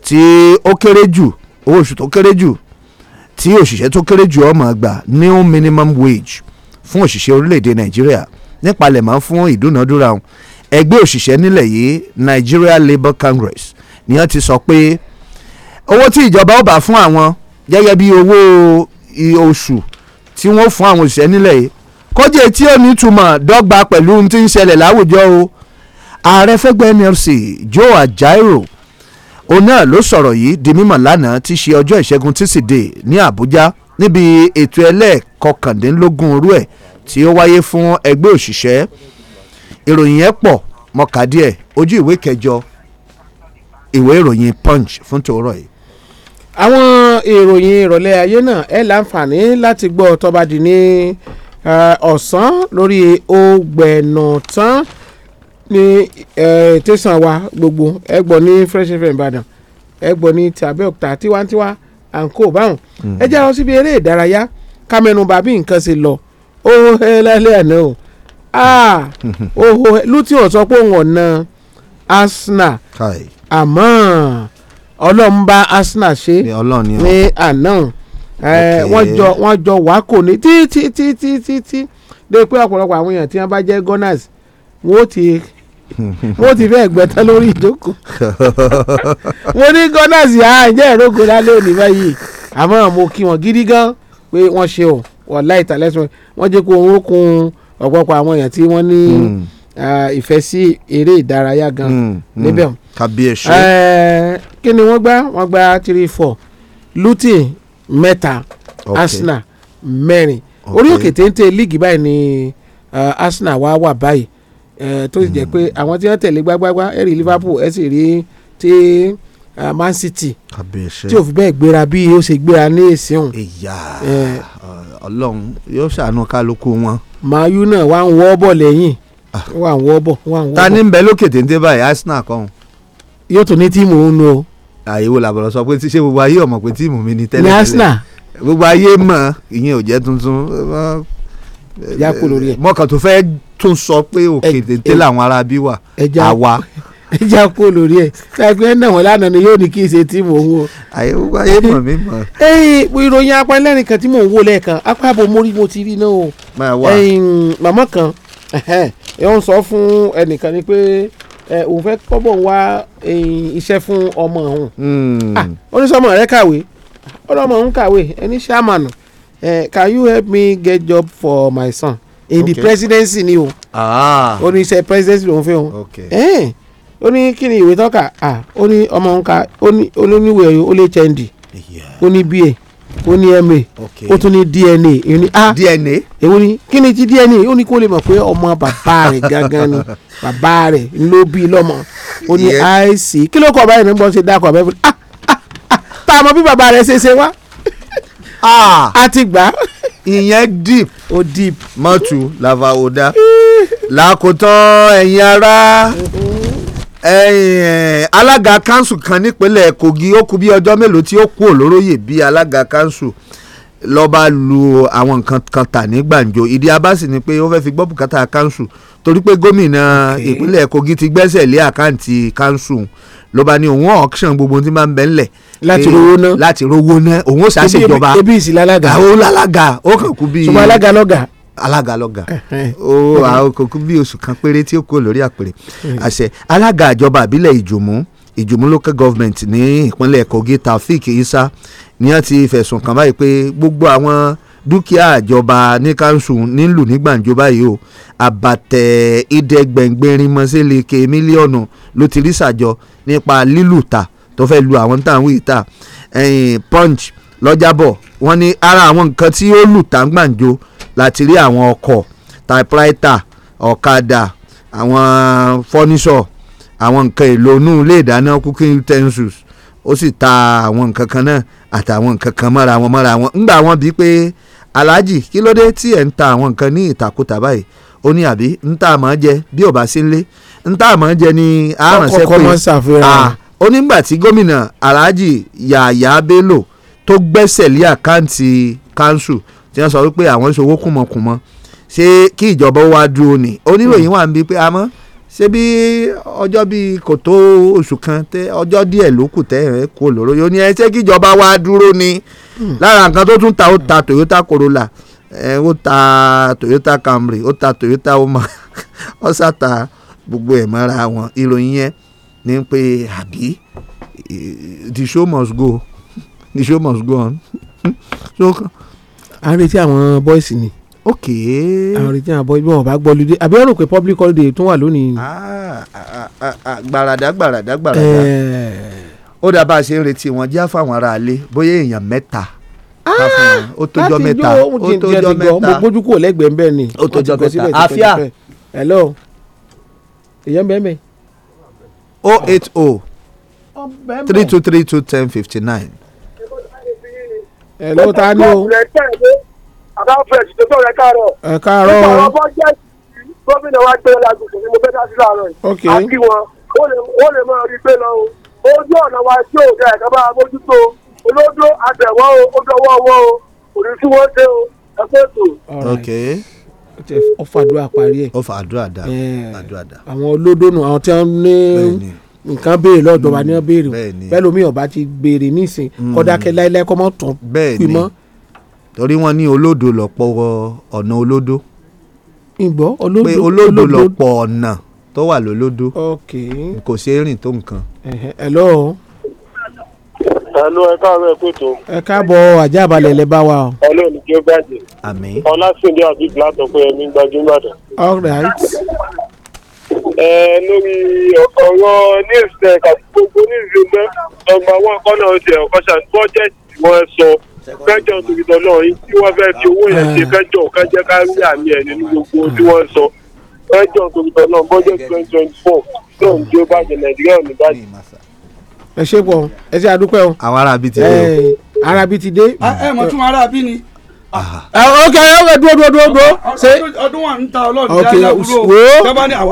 tí ó kéré jù owó oṣù tó kéré jù tí òṣìṣẹ́ tó kéré jù ọmọ gbà new minimum wage fún òṣìṣẹ́ orílẹ̀-èdè nàìjíríà nípalẹ̀mọ́ fún ìdúnàdúrà wọn ẹgbẹ́ òṣìṣẹ́ nílẹ̀ yìí Nigeria Labour Congress ni wọ́n ti sọ pé owó tí ìjọba ó bá fún àwọn gẹ́gẹ́ bí owó oṣù tí wọ́n fún àwọn òṣìṣẹ́ nílẹ̀ yìí kọ́jẹ́ tí ò ní túmọ̀ dọ́gba pẹ̀lú ohun tí ń ṣẹlẹ̀ láwùjọ o ààrẹ fẹ́gbẹ́ NLC Joe Ajaero òun náà ló sọ̀rọ̀ yìí di mímọ̀ lánàá tí ṣe ọjọ́ ìṣẹ́gun tíṣídẹ̀ẹ́ ní Àbújá níbi ètò ẹlẹ́ẹ̀kọkàndínlógún orú ẹ̀ tí ó wáyé fún ẹgbẹ́ òṣìṣẹ́ ìròyìn yẹn pọ̀ mọ̀ká díẹ̀ ojú ìwé kẹjọ ìwé ìròyìn punch fún tòórọ̀ yìí. àwọn ìròyìn ìrọ̀lẹ́ ayé náà ẹ̀ láǹfààní láti gbọ́ tó ní ọ̀sán lórí Ọ̀gbẹ̀nọ̀tán. Uh, ní tẹ̀sán wa gbogbo ẹ gbọ́ ní Fresh FM Ìbàdàn ẹ gbọ́ ní tàbẹ́òkúta tiwantiwa à ń kó báwọn ẹ jẹ́ lọ síbi eré ìdárayá ká mẹ́nubà bí nǹkan ṣe lọ ó hẹ́ lálẹ́ àná o oho ah! Luton sọ pé òun ọ̀nà Arsenal àmọ́ ọlọ́run bá Arsenal ṣe ní àná wọ́n jọ wá kò ní títí títí títí dé pé ọ̀pọ̀lọpọ̀ àwọn èèyàn tí wọ́n bá jẹ́ Gunners wọ́n ti wọ́n ti fẹ́ gbẹ̀tán lórí ìjókòó mo ní gọ́nàsì àjẹ́ ìrókò lálẹ́ òní báyìí àmọ́ mo kí wọn gidi gan pé wọ́n ṣe o wàhálà ìtàlẹ́sọ̀ wọ́n jẹ́ kó owó kun ọ̀pọ̀pọ̀ àwọn èèyàn tí wọ́n ní ìfẹ́ sí eré ìdárayá gan hmm, hmm. níbẹ̀. kàbíyèsí. kí ni wọ́n gbá wọ́n gbá three four Luton mẹ́ta Arsenal mẹ́rin orí òkè téńté líìgì báyìí ni Arsenal wá wà báyìí tó sì jẹ́ pé àwọn tí wọ́n tẹ̀lé gbágbágbá ẹ̀ rí Liverpool ẹ̀ sì rí tí Man City tí ò fi bẹ́ẹ̀ gbéra bí ó ṣe gbéra ní ìsìn. ìyá Ọlọ́run yóò ṣàánú kálukú wọn. mayu náà wà ń wọ́ bọ̀ lẹ́yìn ah. wà ń wọ́ bọ̀ wà ń wọ́ bọ̀. ta ni ń bẹ lókè téńté báyìí Arsenal kọ́hún. yóò tún ní tíìmù òun nu o. àyèwò làbọ̀rọ̀ sọ pé ṣé gbogbo ayé ọmọ pé tíìmù mi ni tẹ́lẹ̀ tẹ́lẹ̀ gbogbo ayé mọ̀ ìyẹn ò jẹ́ tuntun yàkó lórí ẹ. mọ́kàn tó fẹ́ tún sọ pé òkè téńté làwọn ará bí wà àwa. ẹ já kó lórí ẹ ṣàgbé náà wọn lánàá ni yóò ní kí n ṣe tíìmù òun o. àyẹ̀wò ayé mọ̀ mí mọ̀. ẹyìn ìròyìn apanilẹ́rìn kan tí mò ń wò lẹ́ẹ̀kan apáàbò mórí mo ti rí náà o. máa wà ẹyìn màmá kan ẹ ń sọ fún ẹnìkan ni pé òun fẹ́ kọ́bọ̀ ń wá iṣẹ́ fún ọmọ òun. Hmm. Ah, ó ní sọ́mọ rẹ̀ kàwé ó lọ́mọ òun kàwé ẹni ṣáàmànù Eh, can you help me get job for my son in okay. the presidency ni o ah. ó ní iṣẹ́ presidency lòún fẹ́ o eh, ó ní kí ni ìwé tọ́ka ah, ó ní ọmọ nǹka ó ní oníwèé ó lè HND ó ní BA ó ní ma ó tún ní dna èyí ni ah. a dna èwo ni kí ni ti dna ó ní kó lè mọ̀ pé ọmọ bàbá rẹ̀ gangan ni bàbá rẹ̀ ló bí lọ́mọ ó ní ic kí ló kọ́ ọ̀bá yẹn ní bọ́ ṣe dákọ̀ ọ̀bá fún mi ah ah ah tá a mọ̀ bí bàbá rẹ̀ ṣe ṣe wá Ah! a ti gbà. ìyẹn deep. o deep. mọ́tù làbà ò dá. làkòtán ara ará alága kanṣu kan nípínlẹ̀ Kogi ó bi bí ọjọ́ mélòó tí ó kú olóróyè bíi alága kanṣu lọ́ba lu àwọn nǹkan kan tà ní gbàǹjo ìdí abáṣì ni pé ó fẹ́ fi gbọ́ bùkátà kanṣu torí pé gómìnà ìpínlẹ̀ Kogi ti gbẹ́sẹ̀ lé àkáǹtì kanṣu ló bá ní òun auction gbogbo tí máa ń bẹ ńlẹ̀. láti rówó ná eh, láti rówó ná òun ó ṣàṣèjọba ebi ìsìn lálága àwọn lálága ó kàn kú bí. sọmọ alága lọ́gà. alága lọ́gà ó kàn kú bí oṣù kan péré tí ó kó lórí àpèrè hmm. àṣẹ alága ìjọba àbílẹ̀ ìjòmú ìjòmú local government ní ìpínlẹ̀ kogi taofik isa ni wọ́n ti fẹ̀sùn kàn báyìí pé gbogbo àwọn dúkìá àjọba ní kanṣu nílù ní gbàǹjo báyìí o àbàtẹ̀ ìdẹ́gbẹ̀ngbẹ̀rin mọ́sẹ́lẹ̀kẹ́ mílíọ̀nù ló ti rí sàjọ nípa lílù ta tó fẹ́ lu àwọn táwọn yìí ta punch lọ́jàbọ̀ wọ́n ní ara àwọn nǹkan tí ó lù tá gbàǹjo láti rí àwọn ọkọ̀ typewriter ọ̀kadà àwọn fọ́nísọ̀ àwọn nǹkan èlò inú ilé ìdáná cooking utensils ó sì ta àwọn nǹkan kan náà àtàwọn nǹkan kan mọ́ra wọn mọ́ra wọn ńgbà wọn bíi pé aláàjì kí ló dé tí ẹ̀ ń ta àwọn nǹkan ní ìtàkùtà báyìí ó ní àbí ń tà mọ́ jẹ bí ò bá sí ń lé ń tà mọ́ jẹ ni àránṣẹ́ pé ah, ó nígbà tí gómìnà aláàjì yàyà bello tó gbẹ́sẹ̀ lé àkáǹtì kanṣu tí wọ́n sọ wípé àwọn ìṣòwò kùmọ̀kùmọ̀ ṣé kí ìjọba wá dúró ni oníròyìn hmm. wà ń bi pé àmọ́. Mm ṣé bí ọjọ́ bíi kò tó oṣù kan tẹ ọjọ́ díẹ̀ ló kù tẹ ẹ kó lóró yóò ní ẹ ṣé kíjọba wa dúró ni hmm. lára nǹkan tó tún ta ó ta Toyota Corolla ẹ ó ta Toyota Camry ó ta Toyota Homa ó ṣàta gbogbo ẹ̀ mọ́ra wọn ìròyìn yẹn ni pé àbí the show must go the show must go on. so, a ń retí àwọn bọ́ìsì ni ok. àwọn ìrètí àbọ̀ ibi wọn bá gbọ́ lóde àbí ọ̀rọ̀ pé public holiday tún wà lónìí. gbàràdà ah, ah, ah, gbàràdà gbàràdà eh. ó dà bá a ṣe ń retí wọn jẹ́ fáwọn aráalé bóyá èèyàn mẹ́ta ó tójọ́ mẹ́ta ó tójọ́ mẹ́ta mo gbójú kúrò lẹ́gbẹ̀ẹ́ ń bẹ́ẹ̀ ni ó tójọ́ mẹ́ta àfíà. hello èèyàn bẹ́ẹ̀ mi. oh eight oh three two three two ten fifty nine. hello ta o akáfẹ́ẹ̀sì tó tọrẹ káàárọ̀. ẹ káàárọ̀ nípa àwọn bọ́jẹ́ẹ̀tì gómìnà wa gbé lagos ni mo fẹ́ dá sí láàárọ̀ yìí. àbí wọn ó lè máa rí pé lọ o ojú ọ̀nà wa tí ò dá ẹ̀ka bá a mójútó olódó àtẹ̀wọ́ o ó dọwọ́ wọ́ o kò tí wọ́n ṣe o ẹ pé tó. ó fàdúrà parí ẹ̀. ó fàdúrà dá àdúrà dá. àwọn olódó nù àwọn tí wọ́n ní nǹkan béèrè lọ́dọ̀ wa ni wọ́n mm. béèrè pẹ̀lú mi ọba ti béèrè nísìn kọ́dákẹ́ mm. láéláé kọ́mọ́tún pímọ́. bẹ́ẹ̀ ni torí wọ́n ní olódo lọ́pọ̀ ọ̀nà olódo. ìgbọ́ olódo pé olódo lọ́pọ̀ ọ̀nà tó wà lólódo kò ṣeé rìn tó nǹkan. hello. hello ẹ káàárọ̀ ẹ kóòtù. ẹ káàbọ̀ ajá balẹ̀ lẹ bá wa o. ọlọ́run ní kí ó bàjẹ́. àmín. ọlásìndé àbí látọ̀ pé ẹni gbajúmọ̀ dà. all right. ẹ lórí ọ̀rọ̀ news tech àti gbogbo news mẹ́ ọgbà wọn kọ́nà ọjà ọ̀kọ́ṣà bọ́jẹ̀tì wọn sọ kẹjọ tòkìtọ náà tí wọn fẹẹ fi owó yẹn ṣe kẹjọ kẹjẹ kárí àmì ẹ nínú gbogbo tí wọn sọ kẹjọ tòkìtọ náà budget twenty twenty four náà ń dé bàjẹ́ nàìjíríà ní bàjẹ́. ẹ ṣe pọ ẹ ṣe àdúpẹ́ o. àwọn arábí ti dé o. arábí ti dé. Ah, ẹ mọ̀ tún arábí ni ah, ok ok dúró dúró dúró dúró. ọdún wa ń ta ọlọ́run jáde àbúrò. ok wo.